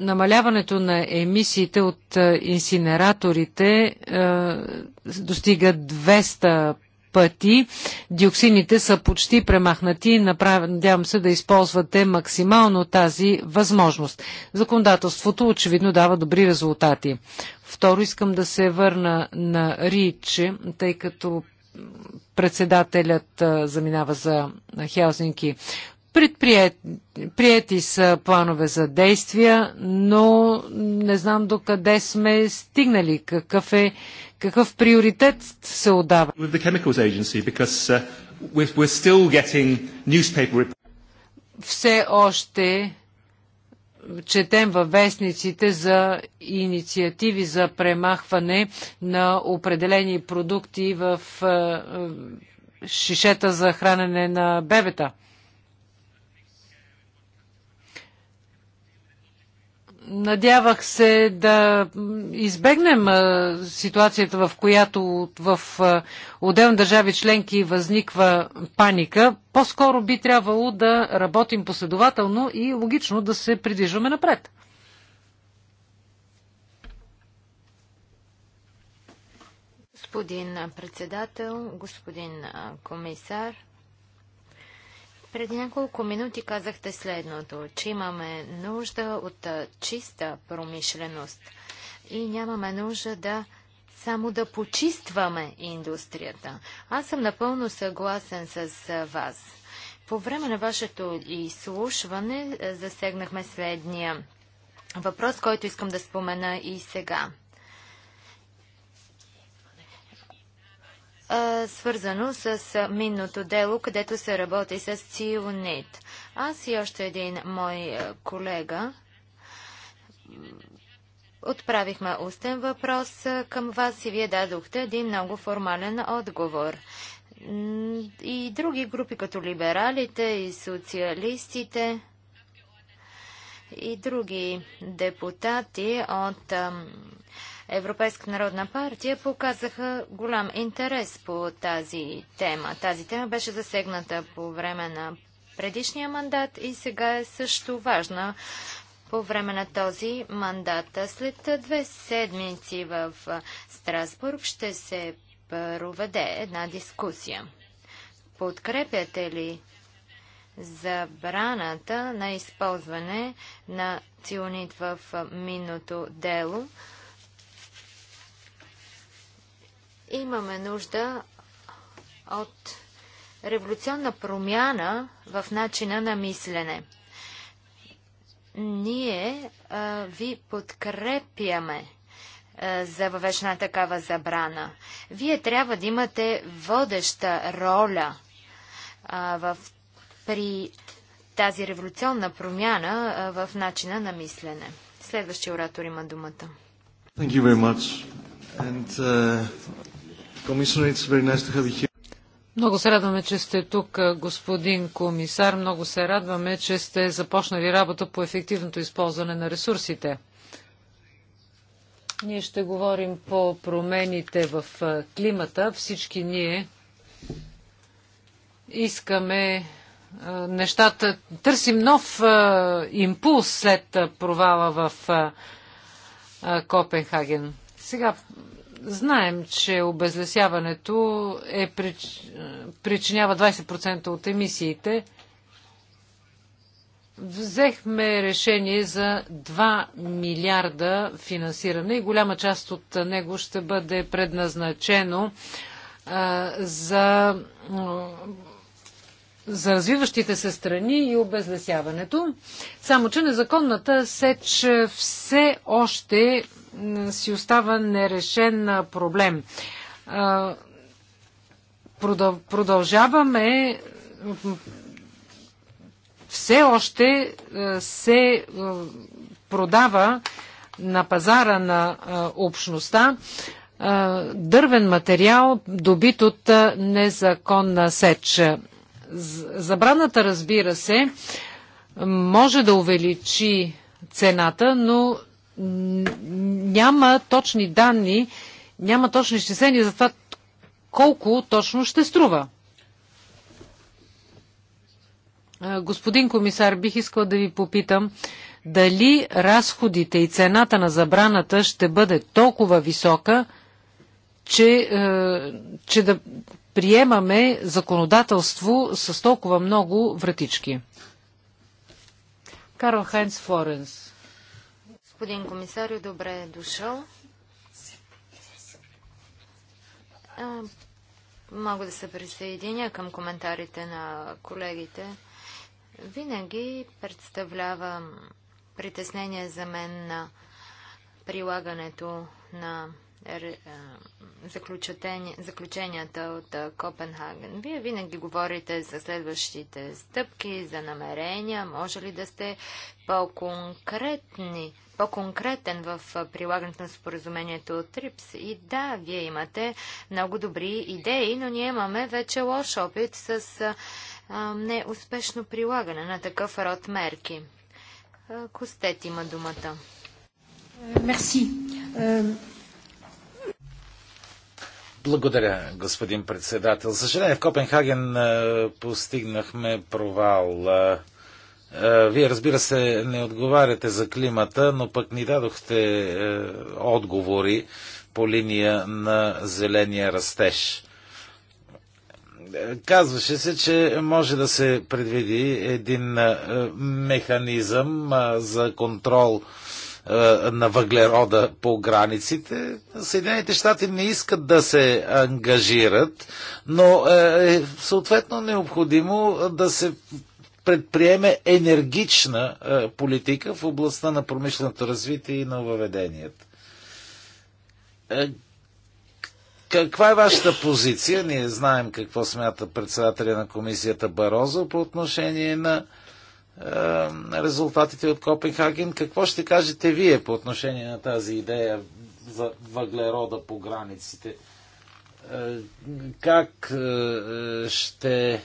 Намаляването на емисиите от инсинераторите достига 200 пъти. Диоксините са почти премахнати. надявам се да използвате максимално тази възможност. Законодателството очевидно дава добри резултати. Второ, искам да се върна на Рич, тъй като председателят заминава за Хелзинки приети са планове за действия, но не знам до къде сме стигнали, какъв, е, какъв приоритет се отдава. Uh, Все още четем във вестниците за инициативи за премахване на определени продукти в е, е, шишета за хранене на бебета. Надявах се да избегнем ситуацията, в която в отделни държави членки възниква паника. По-скоро би трябвало да работим последователно и логично да се придвижваме напред. Господин председател, господин комисар, преди няколко минути казахте следното, че имаме нужда от чиста промишленост и нямаме нужда да само да почистваме индустрията. Аз съм напълно съгласен с вас. По време на вашето изслушване засегнахме следния въпрос, който искам да спомена и сега. свързано с минното дело, където се работи с Ционит. Аз и още един мой колега отправихме устен въпрос към вас и вие дадохте един много формален отговор. И други групи, като либералите и социалистите, и други депутати от Европейска народна партия показаха голям интерес по тази тема. Тази тема беше засегната по време на предишния мандат и сега е също важна по време на този мандат. След две седмици в Страсбург ще се проведе една дискусия. Подкрепяте ли забраната на използване на ционит в минното дело? Имаме нужда от революционна промяна в начина на мислене. Ние а, ви подкрепяме а, за въвешна такава забрана. Вие трябва да имате водеща роля а, в, при тази революционна промяна а, в начина на мислене. Следващия оратор има думата. Thank you very much. And, uh... Много се радваме, че сте тук, господин комисар. Много се радваме, че сте започнали работа по ефективното използване на ресурсите. Ние ще говорим по промените в климата. Всички ние искаме нещата. Търсим нов импулс след провала в Копенхаген. Сега Знаем, че обезлесяването е, причинява 20% от емисиите. Взехме решение за 2 милиарда финансиране и голяма част от него ще бъде предназначено а, за за развиващите се страни и обезлесяването. Само, че незаконната сеч е, все още си остава нерешен проблем. Продължаваме все още се продава на пазара на общността дървен материал, добит от незаконна сеч. Забраната, разбира се, може да увеличи цената, но няма точни данни, няма точни изчисления за това колко точно ще струва. Господин комисар, бих искал да ви попитам дали разходите и цената на забраната ще бъде толкова висока, че, е, че да, приемаме законодателство с толкова много вратички. Карл Хайнц Флоренс. Господин комисар, добре е дошъл. Мога да се присъединя към коментарите на колегите. Винаги представлява притеснение за мен на прилагането на е, заключенията от е, Копенхаген. Вие винаги говорите за следващите стъпки, за намерения. Може ли да сте по-конкретни, по-конкретен в е, прилагането на споразумението от ТРИПС? И да, вие имате много добри идеи, но ние имаме вече лош опит с а, неуспешно прилагане на такъв род мерки. Костет има думата. Мерси. Благодаря, господин председател. Съжаление, в Копенхаген постигнахме провал. Вие, разбира се, не отговаряте за климата, но пък ни дадохте е, отговори по линия на зеления растеж. Казваше се, че може да се предвиди един е, механизъм за контрол е, на въглерода по границите. Съединените щати не искат да се ангажират, но е, е съответно необходимо да се предприеме енергична е, политика в областта на промишленото развитие и на въведението. Каква е вашата позиция? Ние знаем какво смята председателя на комисията Барозо по отношение на резултатите от Копенхаген. Какво ще кажете вие по отношение на тази идея за въглерода по границите? Как ще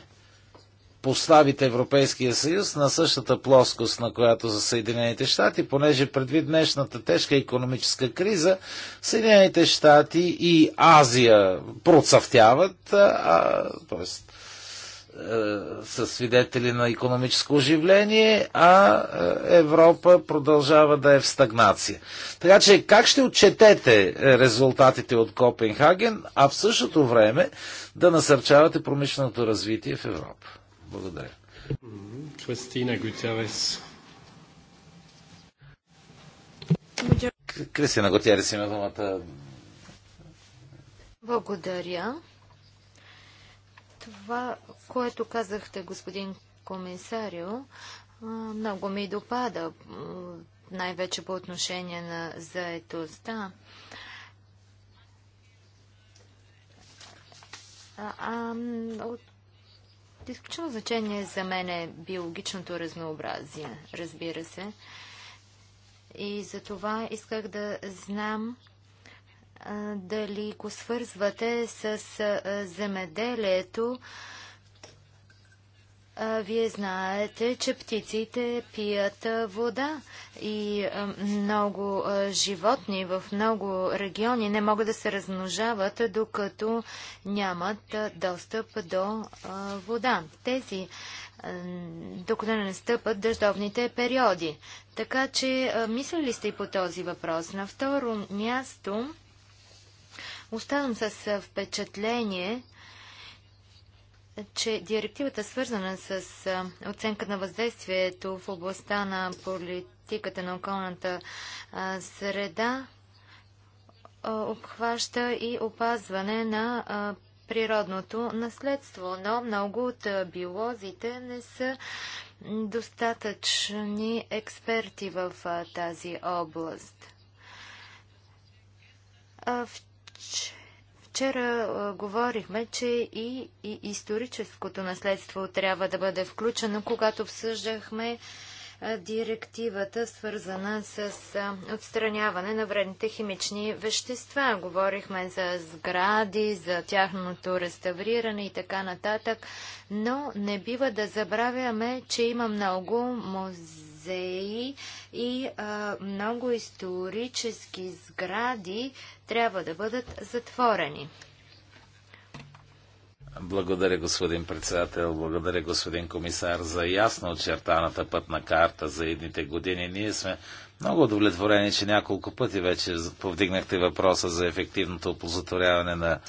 поставите Европейския съюз на същата плоскост, на която за Съединените щати, понеже предвид днешната тежка економическа криза, Съединените щати и Азия процъфтяват, а, т.е. Е, са свидетели на економическо оживление, а е, Европа продължава да е в стагнация. Така че как ще отчетете е, резултатите от Копенхаген, а в същото време да насърчавате промишленото развитие в Европа? Благодаря. Кристина Гутярес Кристина Гутярес има думата. Благодаря. Това, което казахте, господин комисарио, много ми допада, най-вече по отношение на заетостта. А, а, от изключително значение за мен е биологичното разнообразие, разбира се. И за това исках да знам а, дали го свързвате с а, земеделието, а, а, вие знаете, че птиците пият а, вода и а, много животни в много региони не могат да се размножават, докато нямат достъп до вода. Тези докато не настъпат дъждовните периоди. Така че мислили сте и по този въпрос. На второ място оставам с впечатление, че директивата свързана с оценка на въздействието в областта на политиката на околната среда обхваща и опазване на природното наследство, но много от биолозите не са достатъчни експерти в тази област. Вчера Вчера говорихме, че и, и историческото наследство трябва да бъде включено, когато обсъждахме директивата, свързана с отстраняване на вредните химични вещества. Говорихме за сгради, за тяхното реставриране и така нататък, но не бива да забравяме, че има много музеи музеи и а, много исторически сгради трябва да бъдат затворени. Благодаря, господин председател. Благодаря, господин комисар, за ясно очертаната пътна карта за едните години. Ние сме много удовлетворени, че няколко пъти вече повдигнахте въпроса за ефективното опозотворяване на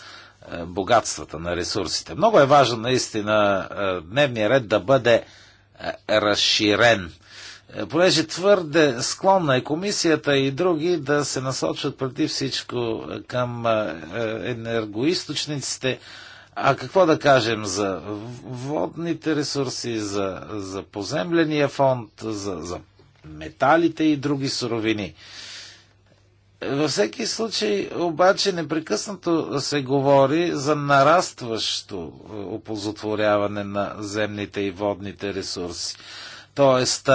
е, богатствата, на ресурсите. Много е важно наистина е, дневния ред да бъде е, разширен е, понеже твърде склонна е комисията и други да се насочат преди всичко е, към е, енергоисточниците, а какво да кажем за водните ресурси, за, за поземления фонд, за, за металите и други суровини? Във всеки случай, обаче, непрекъснато се говори за нарастващо опозотворяване на земните и водните ресурси. Т.е.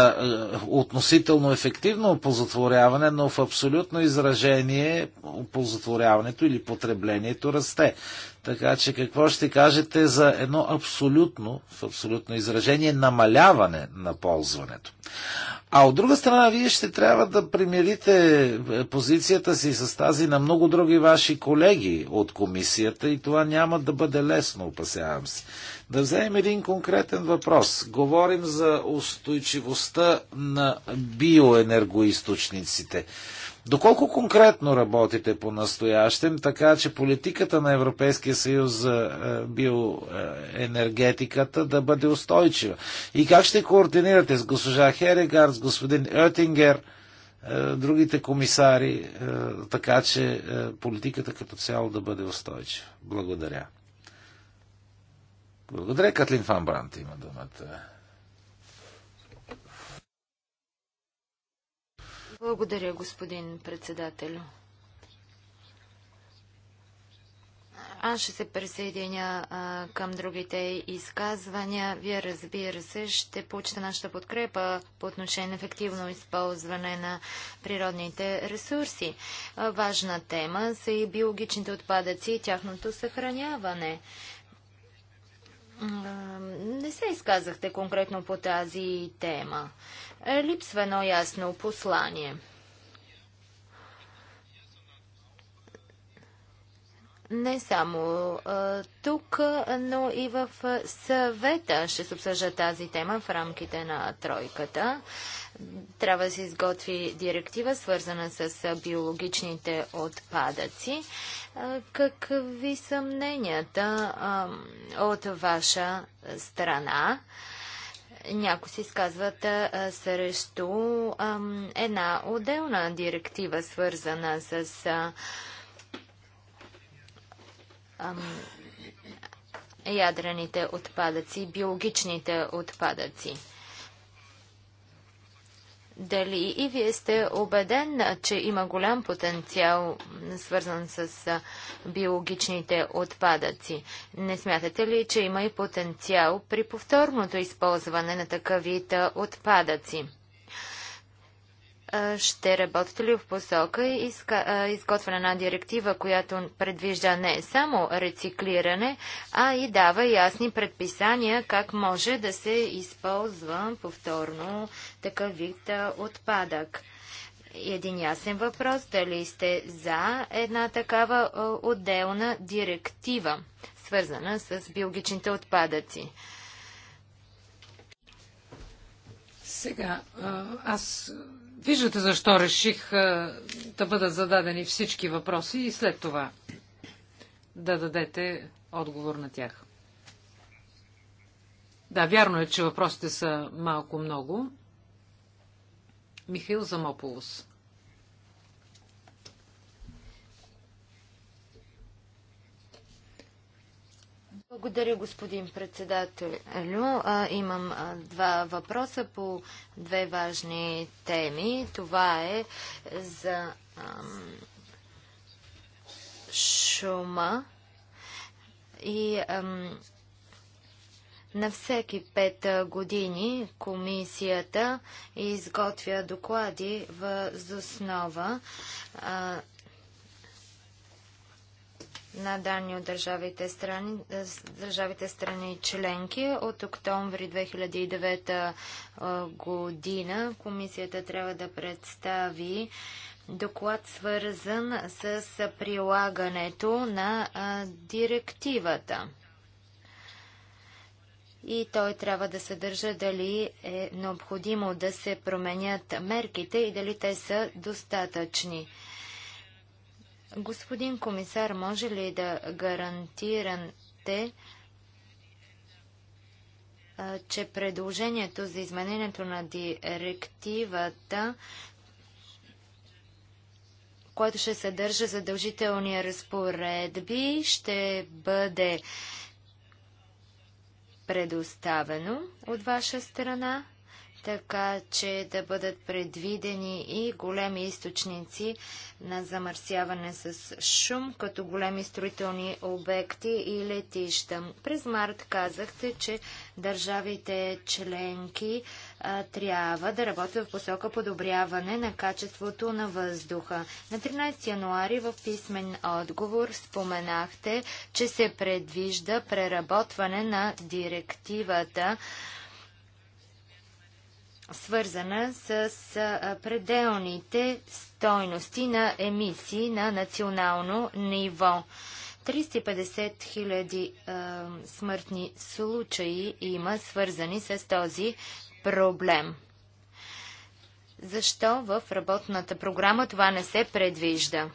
относително ефективно оползотворяване, но в абсолютно изражение оползотворяването или потреблението расте. Така че какво ще кажете за едно абсолютно, в абсолютно изражение, намаляване на ползването? А от друга страна, вие ще трябва да примирите е, позицията си с тази на много други ваши колеги от комисията и това няма да бъде лесно, опасявам се. Да вземем един конкретен въпрос. Говорим за устойчивостта на биоенергоисточниците. Доколко конкретно работите по настоящем, така че политиката на Европейския съюз за е, биоенергетиката да бъде устойчива? И как ще координирате с госпожа Херегард, с господин Оетингер, е, другите комисари, е, така че политиката като цяло да бъде устойчива? Благодаря. Благодаря, Катлин Фанбрант има думата. Благодаря, господин председател. Аз ще се присъединя към другите изказвания. Вие, разбира се, ще получите нашата подкрепа по отношение на ефективно използване на природните ресурси. важна тема са и биологичните отпадъци и тяхното съхраняване. не се изказахте конкретно по тази тема липсва едно ясно послание. Не само тук, но и в съвета ще се обсъжда тази тема в рамките на тройката. Трябва да се изготви директива, свързана с биологичните отпадъци. какви са мненията от ваша страна? Някои се изказват срещу една отделна директива, свързана с ядрените отпадъци, биологичните отпадъци дали и вие сте убеден, че има голям потенциал свързан с биологичните отпадъци? Не смятате ли, че има и потенциал при повторното използване на такъвите отпадъци? Ще работите ли в посока изготвяне на директива, която предвижда не само рециклиране, а и дава ясни предписания как може да се използва повторно такъв вид отпадък? Един ясен въпрос. Дали сте за една такава отделна директива, свързана с биологичните отпадъци? Сега, аз Виждате защо реших да бъдат зададени всички въпроси и след това да дадете отговор на тях. Да, вярно е, че въпросите са малко много. Михаил Замополос. Благодаря, господин председател. Имам два въпроса по две важни теми. Това е за шума и на всеки пет години комисията изготвя доклади в основа на данни от държавите страни, е, държавите страни членки. От октомври 2009 е, година комисията трябва да представи доклад свързан с прилагането на е, директивата. И той трябва да съдържа дали е необходимо да се променят мерките и дали те са достатъчни. Господин комисар, може ли да гарантирате, че предложението за изменението на директивата, което ще съдържа задължителни разпоредби, ще бъде предоставено от ваша страна? така че да бъдат предвидени и големи източници на замърсяване с шум, като големи строителни обекти и летища. През март казахте, че държавите членки а, трябва да работят в посока подобряване на качеството на въздуха. На 13 януари в писмен отговор споменахте, че се предвижда преработване на директивата свързана с пределните стойности на емисии на национално ниво. 350 хиляди смъртни случаи има свързани с този проблем. Защо в работната програма това не се предвижда?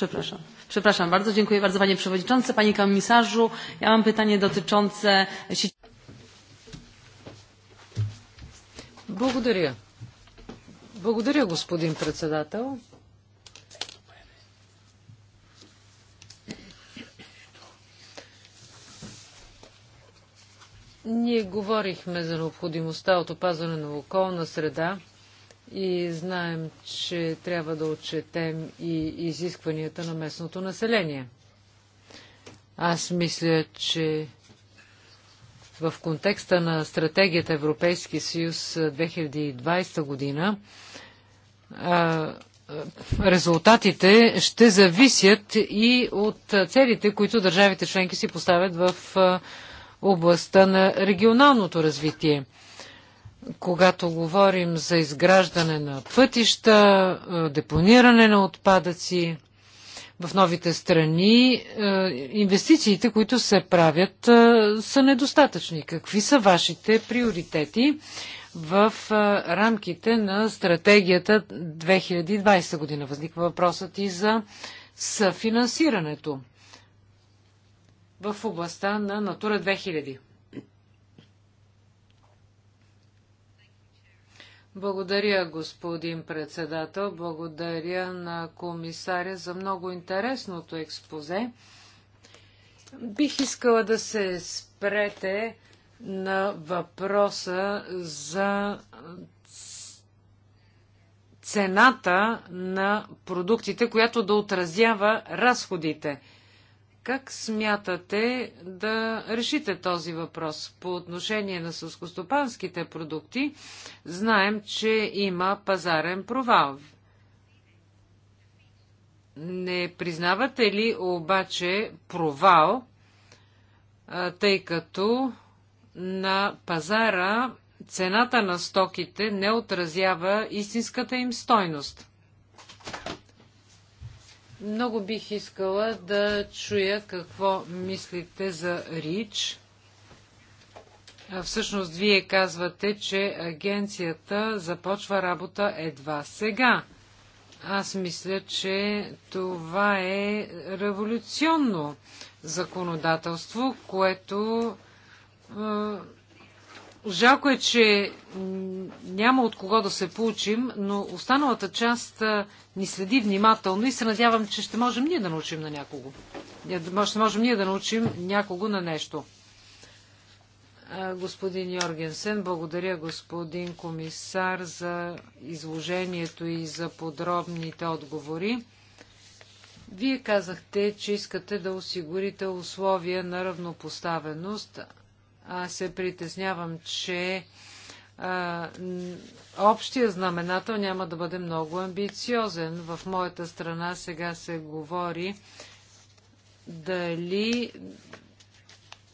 Przepraszam. Przepraszam bardzo. Dziękuję bardzo Panie Przewodniczący. Panie Komisarzu, ja mam pytanie dotyczące sieci. Благодаря. Благодаря, господин председател. Ние говорихме за необходимостта от опазване на околна среда и знаем, че трябва да отчетем и изискванията на местното население. Аз мисля, че в контекста на стратегията Европейски съюз 2020 година резултатите ще зависят и от целите, които държавите членки си поставят в областта на регионалното развитие когато говорим за изграждане на пътища, е, депониране на отпадъци в новите страни, е, инвестициите, които се правят, е, са недостатъчни. Какви са вашите приоритети в рамките на стратегията 2020 година? Възниква въпросът и за съфинансирането в областта на Натура 2000. Благодаря, господин председател. Благодаря на комисаря за много интересното експозе. Бих искала да се спрете на въпроса за цената на продуктите, която да отразява разходите – как смятате да решите този въпрос? По отношение на сълскостопанските продукти, знаем, че има пазарен провал. Не признавате ли обаче провал, тъй като на пазара цената на стоките не отразява истинската им стойност? Много бих искала да чуя какво мислите за РИЧ. Всъщност, вие казвате, че агенцията започва работа едва сега. Аз мисля, че това е революционно законодателство, което Жалко е, че няма от кого да се получим, но останалата част ни следи внимателно и се надявам, че ще можем ние да научим на някого. Ще можем ние да научим някого на нещо. Господин Йоргенсен, благодаря господин комисар за изложението и за подробните отговори. Вие казахте, че искате да осигурите условия на равнопоставеност се притеснявам, че общия знаменател няма да бъде много амбициозен. В моята страна сега се говори дали,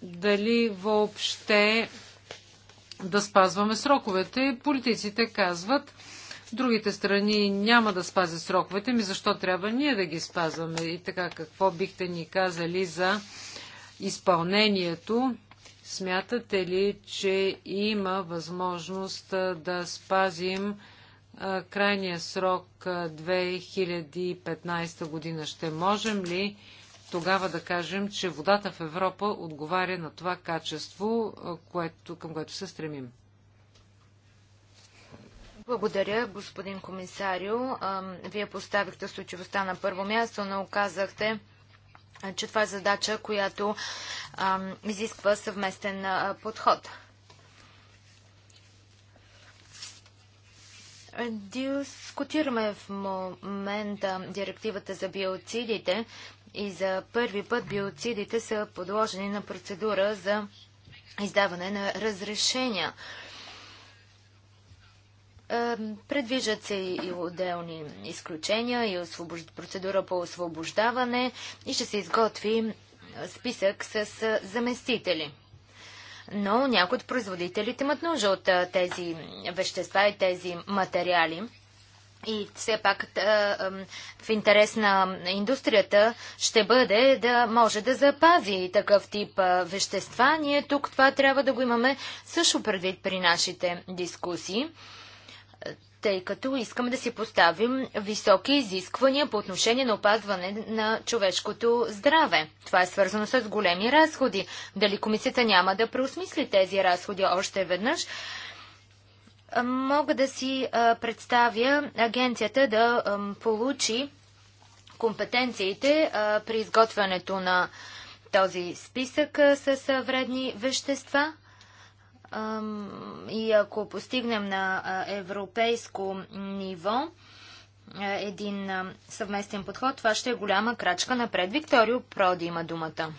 дали въобще да спазваме сроковете. Политиците казват, другите страни няма да спазят сроковете ми, защо трябва ние да ги спазваме? И така, какво бихте ни казали за изпълнението Смятате ли, че има възможност да спазим крайния срок 2015 година? Ще можем ли тогава да кажем, че водата в Европа отговаря на това качество, което, към което се стремим? Благодаря, господин комисарио. Вие поставихте случивостта на първо място, но оказахте че това е задача, която изисква съвместен подход. Дискутираме в момента директивата за биоцидите и за първи път биоцидите са подложени на процедура за издаване на разрешения. Предвижат се и отделни изключения и процедура по освобождаване и ще се изготви списък с заместители. Но някои от производителите имат нужда от тези вещества и тези материали. И все пак в интерес на индустрията ще бъде да може да запази такъв тип вещества. Ние тук това трябва да го имаме също предвид при нашите дискусии тъй като искаме да си поставим високи изисквания по отношение на опазване на човешкото здраве. Това е свързано с големи разходи. Дали комисията няма да преосмисли тези разходи още веднъж? Мога да си представя агенцията да получи компетенциите при изготвянето на този списък с вредни вещества – и ако постигнем на европейско ниво един съвместен подход, това ще е голяма крачка напред. Викторио Проди има думата.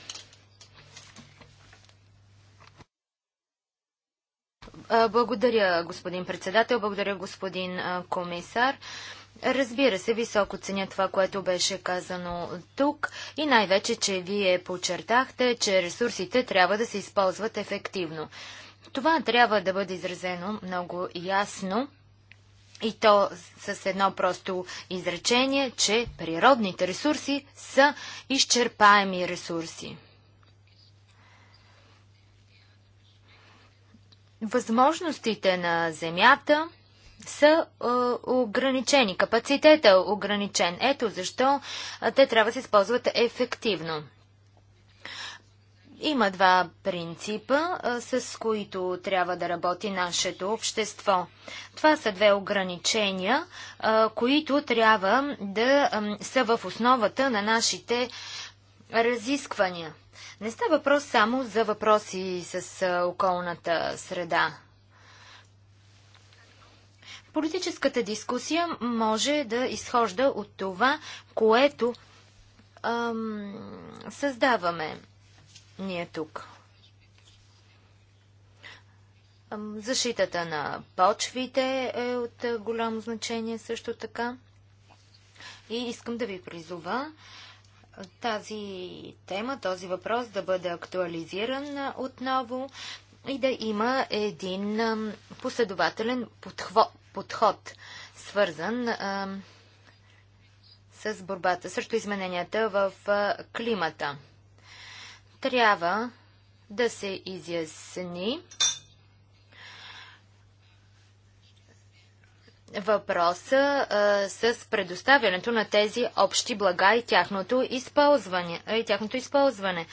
Благодаря, господин председател, благодаря, господин комисар. Разбира се, високо ценя това, което беше казано тук и най-вече, че вие подчертахте, че ресурсите трябва да се използват ефективно. Това трябва да бъде изразено много ясно и то с едно просто изречение, че природните ресурси са изчерпаеми ресурси. Възможностите на Земята са е, ограничени, капацитета е ограничен. Ето защо те трябва да се използват ефективно. Има два принципа, с които трябва да работи нашето общество. Това са две ограничения, които трябва да са в основата на нашите разисквания. Не става въпрос само за въпроси с околната среда. Политическата дискусия може да изхожда от това, което ам, създаваме ние тук. Защитата на почвите е от е, голямо значение също така. И искам да ви призова тази тема, този въпрос да бъде актуализиран отново и да има един последователен подход, свързан с борбата срещу измененията в климата трябва да се изясни въпроса а, с предоставянето на тези общи блага и тяхното използване. И тяхното използване.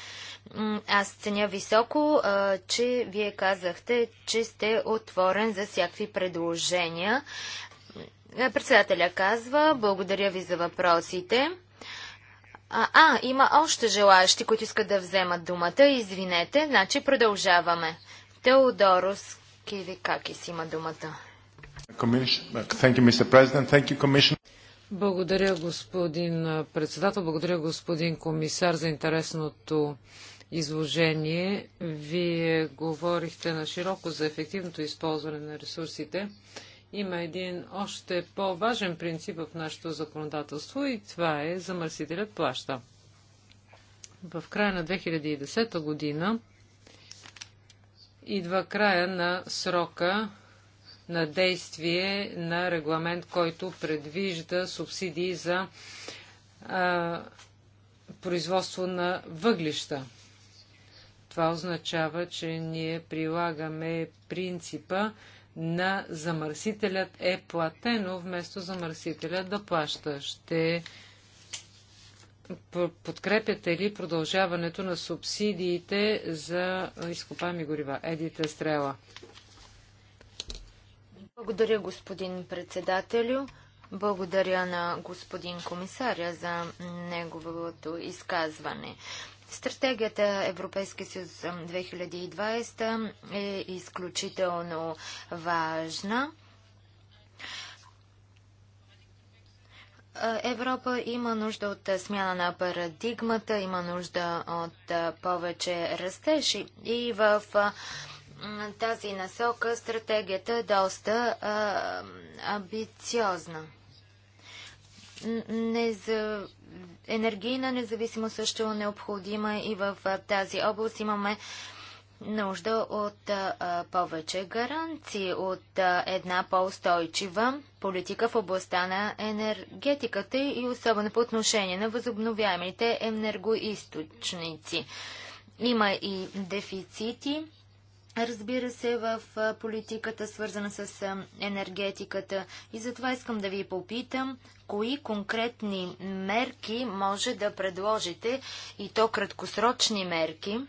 Аз ценя високо, а, че вие казахте, че сте отворен за всякакви предложения. Председателя казва, благодаря ви за въпросите. А, а, има още желаящи, които искат да вземат думата. Извинете, значи продължаваме. Теодорос Кивикакис има думата. Благодаря, господин председател. Благодаря, господин комисар, за интересното изложение. Вие говорихте на широко за ефективното използване на ресурсите има един още по-важен принцип в нашето законодателство и това е замърсителят плаща. В края на 2010 година идва края на срока на действие на регламент, който предвижда субсидии за а, производство на въглища. Това означава, че ние прилагаме принципа на замърсителят е платено, вместо замърсителя да плаща. Ще подкрепяте ли продължаването на субсидиите за изкопами горива? Едите стрела. Благодаря, господин председателю. Благодаря на господин комисаря за неговото изказване. Стратегията Европейски съюз 2020 е изключително важна. Европа има нужда от смяна на парадигмата, има нужда от повече растеж и в тази насока стратегията е доста а, амбициозна. Не за енергийна независимост също е необходима и в тази област имаме нужда от повече гаранции, от една по-устойчива политика в областта на енергетиката и особено по отношение на възобновяемите енергоисточници. Има и дефицити Разбира се, в политиката, свързана с енергетиката. И затова искам да ви попитам, кои конкретни мерки може да предложите, и то краткосрочни мерки,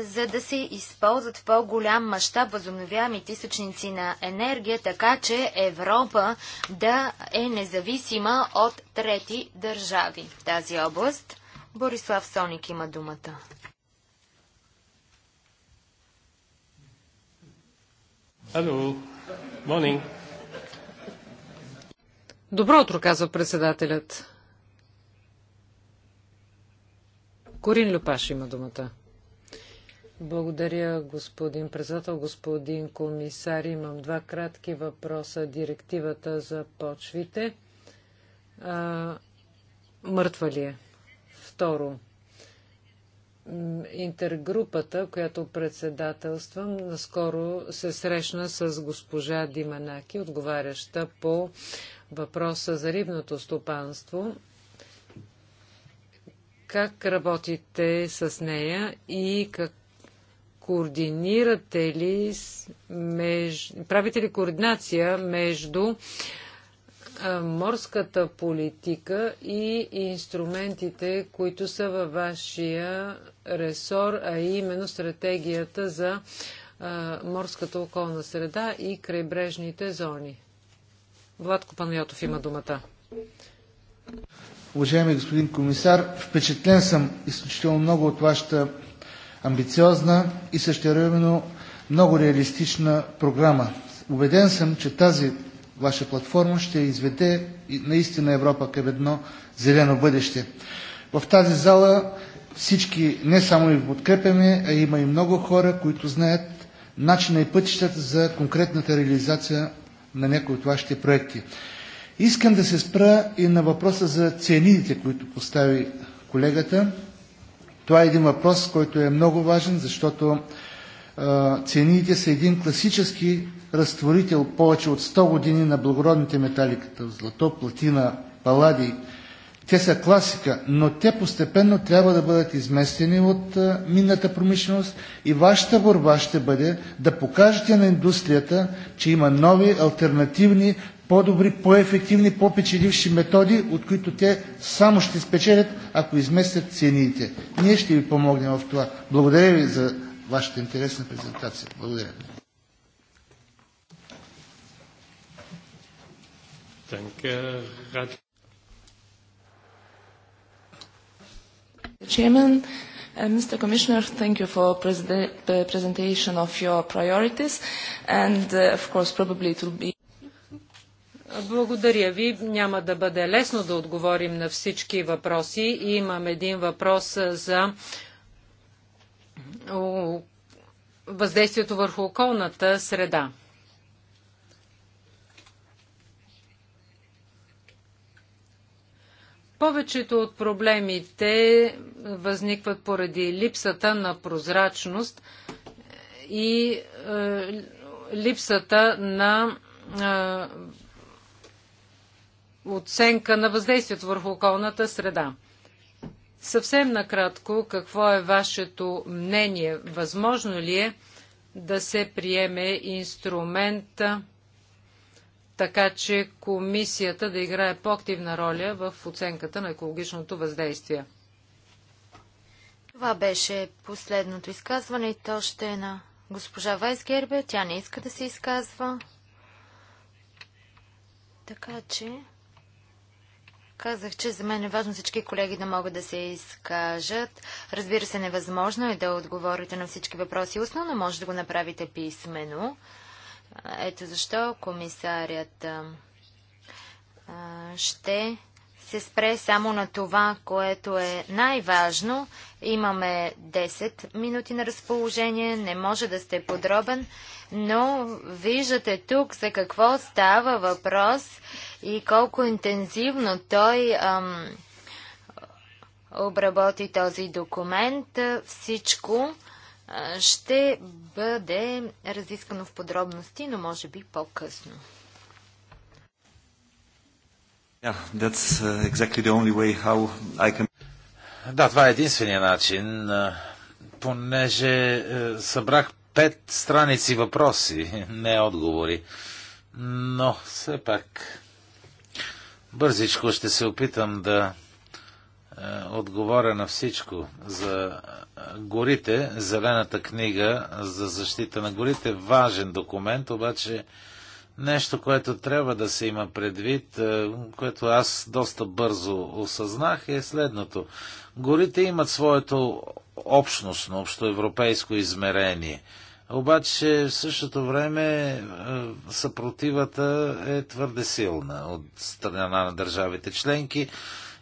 за да се използват в по-голям мащаб възобновяемите източници на енергия, така че Европа да е независима от трети държави в тази област. Борислав Соник има думата. Hello. Morning. Добро утро, казва председателят. Корин Люпаш има думата. Благодаря, господин председател, господин комисар. Имам два кратки въпроса. Директивата за почвите. А, мъртва ли е? Второ, интергрупата, която председателствам, наскоро се срещна с госпожа Диманаки, отговаряща по въпроса за рибното стопанство. Как работите с нея и как координирате ли, меж... правите ли координация между морската политика и инструментите, които са във вашия ресор, а именно стратегията за морската околна среда и крайбрежните зони. Владко Панайотов има думата. Уважаеми господин комисар, впечатлен съм изключително много от вашата амбициозна и същевременно много реалистична програма. Убеден съм, че тази ваша платформа ще изведе наистина Европа към едно зелено бъдеще. В тази зала всички не само ви подкрепяме, а има и много хора, които знаят начина и пътищата за конкретната реализация на някои от вашите проекти. Искам да се спра и на въпроса за цианидите, които постави колегата. Това е един въпрос, който е много важен, защото цианидите са един класически разтворител повече от 100 години на благородните метали, като злато, платина, палади те са класика, но те постепенно трябва да бъдат изместени от минната промишленост и Вашата борба ще бъде да покажете на индустрията, че има нови, альтернативни, по-добри, по-ефективни, по-печеливши методи, от които те само ще спечелят, ако изместят цените. Ние ще ви помогнем в това. Благодаря ви за вашата интересна презентация. Благодаря. Danke, Chairman, uh, Mr. Commissioner, thank you for pres the uh, presentation of your priorities and uh, of course probably it will be благодаря ви. Няма да бъде лесно да отговорим на всички въпроси. И имам един въпрос за въздействието върху околната среда. Повечето от проблемите възникват поради липсата на прозрачност и е, липсата на е, оценка на въздействието върху околната среда. Съвсем накратко, какво е вашето мнение? Възможно ли е да се приеме инструмента така че комисията да играе по-активна роля в оценката на екологичното въздействие. Това беше последното изказване и то ще е на госпожа Вайсгербе. Тя не иска да се изказва. Така че казах, че за мен е важно всички колеги да могат да се изкажат. Разбира се, невъзможно е да отговорите на всички въпроси устно, но може да го направите писменно. Ето защо комисарят ще се спре само на това, което е най-важно. Имаме 10 минути на разположение, не може да сте подробен, но виждате тук за какво става въпрос и колко интензивно той ам, обработи този документ. Всичко ще бъде разискано в подробности, но може би по-късно. Uh, да, това е единствения начин, понеже е, събрах пет страници въпроси, не отговори. Но все пак бързичко ще се опитам да е, отговоря на всичко за горите, Зелената книга за защита на горите, важен документ, обаче нещо, което трябва да се има предвид, е, което аз доста бързо осъзнах, е следното. Горите имат своето общностно, общоевропейско измерение. Обаче в същото време е, съпротивата е твърде силна от страна на държавите членки.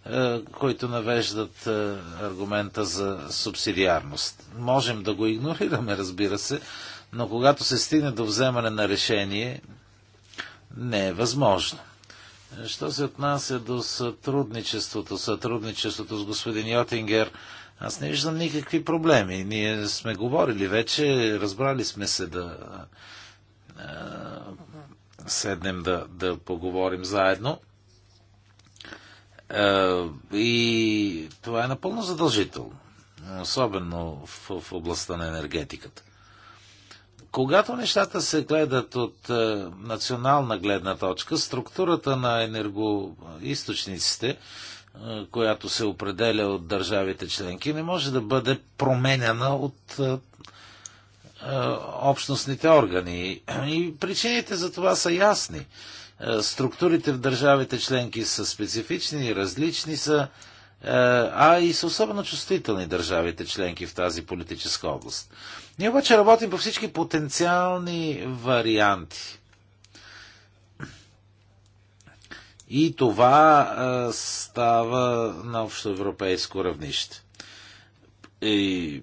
Е, които навеждат е, аргумента за субсидиарност. Можем да го игнорираме, разбира се, но когато се стигне до вземане на решение, не е възможно. Що се отнася до сътрудничеството, сътрудничеството с господин Йотингер, аз не виждам никакви проблеми. Ние сме говорили вече, разбрали сме се да е, седнем да, да поговорим заедно. Е, и това е напълно задължително, особено в, в областта на енергетиката. Когато нещата се гледат от е, национална гледна точка, структурата на енергоисточниците, е, която се определя от държавите членки, не може да бъде променена от общностните органи. И причините за това са ясни. Структурите в държавите членки са специфични, различни са, е, а и са особено чувствителни държавите членки в тази политическа област. Ние обаче работим по всички потенциални варианти. И това е, става на общоевропейско равнище. И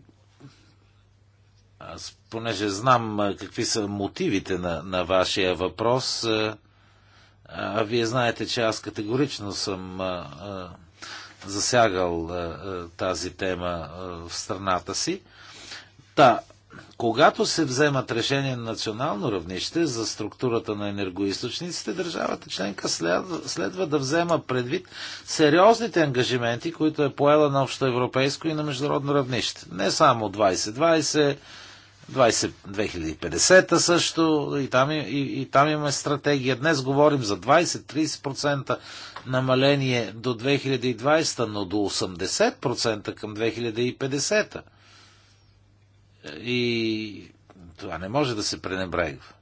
аз, понеже знам е, какви са мотивите на, на вашия въпрос, а, а вие знаете, че аз категорично съм засягал тази тема в страната си. Та, когато се вземат решения на национално равнище за структурата на енергоисточниците, държавата членка следва, да взема предвид сериозните ангажименти, които е поела на общо европейско и на международно равнище. Не само 2020, 2050 също, и там, и, и там имаме стратегия. Днес говорим за 20-30% намаление до 2020, но до 80% към 2050. И това не може да се пренебрегва.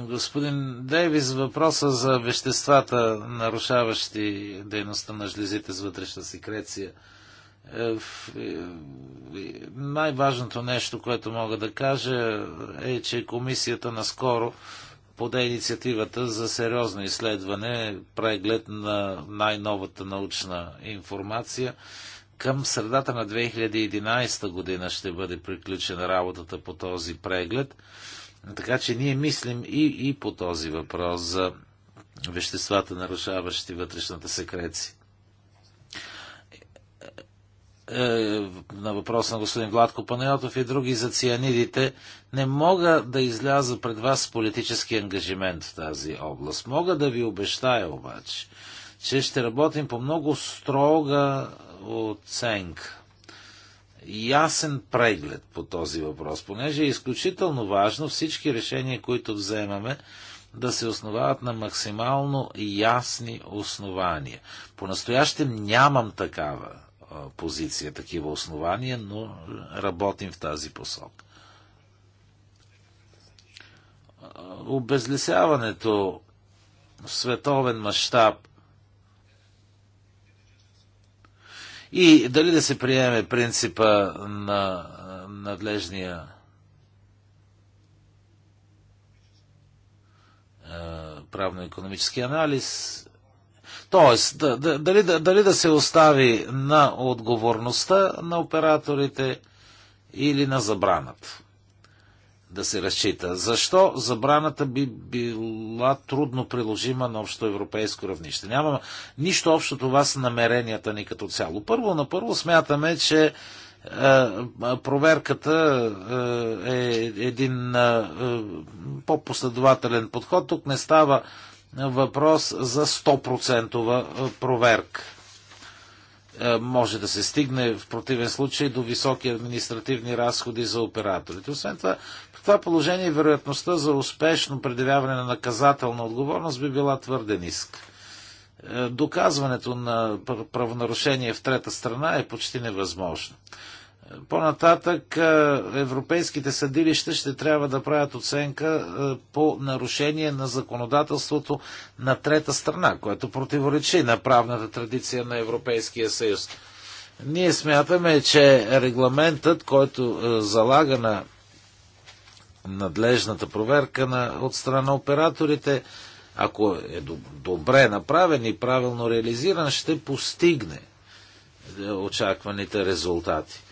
Господин Дейвис, въпроса за веществата, нарушаващи дейността на жлезите с вътрешна секреция – е, е, е, най-важното нещо, което мога да кажа е, че комисията наскоро поде инициативата за сериозно изследване, преглед на най-новата научна информация. Към средата на 2011 година ще бъде приключена работата по този преглед. Така че ние мислим и, и по този въпрос за веществата, нарушаващи вътрешната секреция. Е, на въпрос на господин Гладко Панайотов и други за цианидите, не мога да изляза пред вас с политически ангажимент в тази област. Мога да ви обещая обаче, че ще работим по много строга оценка. Ясен преглед по този въпрос, понеже е изключително важно всички решения, които вземаме, да се основават на максимално ясни основания. По-настоящем нямам такава позиция, такива основания, но работим в тази посока. Обезлесяването в световен мащаб и дали да се приеме принципа на надлежния правно-економически анализ Тоест, дали, дали да се остави на отговорността на операторите или на забраната да се разчита. Защо забраната би била трудно приложима на общо европейско равнище? Няма нищо общо това с намеренията ни като цяло. Първо на първо смятаме, че е, проверката е, е един е, е, по-последователен подход. Тук не става въпрос за 100% е, проверка. Е, може да се стигне в противен случай до високи административни разходи за операторите. Освен това, в това положение вероятността за успешно предявяване на наказателна отговорност би била твърде ниска. Е, доказването на правонарушение в трета страна е почти невъзможно. По-нататък европейските съдилища ще трябва да правят оценка по нарушение на законодателството на трета страна, което противоречи на правната традиция на Европейския съюз. Ние смятаме, че регламентът, който залага на надлежната проверка на, от страна на операторите, ако е добре направен и правилно реализиран, ще постигне очакваните резултати.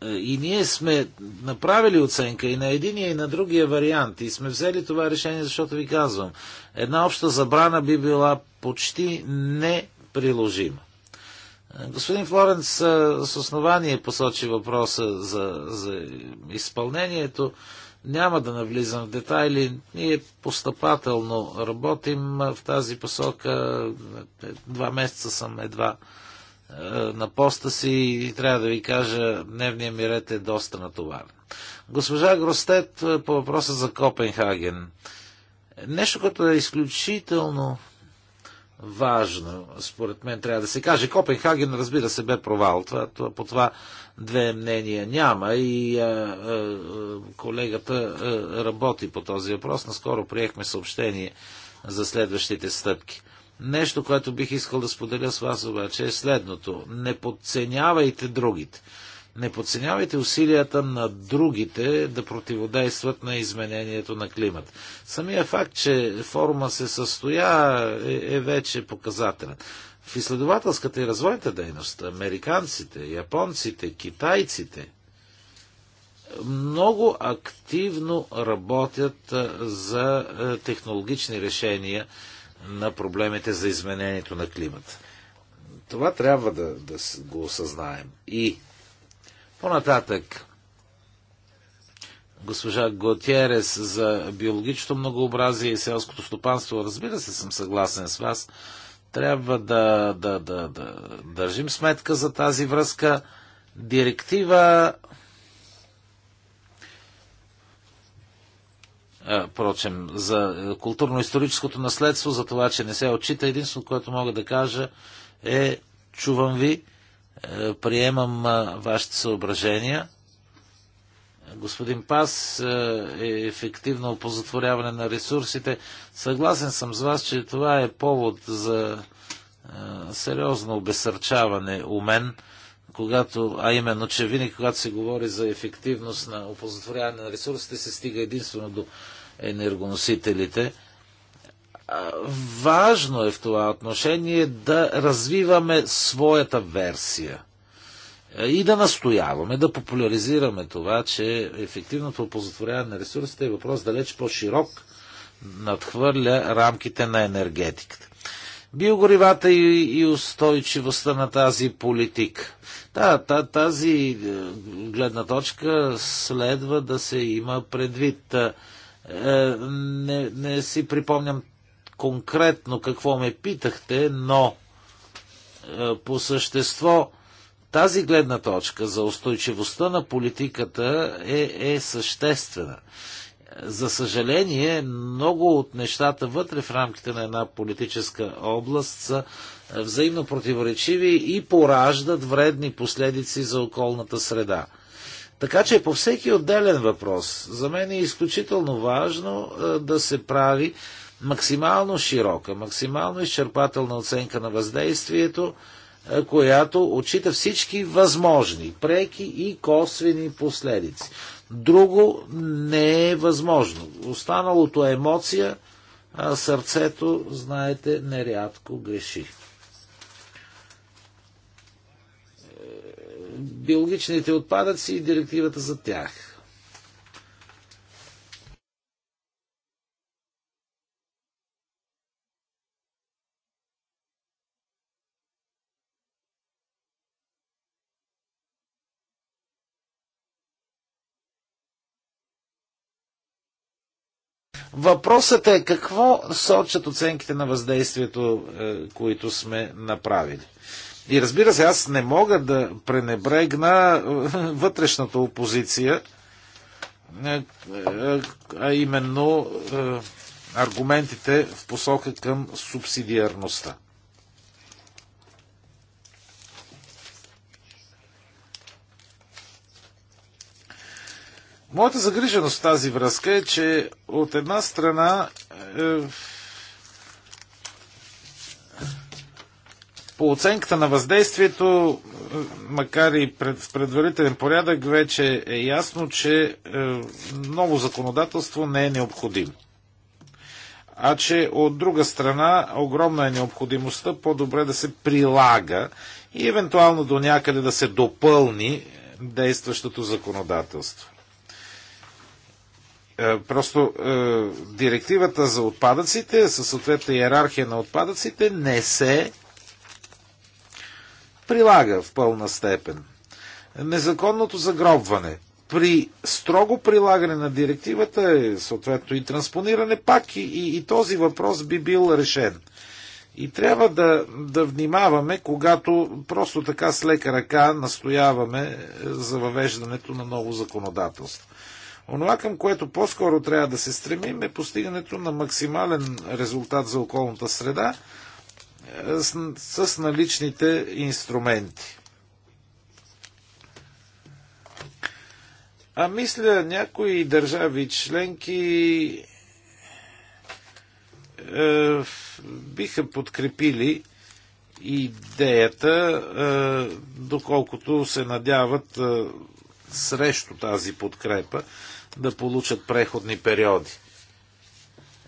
Е, и ние сме направили оценка и на единия, и на другия вариант. И сме взели това решение, защото ви казвам, една обща забрана би била почти неприложима. Е, господин Флоренс е, с основание посочи въпроса за, за изпълнението. Няма да навлизам в детайли. Ние постъпателно работим в тази посока. Два месеца съм едва е, на поста си и трябва да ви кажа, дневният ми ред е доста натоварен. Госпожа Гростет е, по въпроса за Копенхаген. Нещо, което е изключително важно, според мен трябва да се каже. Копенхаген, разбира се, бе провал. Това, това, по това две мнения няма и а, е, а, колегата а, работи по този въпрос. Наскоро приехме съобщение за следващите стъпки. А, Нещо, което бих искал да споделя с вас обаче е следното. Не подценявайте другите. Не подценявайте усилията на другите да противодействат на изменението на климат. Самия факт, че форума се състоя е, е вече показателен. В изследователската и развойната дейност американците, японците, китайците много активно работят за технологични решения на проблемите за изменението на климата. Това трябва да, да го осъзнаем. И по-нататък, госпожа Готиерес за биологичното многообразие и селското стопанство, разбира се, съм съгласен с вас. Трябва да, да, да, да държим сметка за тази връзка. Директива прочем, за е, културно-историческото наследство, за това, че не се отчита. Единственото, което мога да кажа е, чувам ви, е, приемам вашите съображения. Господин Пас, е, е ефективно опозатворяване на ресурсите. Съгласен съм с вас, че това е повод за сериозно обесърчаване у мен, когато, а именно, че винаги когато се говори за ефективност на опозатворяване на ресурсите, се стига единствено до енергоносителите. Важно е в това отношение да развиваме своята версия и да настояваме, да популяризираме това, че ефективното оползотворяване на ресурсите е въпрос далеч по-широк, надхвърля рамките на енергетиката. Биогоривата и, устойчивостта на тази политика. Да, тази е, гледна точка следва да се има предвид. Е, не, не си припомням конкретно какво ме питахте, но е, по същество тази гледна точка за устойчивостта на политиката е, е съществена. За съжаление, много от нещата вътре в рамките на една политическа област са взаимно противоречиви и пораждат вредни последици за околната среда. Така че по всеки отделен въпрос, за мен е изключително важно да се прави максимално широка, максимално изчерпателна оценка на въздействието, която отчита всички възможни, преки и косвени последици. Друго не е възможно. Останалото е емоция, а сърцето, знаете, нерядко греши. биологичните отпадъци и директивата за тях. Въпросът е какво сочат оценките на въздействието, е, които сме направили. И разбира се, аз не мога да пренебрегна е, вътрешната опозиция, е, е, а именно аргументите в посока към субсидиарността. Моята загриженост в тази връзка е, че от една страна По оценката на въздействието, макар и пред, в предварителен порядък, вече е ясно, че е, ново законодателство не е необходимо. А че от друга страна огромна е необходимостта по-добре да се прилага и евентуално до някъде да се допълни действащото законодателство. Е, просто е, директивата за отпадъците, със съответна иерархия на отпадъците, не се прилага в пълна степен. Незаконното загробване при строго прилагане на директивата, е, съответно и транспониране, пак и, и, и този въпрос би бил решен. И трябва да, да внимаваме, когато просто така с лека ръка настояваме е, за въвеждането на ново законодателство. Онова, към което по-скоро трябва да се стремим, е постигането на максимален резултат за околната среда, с, с наличните инструменти. А мисля, някои държави членки е, биха подкрепили идеята, е, доколкото се надяват е, срещу тази подкрепа да получат преходни периоди.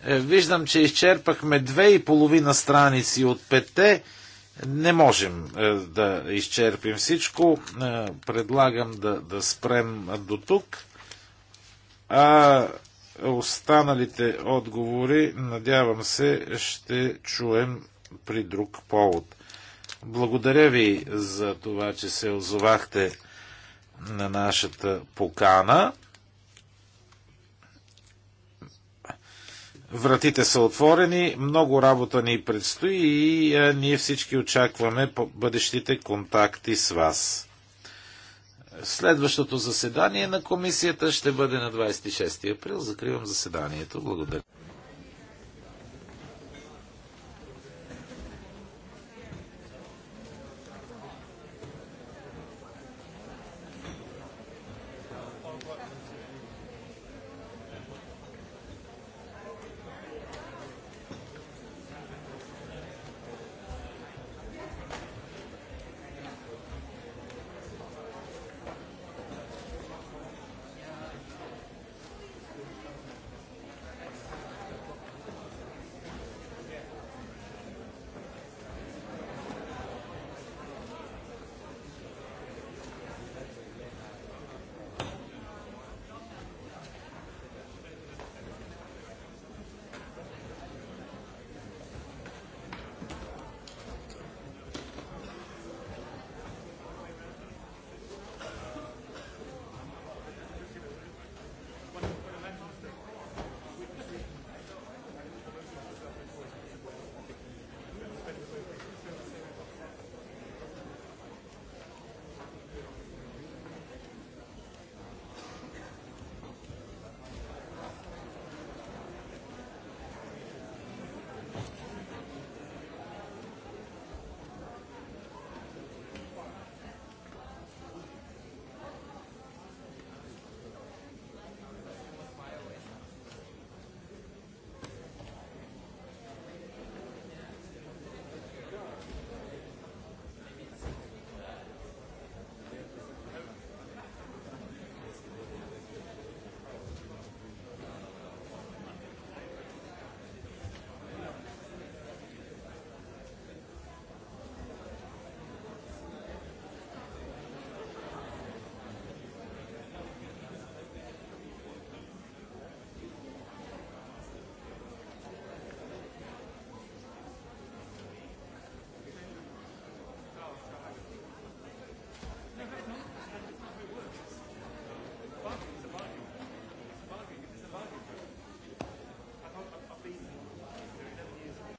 Е, виждам, че изчерпахме две и половина страници от пете. Не можем е, да изчерпим всичко. Е, предлагам да, да спрем до тук. А останалите отговори, надявам се, ще чуем при друг повод. Благодаря ви за това, че се озовахте на нашата покана. Вратите са отворени, много работа ни предстои и а, е, ние всички очакваме бъдещите контакти с вас. Следващото заседание на комисията ще бъде на 26 април. Закривам заседанието. Благодаря.